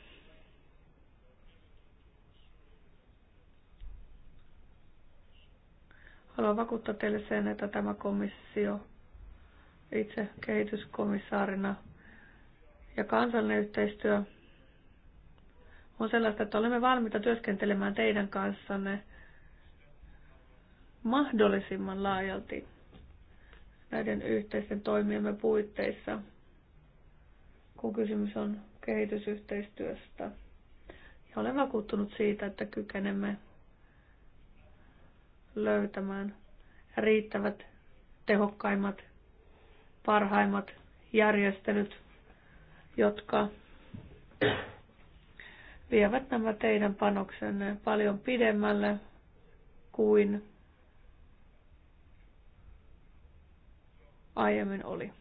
Haluan vakuuttaa teille sen, että tämä komissio itse kehityskomissaarina ja kansallinen yhteistyö on sellaista, että olemme valmiita työskentelemään teidän kanssanne mahdollisimman laajalti näiden yhteisten toimiemme puitteissa, kun kysymys on kehitysyhteistyöstä. Ja olen vakuuttunut siitä, että kykenemme löytämään riittävät, tehokkaimmat, parhaimmat järjestelyt, jotka vievät nämä teidän panoksenne paljon pidemmälle kuin aiemmin oli.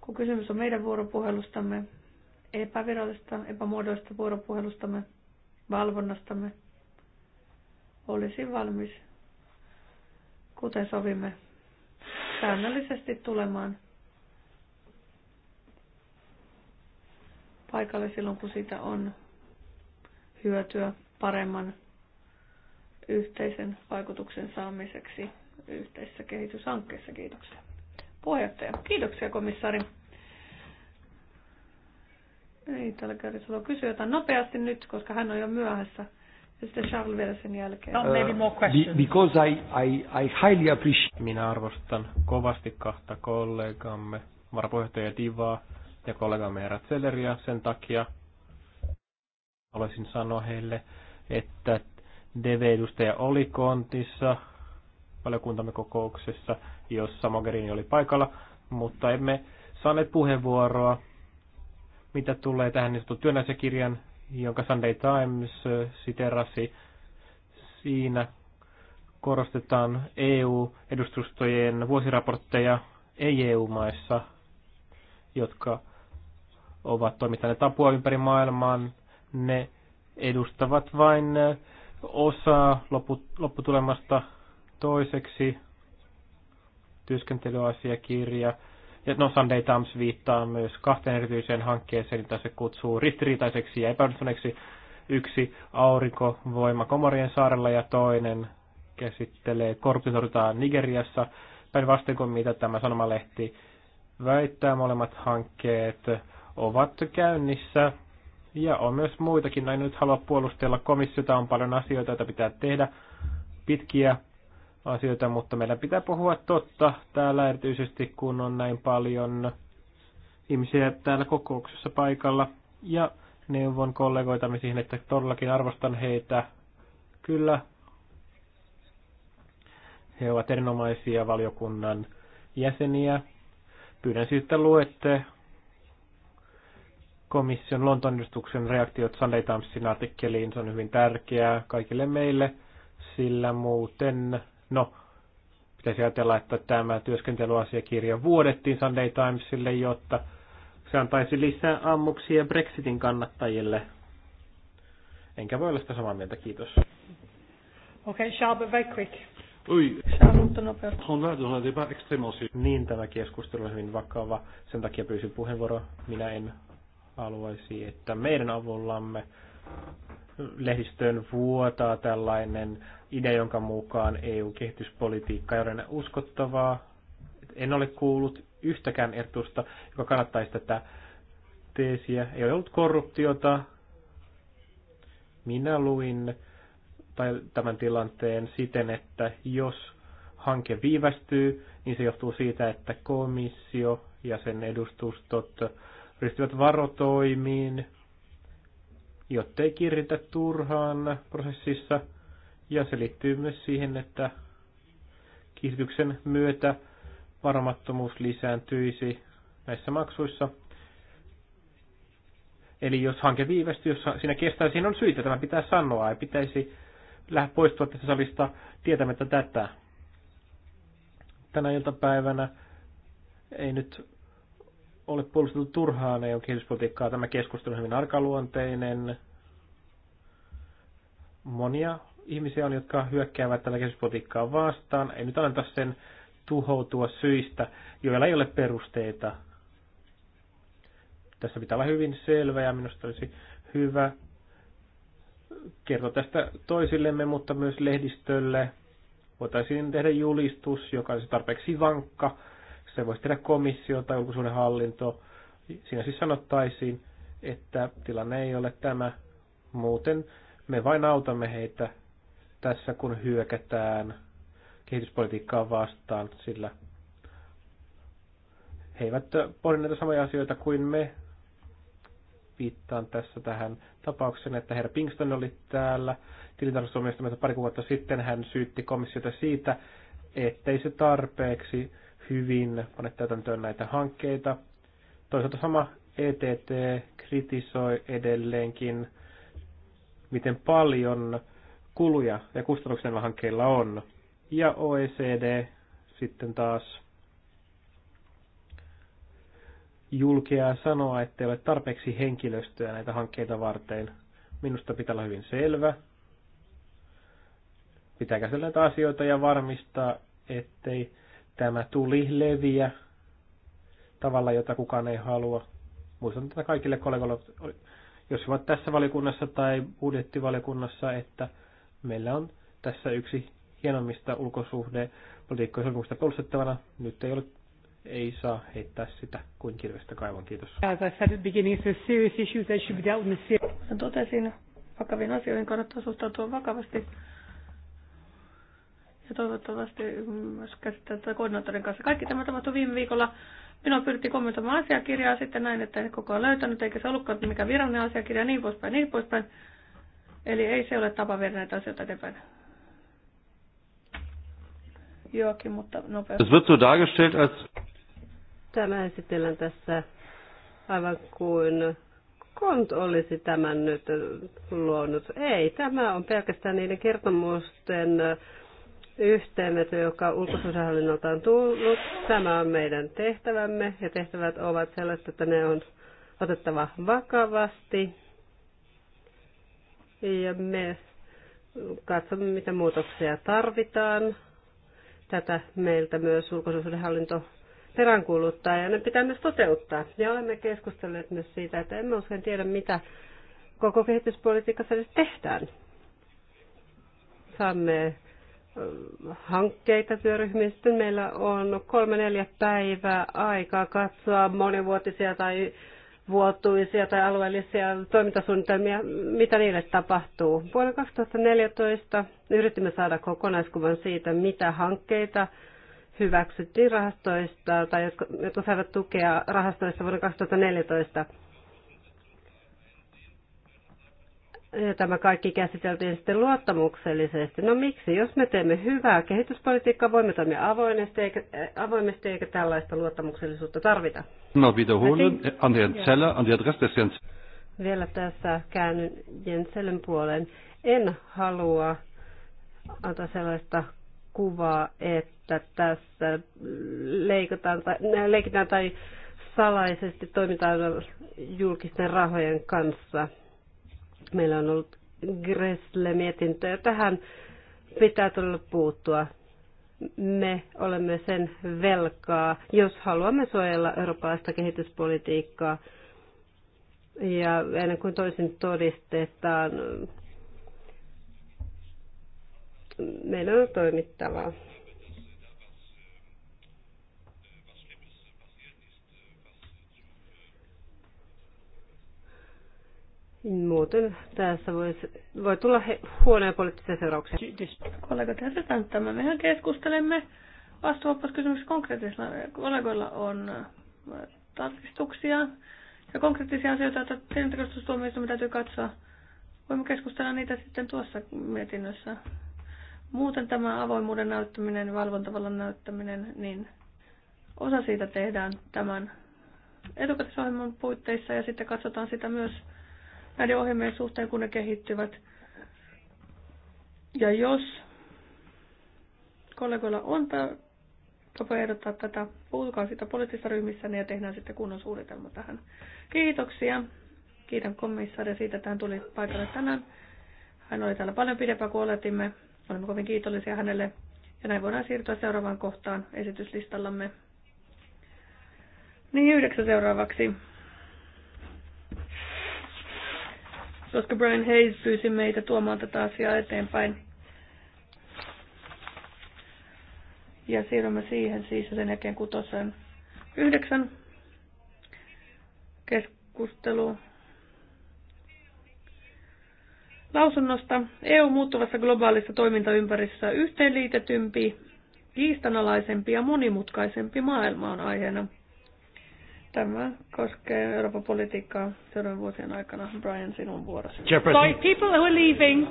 Kun kysymys on meidän vuoropuhelustamme, epävirallisesta, epämuodollista vuoropuhelustamme, valvonnastamme. Olisin valmis, kuten sovimme, säännöllisesti tulemaan paikalle silloin, kun siitä on hyötyä paremman yhteisen vaikutuksen saamiseksi yhteisessä kehityshankkeessa. Kiitoksia. Puheenjohtaja, kiitoksia komissaari. Ei tällä kertaa sulla kysyä jotain nopeasti nyt, koska hän on jo myöhässä. Ja sitten Charles vielä sen jälkeen. Uh, maybe more uh, questions. Because I, I, I highly appreciate... Minä arvostan kovasti kahta kollegamme, varapuheenjohtaja Divaa ja kollegamme herra Zelleriä sen takia. Haluaisin sanoa heille, että DV-edustaja oli kontissa valiokuntamme kokouksessa, jossa Mogherini oli paikalla, mutta emme saaneet puheenvuoroa mitä tulee tähän niin sanotun työnäisekirjan, jonka Sunday Times siterasi. Siinä korostetaan EU-edustustojen vuosiraportteja ei-EU-maissa, jotka ovat toimittaneet apua ympäri maailman. Ne edustavat vain osaa lopputulemasta toiseksi työskentelyasiakirja ja no Sunday Times viittaa myös kahteen erityiseen hankkeeseen, jota se kutsuu ristiriitaiseksi ja epäonnistuneeksi. Yksi aurinkovoima Komorien saarella ja toinen käsittelee korruptiotorjuntaa Nigeriassa. Päinvastoin kuin mitä tämä sanomalehti väittää, molemmat hankkeet ovat käynnissä. Ja on myös muitakin, näin nyt halua puolustella komissiota, on paljon asioita, joita pitää tehdä. Pitkiä asioita, mutta meidän pitää puhua totta täällä erityisesti, kun on näin paljon ihmisiä täällä kokouksessa paikalla. Ja neuvon kollegoitamme siihen, että todellakin arvostan heitä. Kyllä, he ovat erinomaisia valiokunnan jäseniä. Pyydän sitten siis, luette komission Lontoon edustuksen reaktiot Sunday Timesin artikkeliin. Se on hyvin tärkeää kaikille meille, sillä muuten No, pitäisi ajatella, että tämä työskentelyasiakirja vuodettiin Sunday Timesille, jotta se antaisi lisää ammuksia Brexitin kannattajille. Enkä voi olla sitä samaa mieltä, kiitos. Okei, okay, Shaba, very quick. Oi, niin tämä keskustelu on hyvin vakava. Sen takia pyysin puheenvuoro. Minä en haluaisi, että meidän avullamme lehdistöön vuotaa tällainen idea, jonka mukaan EU-kehityspolitiikka ei ole uskottavaa. En ole kuullut yhtäkään etusta, joka kannattaisi tätä teesiä. Ei ole ollut korruptiota. Minä luin tai tämän tilanteen siten, että jos hanke viivästyy, niin se johtuu siitä, että komissio ja sen edustustot ryhtyvät varotoimiin jottei kirjitä turhaan prosessissa. Ja se liittyy myös siihen, että kiihdyksen myötä varmattomuus lisääntyisi näissä maksuissa. Eli jos hanke viivästyy, jos siinä kestää, siinä on syitä, tämä pitää sanoa, ei pitäisi lähteä poistua tästä salista tietämättä tätä. Tänä iltapäivänä ei nyt ole puolustettu turhaan EUn kehityspolitiikkaa. Tämä keskustelu on hyvin arkaluonteinen. Monia ihmisiä on, jotka hyökkäävät tätä kehityspolitiikkaa vastaan. Ei nyt anneta sen tuhoutua syistä, joilla ei ole perusteita. Tässä pitää olla hyvin selvä ja minusta olisi hyvä kertoa tästä toisillemme, mutta myös lehdistölle. Voitaisiin tehdä julistus, joka olisi tarpeeksi vankka, se voisi tehdä komissio tai ulkosuuden hallinto. Siinä siis sanottaisiin, että tilanne ei ole tämä. Muuten me vain autamme heitä tässä, kun hyökätään kehityspolitiikkaa vastaan, sillä he eivät pohdi näitä samoja asioita kuin me. Viittaan tässä tähän tapaukseen, että herra Pinkston oli täällä tilintarkastustuomioistuimelta pari kuukautta sitten. Hän syytti komissiota siitä, ettei se tarpeeksi hyvin pane täytäntöön näitä hankkeita. Toisaalta sama ETT kritisoi edelleenkin, miten paljon kuluja ja kustannuksia näillä hankkeilla on. Ja OECD sitten taas julkeaa sanoa, ei ole tarpeeksi henkilöstöä näitä hankkeita varten. Minusta pitää olla hyvin selvä. Pitää käsitellä näitä asioita ja varmistaa, ettei tämä tuli leviä tavalla, jota kukaan ei halua. Muistan tätä kaikille kollegoille, jos ovat tässä valiokunnassa tai budjettivaliokunnassa, että meillä on tässä yksi hienommista ulkosuhdepolitiikkojen sopimuksista puolustettavana. Nyt ei, ole, ei saa heittää sitä kuin kirvestä kaivon. Kiitos. As totesin, vakaviin asioihin kannattaa suhtautua vakavasti ja toivottavasti myös käsittää tätä koordinaattorin kanssa. Kaikki tämä tapahtui viime viikolla. Minua pyrittiin kommentoimaan asiakirjaa sitten näin, että en koko ajan löytänyt, eikä se ollutkaan mikä virallinen asiakirja, niin poispäin, niin poispäin. Eli ei se ole tapa viedä näitä asioita eteenpäin. Joakin, mutta nopeasti. Tämä esitellään tässä aivan kuin Kont olisi tämän nyt luonut. Ei, tämä on pelkästään niiden kertomusten yhteenveto, joka ulkosuhdehallinnolta on tullut. Tämä on meidän tehtävämme ja tehtävät ovat sellaiset, että ne on otettava vakavasti. Ja me katsomme, mitä muutoksia tarvitaan. Tätä meiltä myös ulkosuhdehallinto peräänkuuluttaa ja ne pitää myös toteuttaa. Ja olemme keskustelleet myös siitä, että emme usein tiedä, mitä koko kehityspolitiikassa edes tehdään. Saamme hankkeita työryhmistä Sitten meillä on kolme neljä päivää aikaa katsoa monivuotisia tai vuotuisia tai alueellisia toimintasuunnitelmia, mitä niille tapahtuu. Vuonna 2014 yritimme saada kokonaiskuvan siitä, mitä hankkeita hyväksyttiin rahastoista tai jotka, jotka saivat tukea rahastoista vuonna 2014. ja tämä kaikki käsiteltiin sitten luottamuksellisesti. No miksi? Jos me teemme hyvää kehityspolitiikkaa, voimme toimia avoimesti eikä, eh, avoimesti eikä tällaista luottamuksellisuutta tarvita. No, wiederholen an Herrn Zeller, an die Adresse des Jens. Vielä tässä käännyn Jenselen puoleen. En halua antaa sellaista kuvaa, että tässä leikataan tai, leikitään tai salaisesti toimitaan julkisten rahojen kanssa – Meillä on ollut Gressle-mietintö ja tähän pitää tulla puuttua. Me olemme sen velkaa, jos haluamme suojella eurooppalaista kehityspolitiikkaa. Ja ennen kuin toisin todistetaan, meidän on toimittavaa. Muuten tässä voi, voi tulla he, huonoja poliittisia seurauksia. Kollegat, Tersetan, tämä. Mehän keskustelemme vastuuvapauskysymyksessä konkreettisilla kollegoilla on äh, tarkistuksia ja konkreettisia asioita, joita tilintarkastustuomioistuimen täytyy katsoa. Voimme keskustella niitä sitten tuossa mietinnössä. Muuten tämä avoimuuden näyttäminen, valvontavallan näyttäminen, niin osa siitä tehdään tämän etukäteisohjelman puitteissa ja sitten katsotaan sitä myös näiden ohjelmien suhteen, kun ne kehittyvät. Ja jos kollegoilla on tapa ehdottaa tätä, puhutkaa sitä poliittisissa ryhmissä niin ja tehdään sitten kunnon suunnitelma tähän. Kiitoksia. Kiitän komissaaria siitä, että hän tuli paikalle tänään. Hän oli täällä paljon pidempään kuin oletimme. Olemme kovin kiitollisia hänelle. Ja näin voidaan siirtyä seuraavaan kohtaan esityslistallamme. Niin yhdeksän seuraavaksi. koska Brian Hayes pyysi meitä tuomaan tätä asiaa eteenpäin. Ja siirrymme siihen siis sen jälkeen kutosen yhdeksän keskustelu lausunnosta. EU muuttuvassa globaalissa toimintaympäristössä yhteenliitetympi, kiistanalaisempi ja monimutkaisempi maailma on aiheena. Tämä koskee Euroopan politiikkaa seuraavien vuosien aikana. Brian, sinun vuorosi. Sorry, people who are leaving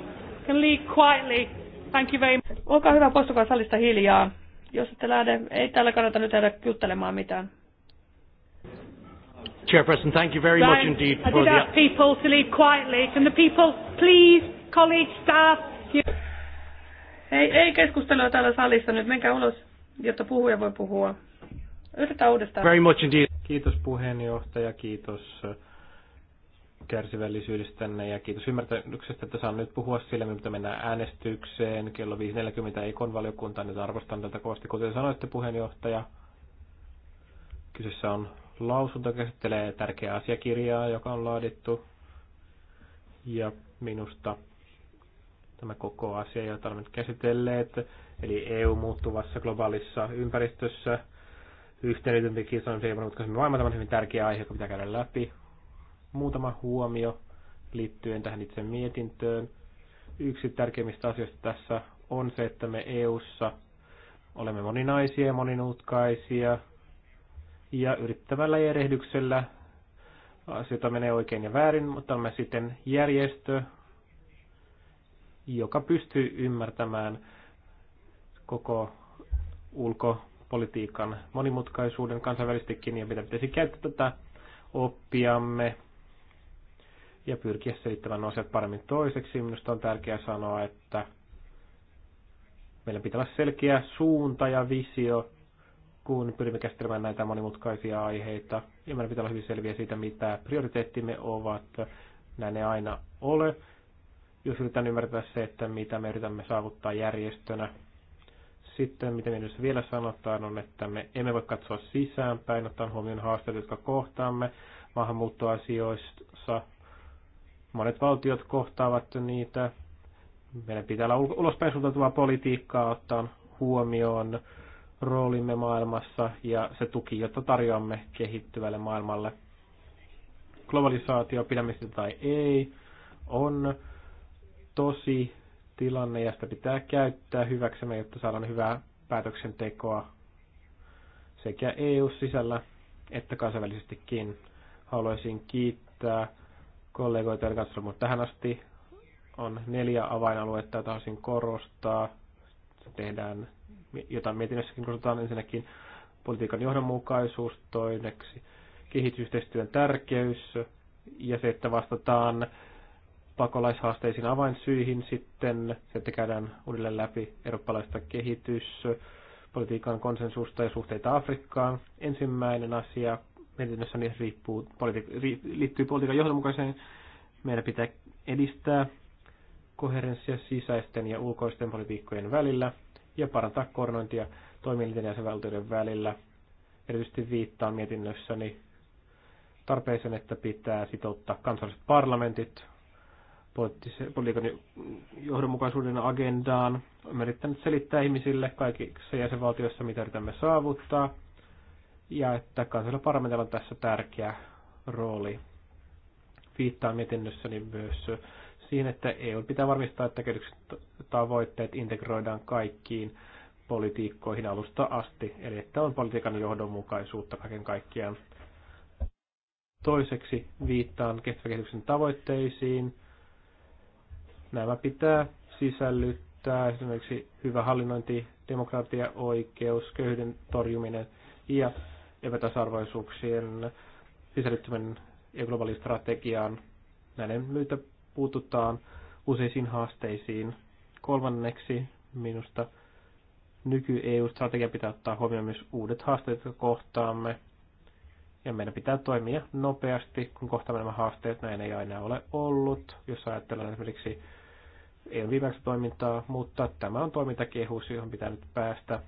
can leave quietly. Thank you very much. Olkaa hyvä, poistukaa salista hiljaa. Jos ette lähde, ei täällä kannata nyt jäädä juttelemaan mitään. Chairperson, thank you very Brian, much indeed for I did the... ask people to leave quietly. Can the people, please, colleagues, staff... You... Ei, ei keskustelua täällä salissa nyt. Menkää ulos, jotta puhuja voi puhua. Yritetään uudestaan. Very much indeed. Kiitos puheenjohtaja, kiitos äh, kärsivällisyydestänne ja kiitos ymmärtäyksestä, että saan nyt puhua sillä, mitä mennään äänestykseen kello 5.40 Ekon valiokunta, nyt arvostan tätä kovasti. Kuten sanoitte puheenjohtaja, kyseessä on lausunto, käsittelee tärkeää asiakirjaa, joka on laadittu ja minusta tämä koko asia, jota olemme nyt käsitelleet, eli EU muuttuvassa globaalissa ympäristössä – yhteydenkin, se on se, mutta se on aivan hyvin tärkeä aihe, joka pitää käydä läpi. Muutama huomio liittyen tähän itse mietintöön. Yksi tärkeimmistä asioista tässä on se, että me EU:ssa olemme moninaisia ja moninutkaisia, ja yrittävällä järjehdyksellä asioita menee oikein ja väärin, mutta me sitten järjestö, joka pystyy ymmärtämään koko ulko- politiikan monimutkaisuuden kansainvälisestikin ja mitä pitäisi käyttää tätä oppiamme ja pyrkiä selittämään asiat paremmin toiseksi. Minusta on tärkeää sanoa, että meillä pitää olla selkeä suunta ja visio, kun pyrimme käsittelemään näitä monimutkaisia aiheita. Ja meidän pitää olla hyvin selviä siitä, mitä prioriteettimme ovat. Näin ne aina ole. Jos yritän ymmärtää se, että mitä me yritämme saavuttaa järjestönä, sitten, mitä nyt vielä sanotaan, on, että me emme voi katsoa sisäänpäin, ottaen huomioon haasteet, jotka kohtaamme maahanmuuttoasioissa. Monet valtiot kohtaavat niitä. Meidän pitää olla ulospäin suuntautuvaa politiikkaa ottaen huomioon roolimme maailmassa ja se tuki, jota tarjoamme kehittyvälle maailmalle. Globalisaatio, pidämme sitä tai ei, on tosi tilanne ja sitä pitää käyttää hyväksemme, jotta saadaan hyvää päätöksentekoa sekä EU-sisällä että kansainvälisestikin. Haluaisin kiittää kollegoita ja mutta tähän asti. On neljä avainaluetta, joita haluaisin korostaa. Se tehdään, jotain mietinnössäkin korostetaan ensinnäkin politiikan johdonmukaisuus, toiseksi kehitysyhteistyön tärkeys ja se, että vastataan pakolaishaasteisiin avainsyihin sitten, se, että käydään uudelleen läpi eurooppalaista kehityspolitiikan konsensusta ja suhteita Afrikkaan. Ensimmäinen asia mietinnössäni niin riippuu, politi- ri- liittyy politiikan johdonmukaiseen. Meidän pitää edistää koherenssia sisäisten ja ulkoisten politiikkojen välillä ja parantaa koordinointia toimielinten ja valtioiden välillä. Erityisesti viittaan mietinnössäni tarpeeseen, että pitää sitouttaa kansalliset parlamentit poliittisen johdonmukaisuuden agendaan. On yrittänyt selittää ihmisille kaikissa jäsenvaltioissa, mitä yritämme saavuttaa, ja että kansallisella parlamentilla on tässä tärkeä rooli. Viittaa mietinnössäni myös siihen, että EU pitää varmistaa, että kehityksen tavoitteet integroidaan kaikkiin politiikkoihin alusta asti, eli että on politiikan johdonmukaisuutta kaiken kaikkiaan. Toiseksi viittaan kestävän kehityksen tavoitteisiin, Nämä pitää sisällyttää esimerkiksi hyvä hallinnointi, demokratia, oikeus, köyhyyden torjuminen ja epätasarvoisuuksien sisällyttäminen ja globaaliin strategiaan. Näiden myötä puututaan useisiin haasteisiin. Kolmanneksi minusta nyky-EU-strategia pitää ottaa huomioon myös uudet haasteet, jotka kohtaamme. Ja meidän pitää toimia nopeasti, kun kohtaamme nämä haasteet. Näin ei aina ole ollut. Jos ajatellaan esimerkiksi ei ole viimeksi toimintaa, mutta tämä on toimintakehus, johon pitää nyt päästä.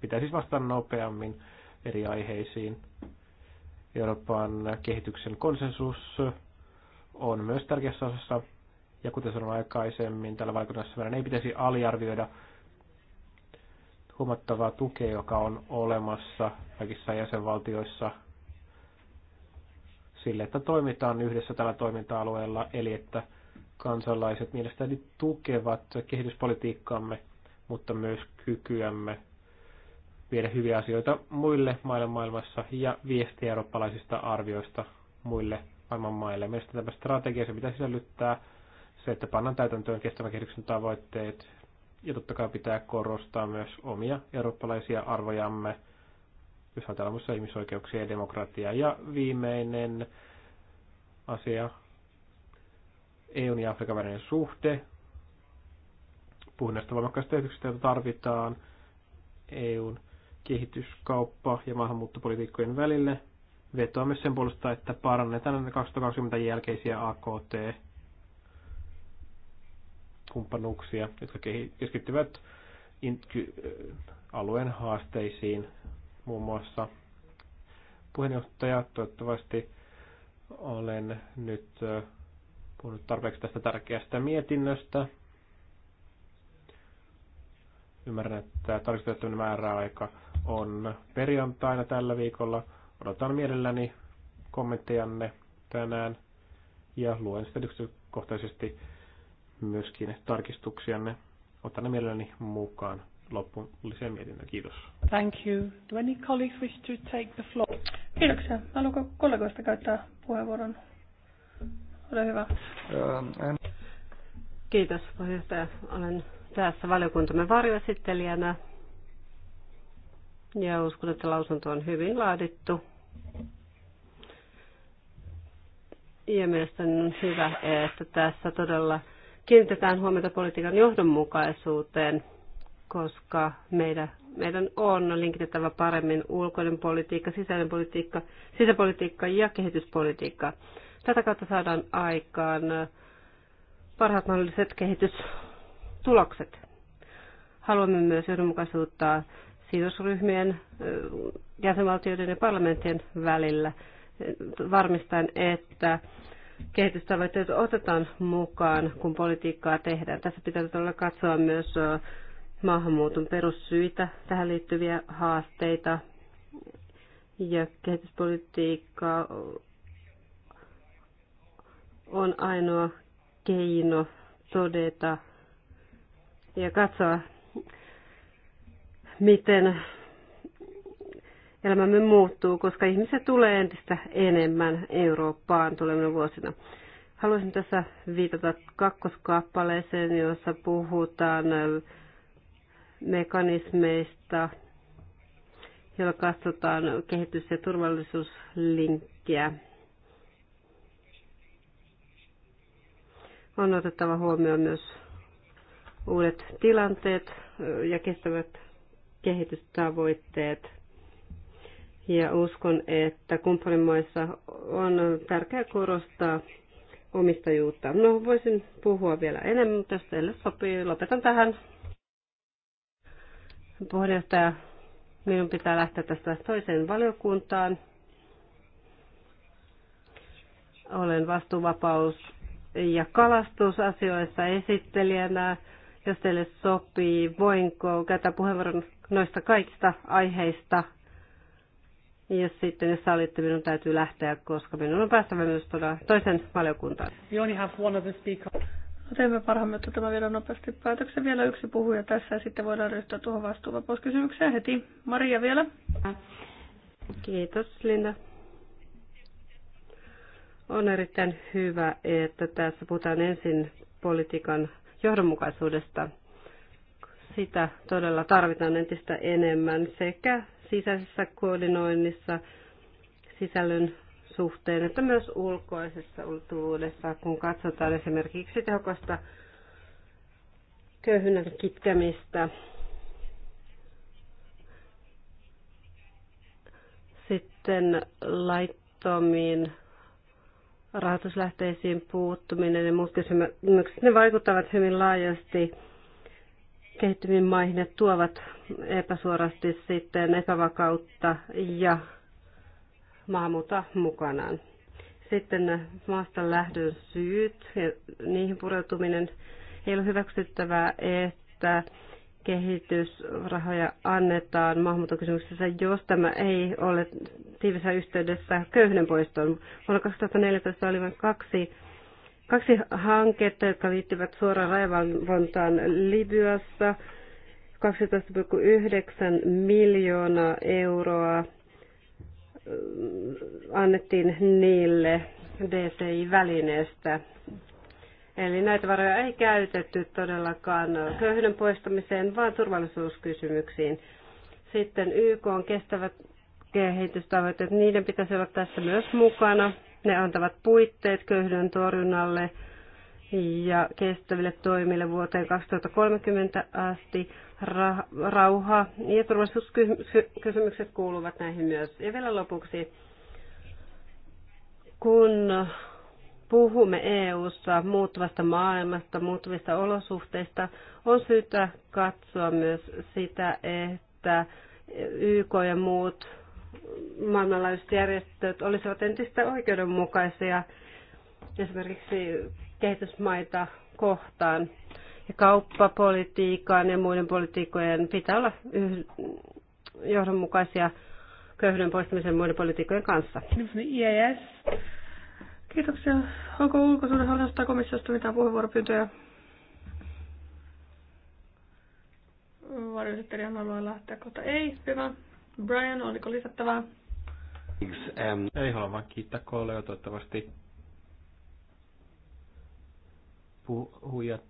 Pitää siis vastata nopeammin eri aiheisiin. Euroopan kehityksen konsensus on myös tärkeässä osassa. Ja kuten sanoin aikaisemmin, tällä vaikunnassa meidän ei pitäisi aliarvioida huomattavaa tukea, joka on olemassa kaikissa jäsenvaltioissa sille, että toimitaan yhdessä tällä toiminta-alueella, eli että kansalaiset mielestäni tukevat kehityspolitiikkaamme, mutta myös kykyämme viedä hyviä asioita muille maille maailmassa ja viestiä eurooppalaisista arvioista muille maailman maille. Mielestäni tämä strategia se pitää sisällyttää se, että pannaan täytäntöön kestävän kehityksen tavoitteet ja totta kai pitää korostaa myös omia eurooppalaisia arvojamme, jos ajatellaan muissa ihmisoikeuksia ja demokratiaa. Ja viimeinen asia EUn ja Afrikan välinen suhde. Puhun näistä voimakkaista kehityksistä, joita tarvitaan EUn kehityskauppa- ja maahanmuuttopolitiikkojen välille. myös sen puolesta, että parannetaan näitä 2020 jälkeisiä AKT kumppanuuksia, jotka keskittyvät alueen haasteisiin muun muassa. Puheenjohtaja, toivottavasti olen nyt puhunut tarpeeksi tästä tärkeästä mietinnöstä. Ymmärrän, että tarkistettujen määräaika on perjantaina tällä viikolla. Odotan mielelläni kommenttejanne tänään ja luen sitten yksityiskohtaisesti myöskin tarkistuksianne. Otan ne mielelläni mukaan loppulliseen mietinnön. Kiitos. Thank you. Do any colleagues wish to take the floor? Kiitoksia. Haluatko kollegoista käyttää puheenvuoron? Ole hyvä. Kiitos puheenjohtaja. Olen tässä valiokuntamme varjoesittelijänä ja uskon, että lausunto on hyvin laadittu. Ja mielestäni on hyvä, että tässä todella kiinnitetään huomiota politiikan johdonmukaisuuteen, koska meidän, meidän on linkitettävä paremmin ulkoinen politiikka, sisäinen politiikka, sisäpolitiikka ja kehityspolitiikka. Tätä kautta saadaan aikaan parhaat mahdolliset kehitystulokset. Haluamme myös yhdenmukaisuutta sidosryhmien, jäsenvaltioiden ja parlamenttien välillä varmistaen, että kehitystavoitteet otetaan mukaan, kun politiikkaa tehdään. Tässä pitää todella katsoa myös maahanmuuton perussyitä, tähän liittyviä haasteita ja kehityspolitiikkaa on ainoa keino todeta ja katsoa, miten elämämme muuttuu, koska ihmisiä tulee entistä enemmän Eurooppaan tulevina vuosina. Haluaisin tässä viitata kakkoskappaleeseen, jossa puhutaan mekanismeista, joilla katsotaan kehitys- ja turvallisuuslinkkiä On otettava huomioon myös uudet tilanteet ja kestävät kehitystavoitteet. Ja uskon, että kumppanimaissa on tärkeää korostaa omistajuutta. No, voisin puhua vielä enemmän, mutta jos teille sopii, lopetan tähän. Puheenjohtaja, minun pitää lähteä tästä toiseen valiokuntaan. Olen vastuuvapaus ja kalastusasioissa esittelijänä. Jos teille sopii, voinko käyttää puheenvuoron noista kaikista aiheista. Ja sitten, jos sallitte, minun täytyy lähteä, koska minun on päästävä myös toisen valiokuntaan. You only have one of the No teemme parhaamme, että tämä vielä nopeasti päätöksen. Vielä yksi puhuja tässä ja sitten voidaan ryhtyä tuohon vastuuvapauskysymykseen heti. Maria vielä. Kiitos Linda. On erittäin hyvä, että tässä puhutaan ensin politiikan johdonmukaisuudesta. Sitä todella tarvitaan entistä enemmän sekä sisäisessä koordinoinnissa sisällön suhteen, että myös ulkoisessa ulottuvuudessa, kun katsotaan esimerkiksi tehokasta köyhyyden kitkemistä. Sitten laittomiin rahoituslähteisiin puuttuminen ja muut kysymykset, ne vaikuttavat hyvin laajasti kehittyviin maihin ja tuovat epäsuorasti sitten epävakautta ja maahanmuutta mukanaan. Sitten maasta lähdön syyt ja niihin pureutuminen ei ole hyväksyttävää, että kehitysrahoja annetaan maahanmuuttokysymyksessä, jos tämä ei ole tiivisessä yhteydessä köyhyyden poistoon. Vuonna 2014 oli vain kaksi, kaksi hanketta, jotka liittyvät suoraan rajavalvontaan Libyassa. 12,9 miljoonaa euroa äh, annettiin niille DCI-välineestä. Eli näitä varoja ei käytetty todellakaan köyhyyden poistamiseen, vaan turvallisuuskysymyksiin. Sitten YK on kestävä kehitystavoitteet, niiden pitäisi olla tässä myös mukana. Ne antavat puitteet köyhyyden torjunnalle ja kestäville toimille vuoteen 2030 asti. Rauha ja turvallisuuskysymykset kuuluvat näihin myös. Ja vielä lopuksi, kun puhumme EU-ssa muuttuvasta maailmasta, muuttuvista olosuhteista, on syytä katsoa myös sitä, että YK ja muut maailmanlaajuiset järjestöt olisivat entistä oikeudenmukaisia esimerkiksi kehitysmaita kohtaan. Ja kauppapolitiikan ja muiden politiikkojen pitää olla johdonmukaisia köyhyyden poistamisen muiden politiikkojen kanssa. Yes. Kiitoksia. Onko ulkosuudenhallinnosta komissiosta mitään puheenvuoropyyntöjä? Varjoesittelijän haluaa lähteä kohta. Ei, hyvä. Brian, oliko lisättävää? Um, Ei halua vaan kiittää kollegoja toivottavasti puhujat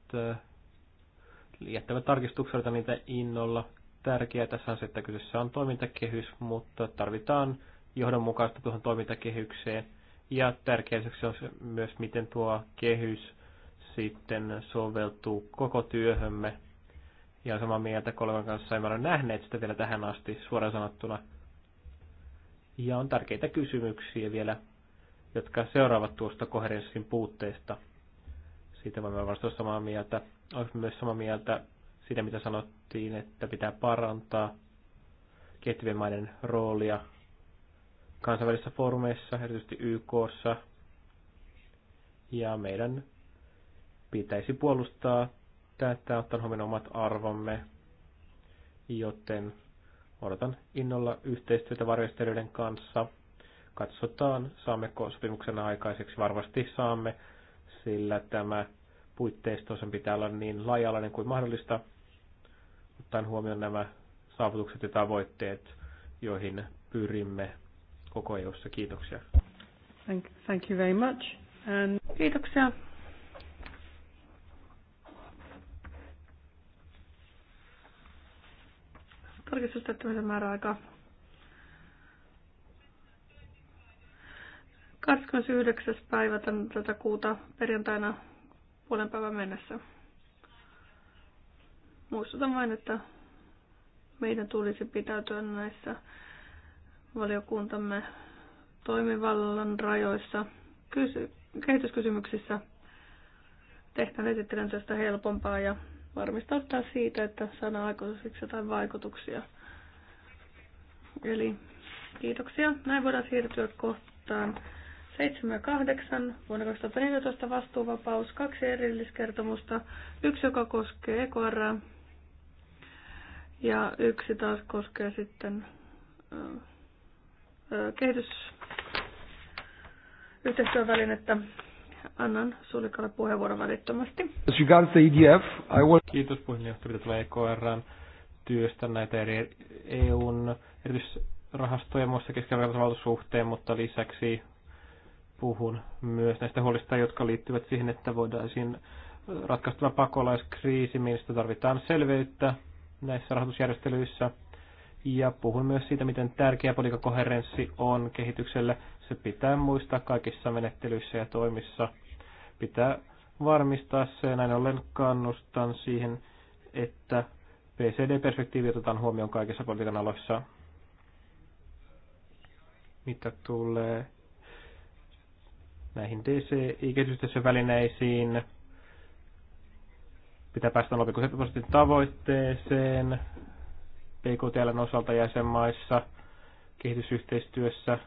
liittävät äh, tarkistukselta niitä innolla. Tärkeää tässä on se, että kyseessä on toimintakehys, mutta tarvitaan johdonmukaista tuohon toimintakehykseen. Ja tärkeää on se myös, miten tuo kehys sitten soveltuu koko työhömme ihan samaa mieltä kollegan kanssa. Emme ole nähneet sitä vielä tähän asti suoraan sanottuna. Ja on tärkeitä kysymyksiä vielä, jotka seuraavat tuosta koherenssin puutteesta. Siitä voimme varmasti samaa mieltä. Olemme myös samaa mieltä siitä, mitä sanottiin, että pitää parantaa kehittyvien maiden roolia kansainvälisissä foorumeissa, erityisesti YKssa. Ja meidän pitäisi puolustaa tätä ottaa huomioon omat arvomme, joten odotan innolla yhteistyötä varjostelijoiden kanssa. Katsotaan, saammeko sopimuksen aikaiseksi. Varmasti saamme, sillä tämä puitteisto sen pitää olla niin laajalainen kuin mahdollista, ottaen huomioon nämä saavutukset ja tavoitteet, joihin pyrimme koko EU:ssa. Kiitoksia. Thank, thank you very much. And... Kiitoksia. tarkistustettämisen määräaika 29. päivä tätä kuuta perjantaina puolen päivän mennessä. Muistutan vain, että meidän tulisi pitäytyä näissä valiokuntamme toimivallan rajoissa kysy- kehityskysymyksissä. Tehtävän esittelen tästä helpompaa ja varmistauttaa siitä, että sana aikaiseksi jotain vaikutuksia. Eli kiitoksia. Näin voidaan siirtyä kohtaan 7 ja 8 vuonna 2014 vastuuvapaus, kaksi erilliskertomusta, yksi joka koskee EKR ja yksi taas koskee sitten kehitys yhteistyövälinettä. Annan Sulikalle puheenvuoron välittömästi. E I Kiitos puheenjohtaja, mitä tulee EKRn työstä näitä eri EUn erityisrahastoja muissa keskivertaisvaltuussuhteen, mutta lisäksi puhun myös näistä huolista, jotka liittyvät siihen, että voidaan siinä ratkaistava pakolaiskriisi, mistä tarvitaan selveyttä näissä rahoitusjärjestelyissä. Ja puhun myös siitä, miten tärkeä politiikakoherenssi on kehitykselle. Se pitää muistaa kaikissa menettelyissä ja toimissa pitää varmistaa se. Näin ollen kannustan siihen, että PCD-perspektiivi otetaan huomioon kaikissa politiikan aloissa. Mitä tulee näihin dci välineisiin, pitää päästä 0,7 prosentin tavoitteeseen PKTLn osalta jäsenmaissa kehitysyhteistyössä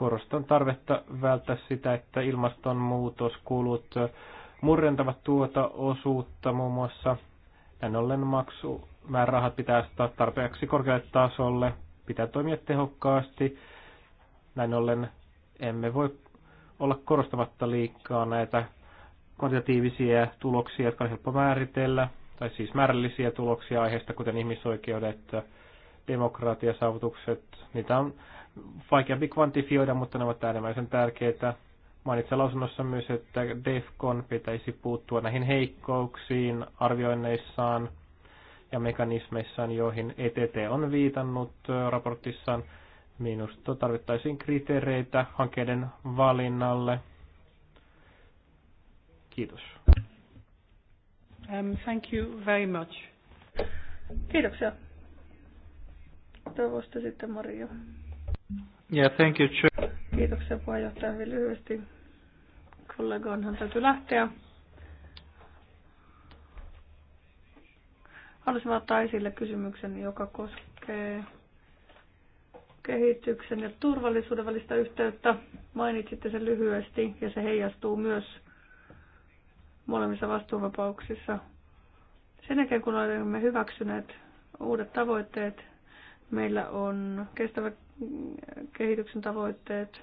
korostan tarvetta välttää sitä, että ilmastonmuutoskulut murrentavat tuota osuutta muun muassa. Näin ollen maksumäärärahat pitää ostaa tarpeeksi korkealle tasolle, pitää toimia tehokkaasti. Näin ollen emme voi olla korostamatta liikaa näitä kvantitatiivisia tuloksia, jotka on helppo määritellä, tai siis määrällisiä tuloksia aiheesta, kuten ihmisoikeudet, demokratiasaavutukset. Niitä on vaikeampi kvantifioida, mutta ne ovat äärimmäisen tärkeitä. Mainitsin lausunnossa myös, että DEFCON pitäisi puuttua näihin heikkouksiin arvioinneissaan ja mekanismeissaan, joihin ETT on viitannut raportissaan. Minusta tarvittaisiin kriteereitä hankkeiden valinnalle. Kiitos. Um, thank you very much. Kiitoksia. Toivosta sitten Maria. Yeah, thank you, Chair. Kiitoksia puheenjohtaja hyvin lyhyesti. Kollegoonhan täytyy lähteä. Haluaisin ottaa esille kysymyksen, joka koskee kehityksen ja turvallisuuden välistä yhteyttä. Mainitsitte sen lyhyesti ja se heijastuu myös molemmissa vastuuvapauksissa. Sen jälkeen kun olemme hyväksyneet uudet tavoitteet, meillä on kestävä kehityksen tavoitteet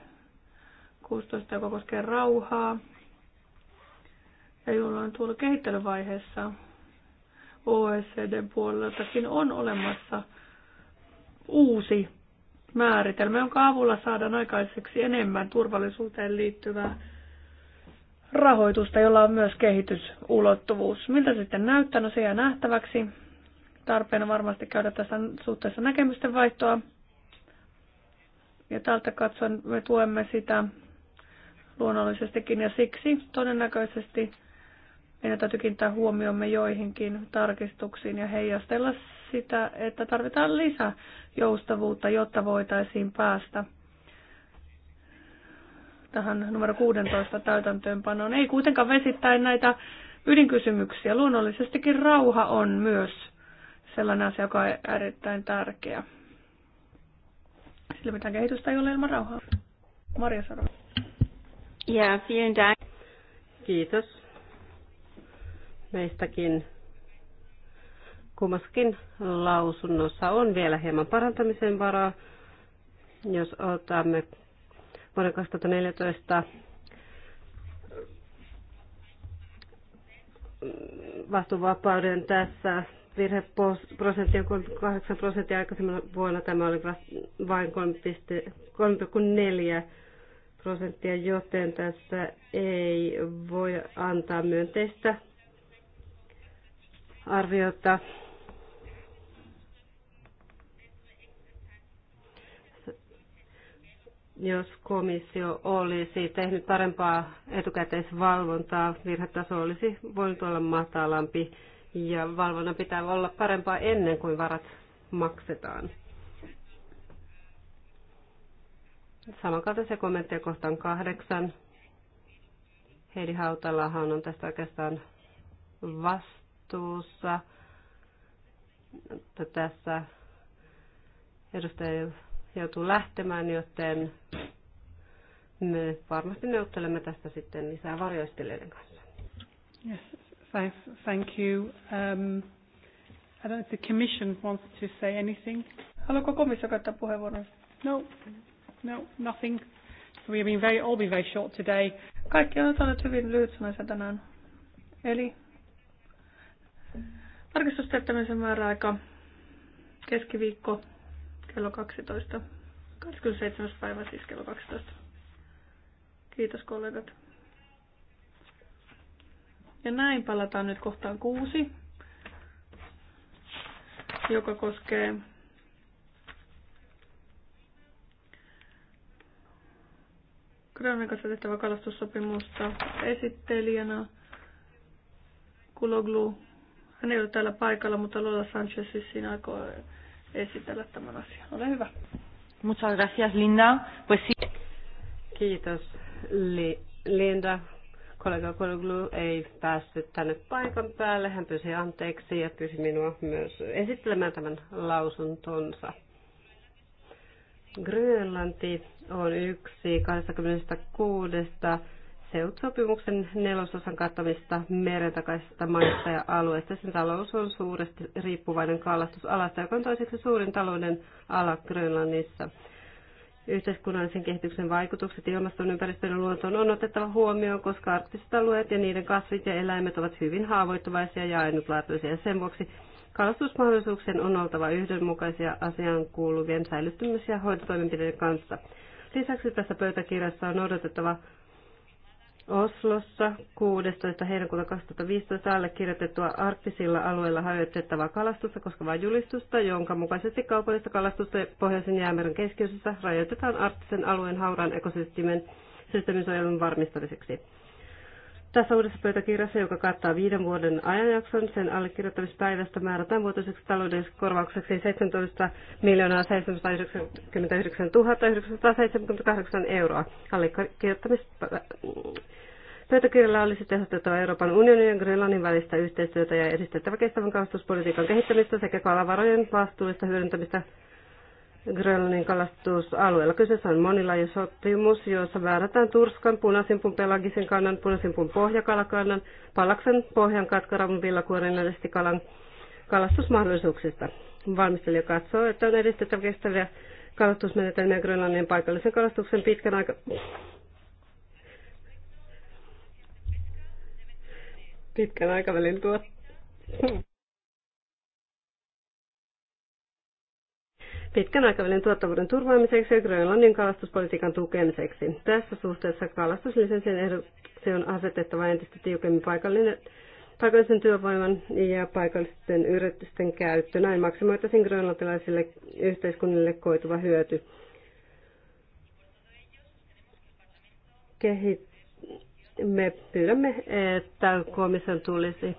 16, joka koskee rauhaa. Ja jolloin tuolla kehittelyvaiheessa OECD-puoleltakin on olemassa uusi määritelmä, jonka avulla saadaan aikaiseksi enemmän turvallisuuteen liittyvää rahoitusta, jolla on myös kehitysulottuvuus. Miltä se sitten näyttää? No se jää nähtäväksi. Tarpeena varmasti käydä tässä suhteessa näkemysten vaihtoa. Ja tältä katson me tuemme sitä luonnollisestikin ja siksi todennäköisesti meidän täytyy kiinnittää huomiomme joihinkin tarkistuksiin ja heijastella sitä, että tarvitaan lisää joustavuutta, jotta voitaisiin päästä tähän numero 16 täytäntöönpanoon. Ei kuitenkaan vesittäin näitä ydinkysymyksiä. Luonnollisestikin rauha on myös sellainen asia, joka on erittäin tärkeä. Sillä mitään kehitystä ei ole ilman rauhaa. Maria Saro. Ja, vielen dank. Kiitos. Meistäkin kummassakin lausunnossa on vielä hieman parantamisen varaa. Jos otamme vuoden 2014 vastuuvapauden tässä virheprosentti on 8 prosenttia. Aikaisemmilla vuonna tämä oli vain 3,4 prosenttia, joten tässä ei voi antaa myönteistä arviota. Jos komissio olisi tehnyt parempaa etukäteisvalvontaa, virhetaso olisi voinut olla matalampi ja valvonnan pitää olla parempaa ennen kuin varat maksetaan. Samankaltaisia kommentteja kohtaan kahdeksan. Heidi Hautalahan on tästä oikeastaan vastuussa. Mutta tässä edustaja joutuu lähtemään, joten me varmasti neuvottelemme tästä sitten lisää varjoistelijoiden kanssa. Yes. Thank, thank you. Um, I don't know if the commission wants to say anything. Haluatko komissio käyttää puheenvuoron? No, no, nothing. So we have been very, all been very short today. Kaikki on ollut hyvin lyhytsanaisia tänään. Eli tarkistustettämisen määräaika keskiviikko kello 12. 27. päivä siis kello 12. Kiitos kollegat. Ja näin palataan nyt kohtaan kuusi, joka koskee Grönlannin kanssa tehtävä kalastussopimusta esittelijänä Kuloglu. Hän ei ole täällä paikalla, mutta Lola Sanchez siis siinä aikoo esitellä tämän asian. Ole hyvä. Muchas gracias, Linda. Pues sí. Kiitos, Linda kollega Koroglu ei päässyt tänne paikan päälle. Hän pyysi anteeksi ja pyysi minua myös esittelemään tämän lausuntonsa. Grönlanti on yksi 26 seutsopimuksen nelososan kattamista merentakaisista maista ja alueista. Sen talous on suuresti riippuvainen kalastusalasta, joka on toiseksi suurin talouden ala Grönlannissa. Yhteiskunnallisen kehityksen vaikutukset ilmaston, ympäristön ja luontoon on otettava huomioon, koska arktiset alueet ja niiden kasvit ja eläimet ovat hyvin haavoittuvaisia ja ainutlaatuisia. Sen vuoksi kalastusmahdollisuuksien on oltava yhdenmukaisia asiaan kuuluvien säilyttämis- ja hoitotoimenpiteiden kanssa. Lisäksi tässä pöytäkirjassa on odotettava Oslossa 16. heinäkuuta 2015 allekirjoitettua arktisilla alueilla harjoitettavaa kalastusta koskevaa julistusta, jonka mukaisesti kaupallista kalastusta Pohjoisen jäämeren keskiössä rajoitetaan arktisen alueen hauraan ekosysteemin systeemisuojelun varmistamiseksi. Tässä uudessa pöytäkirjassa, joka kattaa viiden vuoden ajanjakson, sen allekirjoittamispäivästä määrätään vuotuiseksi taloudelliseksi korvaukseksi 17 799 978 euroa. Pöytäkirjalla olisi tehostettava Euroopan unionin ja Grönlannin välistä yhteistyötä ja edistettävä kestävän kalastuspolitiikan kehittämistä sekä kalavarojen vastuullista hyödyntämistä Grönlannin kalastusalueella. Kyseessä on monilajisopimus, jossa määrätään turskan, punaisimpun pelagisen kannan, punaisimpun pohjakalakannan, palaksen, pohjan, katkaravun, villakuoren ja kalastusmahdollisuuksista. Valmistelija katsoo, että on edistettävä kestäviä kalastusmenetelmiä Grönlannin paikallisen kalastuksen pitkän aika... pitkän aikavälin tuot... pitkän aikavälin tuottavuuden turvaamiseksi ja Grönlannin kalastuspolitiikan tukemiseksi. Tässä suhteessa kalastuslisenssien ehdoksi on asetettava entistä tiukemmin paikallinen, paikallisen työvoiman ja paikallisten yritysten käyttö. Näin maksimoitaisiin grönlantilaisille yhteiskunnille koituva hyöty. Kehit me pyydämme, että komission tulisi,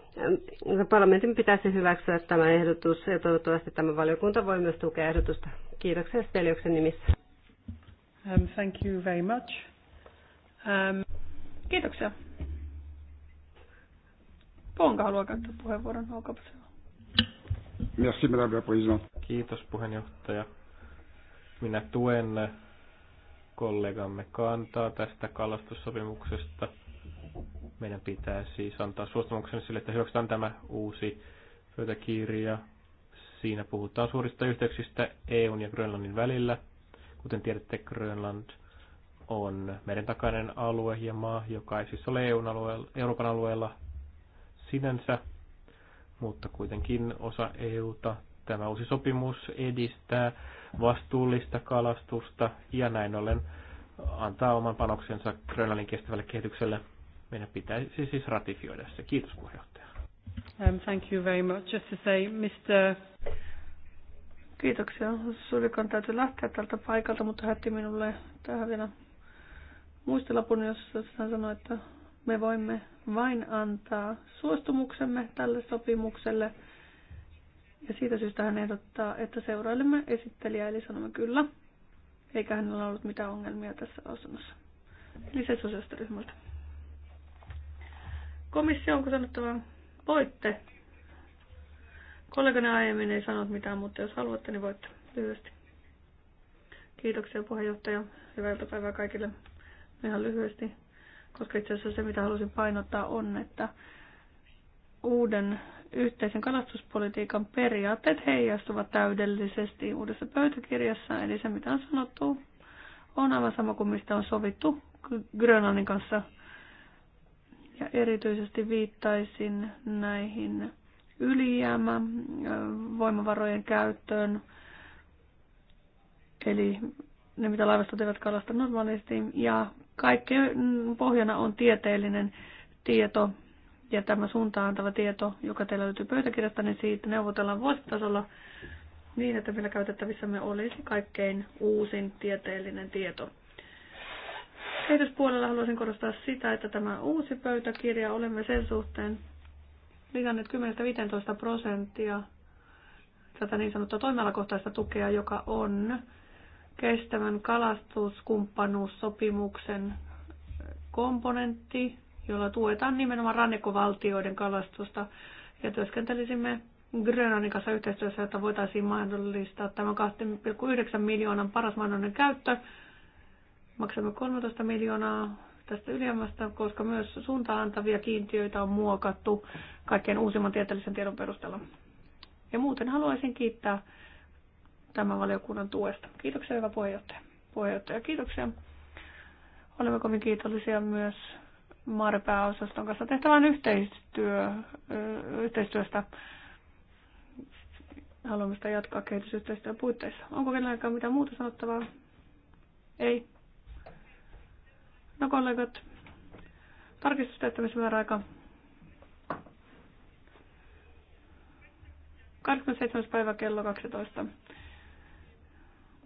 parlamentin pitäisi hyväksyä tämä ehdotus ja toivottavasti tämä valiokunta voi myös tukea ehdotusta. Kiitoksia Steliuksen nimissä. Um, thank you very much. Um, kiitoksia. Ponka haluaa käyttää puheenvuoron, Merci, madame la présidente. Kiitos puheenjohtaja. Minä tuen kollegamme kantaa tästä kalastussopimuksesta. Meidän pitää siis antaa suostumuksen sille, että hyväksytään tämä uusi pöytäkirja. Siinä puhutaan suurista yhteyksistä EUn ja Grönlannin välillä. Kuten tiedätte, Grönland on meren takainen alue ja maa, joka ei siis ole EUn alueella, Euroopan alueella sinänsä, mutta kuitenkin osa EUta. Tämä uusi sopimus edistää vastuullista kalastusta ja näin ollen antaa oman panoksensa Grönlannin kestävälle kehitykselle. Meidän pitäisi siis ratifioida se. Kiitos puheenjohtaja. Um, thank you very much. Just to say, Mr. Kiitoksia. Suurikan täytyy lähteä tältä paikalta, mutta hätti minulle tähän vielä muistilapun, jossa hän sanoi, että me voimme vain antaa suostumuksemme tälle sopimukselle. Ja siitä syystä hän ehdottaa, että seurailemme esittelijää, eli sanomme kyllä. Eikä hänellä ollut mitään ongelmia tässä lausunnossa. Eli se sosiaalista Komissio, onko sanottava, Voitte. Kollegani aiemmin ei sanonut mitään, mutta jos haluatte, niin voitte lyhyesti. Kiitoksia puheenjohtaja. Hyvää iltapäivää kaikille. Ihan lyhyesti, koska itse asiassa se, mitä halusin painottaa, on, että uuden yhteisen kalastuspolitiikan periaatteet heijastuvat täydellisesti uudessa pöytäkirjassa, eli se mitä on sanottu on aivan sama kuin mistä on sovittu Grönlannin kanssa ja erityisesti viittaisin näihin ylijäämä äh, voimavarojen käyttöön, eli ne mitä laivastot eivät kalasta normaalisti, ja kaikki pohjana on tieteellinen tieto, ja tämä suuntaan antava tieto, joka teillä löytyy pöytäkirjasta, niin siitä neuvotellaan vuositasolla niin, että meillä käytettävissämme olisi kaikkein uusin tieteellinen tieto. Kehityspuolella haluaisin korostaa sitä, että tämä uusi pöytäkirja olemme sen suhteen lisänneet 10-15 prosenttia tätä niin sanottua toimialakohtaista tukea, joka on kestävän kalastuskumppanuussopimuksen komponentti, jolla tuetaan nimenomaan rannikkovaltioiden kalastusta. Ja työskentelisimme Grönlannin kanssa yhteistyössä, jotta voitaisiin mahdollistaa tämä 2,9 miljoonan paras mahdollinen käyttö Maksamme 13 miljoonaa tästä ylijäämästä, koska myös suuntaan antavia kiintiöitä on muokattu kaikkien uusimman tieteellisen tiedon perusteella. Ja muuten haluaisin kiittää tämän valiokunnan tuesta. Kiitoksia hyvä puheenjohtaja. Puheenjohtaja, kiitoksia. Olemme kovin kiitollisia myös Maarepääosaston kanssa tehtävän yhteistyö, yhteistyöstä. Haluamme sitä jatkaa kehitysyhteistyön puitteissa. Onko kenelläkään mitään muuta sanottavaa? Ei. No kollegat, tarkistustäyttämisen määräaika 27. päivä kello 12.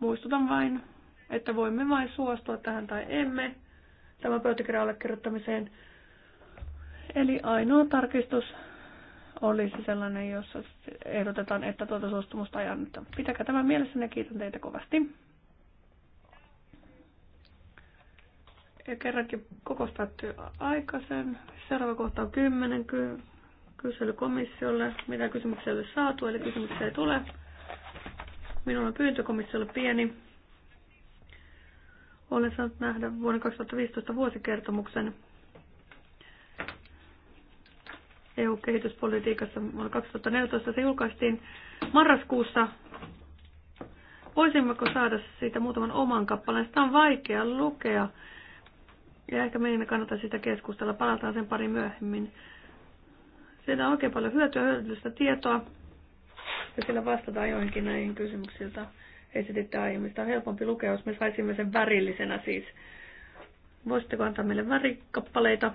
Muistutan vain, että voimme vain suostua tähän tai emme tämän pöytäkirjan allekirjoittamiseen. Eli ainoa tarkistus olisi sellainen, jossa ehdotetaan, että tuota suostumusta ei anneta. Pitäkää tämä mielessä ja kiitän teitä kovasti. ja kerrankin kokous päättyy aikaisen. Seuraava kohta on kymmenen ky- kysely komissiolle. Mitä kysymyksiä ei ole saatu, eli kysymyksiä ei tule. Minulla on pyyntö komissiolle pieni. Olen saanut nähdä vuoden 2015 vuosikertomuksen EU-kehityspolitiikassa vuonna 2014. Se julkaistiin marraskuussa. Voisimmeko saada siitä muutaman oman kappaleen? Sitä on vaikea lukea ja ehkä meidän kannata sitä keskustella. Palataan sen pari myöhemmin. Siellä on oikein paljon hyötyä hyödyllistä tietoa. Ja sillä vastataan joihinkin näihin kysymyksiin, joita esititte aiemmin. Sitä on helpompi lukea, jos me saisimme sen värillisenä siis. Voisitteko antaa meille värikappaleita?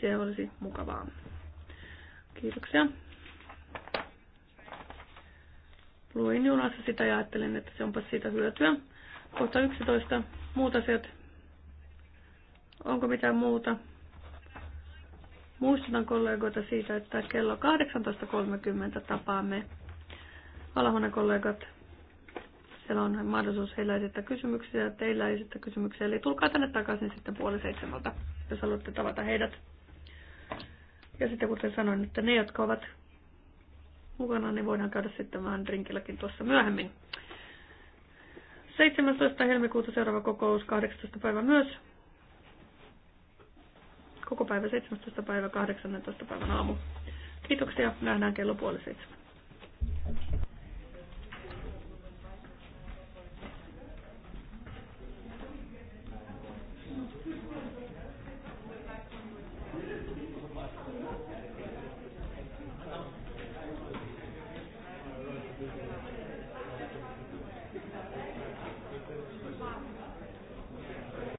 Se olisi mukavaa. Kiitoksia. Luin junassa sitä ja ajattelin, että se onpa siitä hyötyä. Kohta 11. Muut asiat Onko mitään muuta? Muistutan kollegoita siitä, että kello 18.30 tapaamme alahuoneen kollegat. Siellä on mahdollisuus heillä esittää kysymyksiä ja teillä esittää kysymyksiä. Eli tulkaa tänne takaisin sitten puoli seitsemältä, jos haluatte tavata heidät. Ja sitten kuten sanoin, että ne, jotka ovat mukana, niin voidaan käydä sitten vähän drinkilläkin tuossa myöhemmin. 17. helmikuuta seuraava kokous, 18. päivä myös koko päivä 17. päivä 18. päivän aamu. Kiitoksia, nähdään kello puoli seitsemän.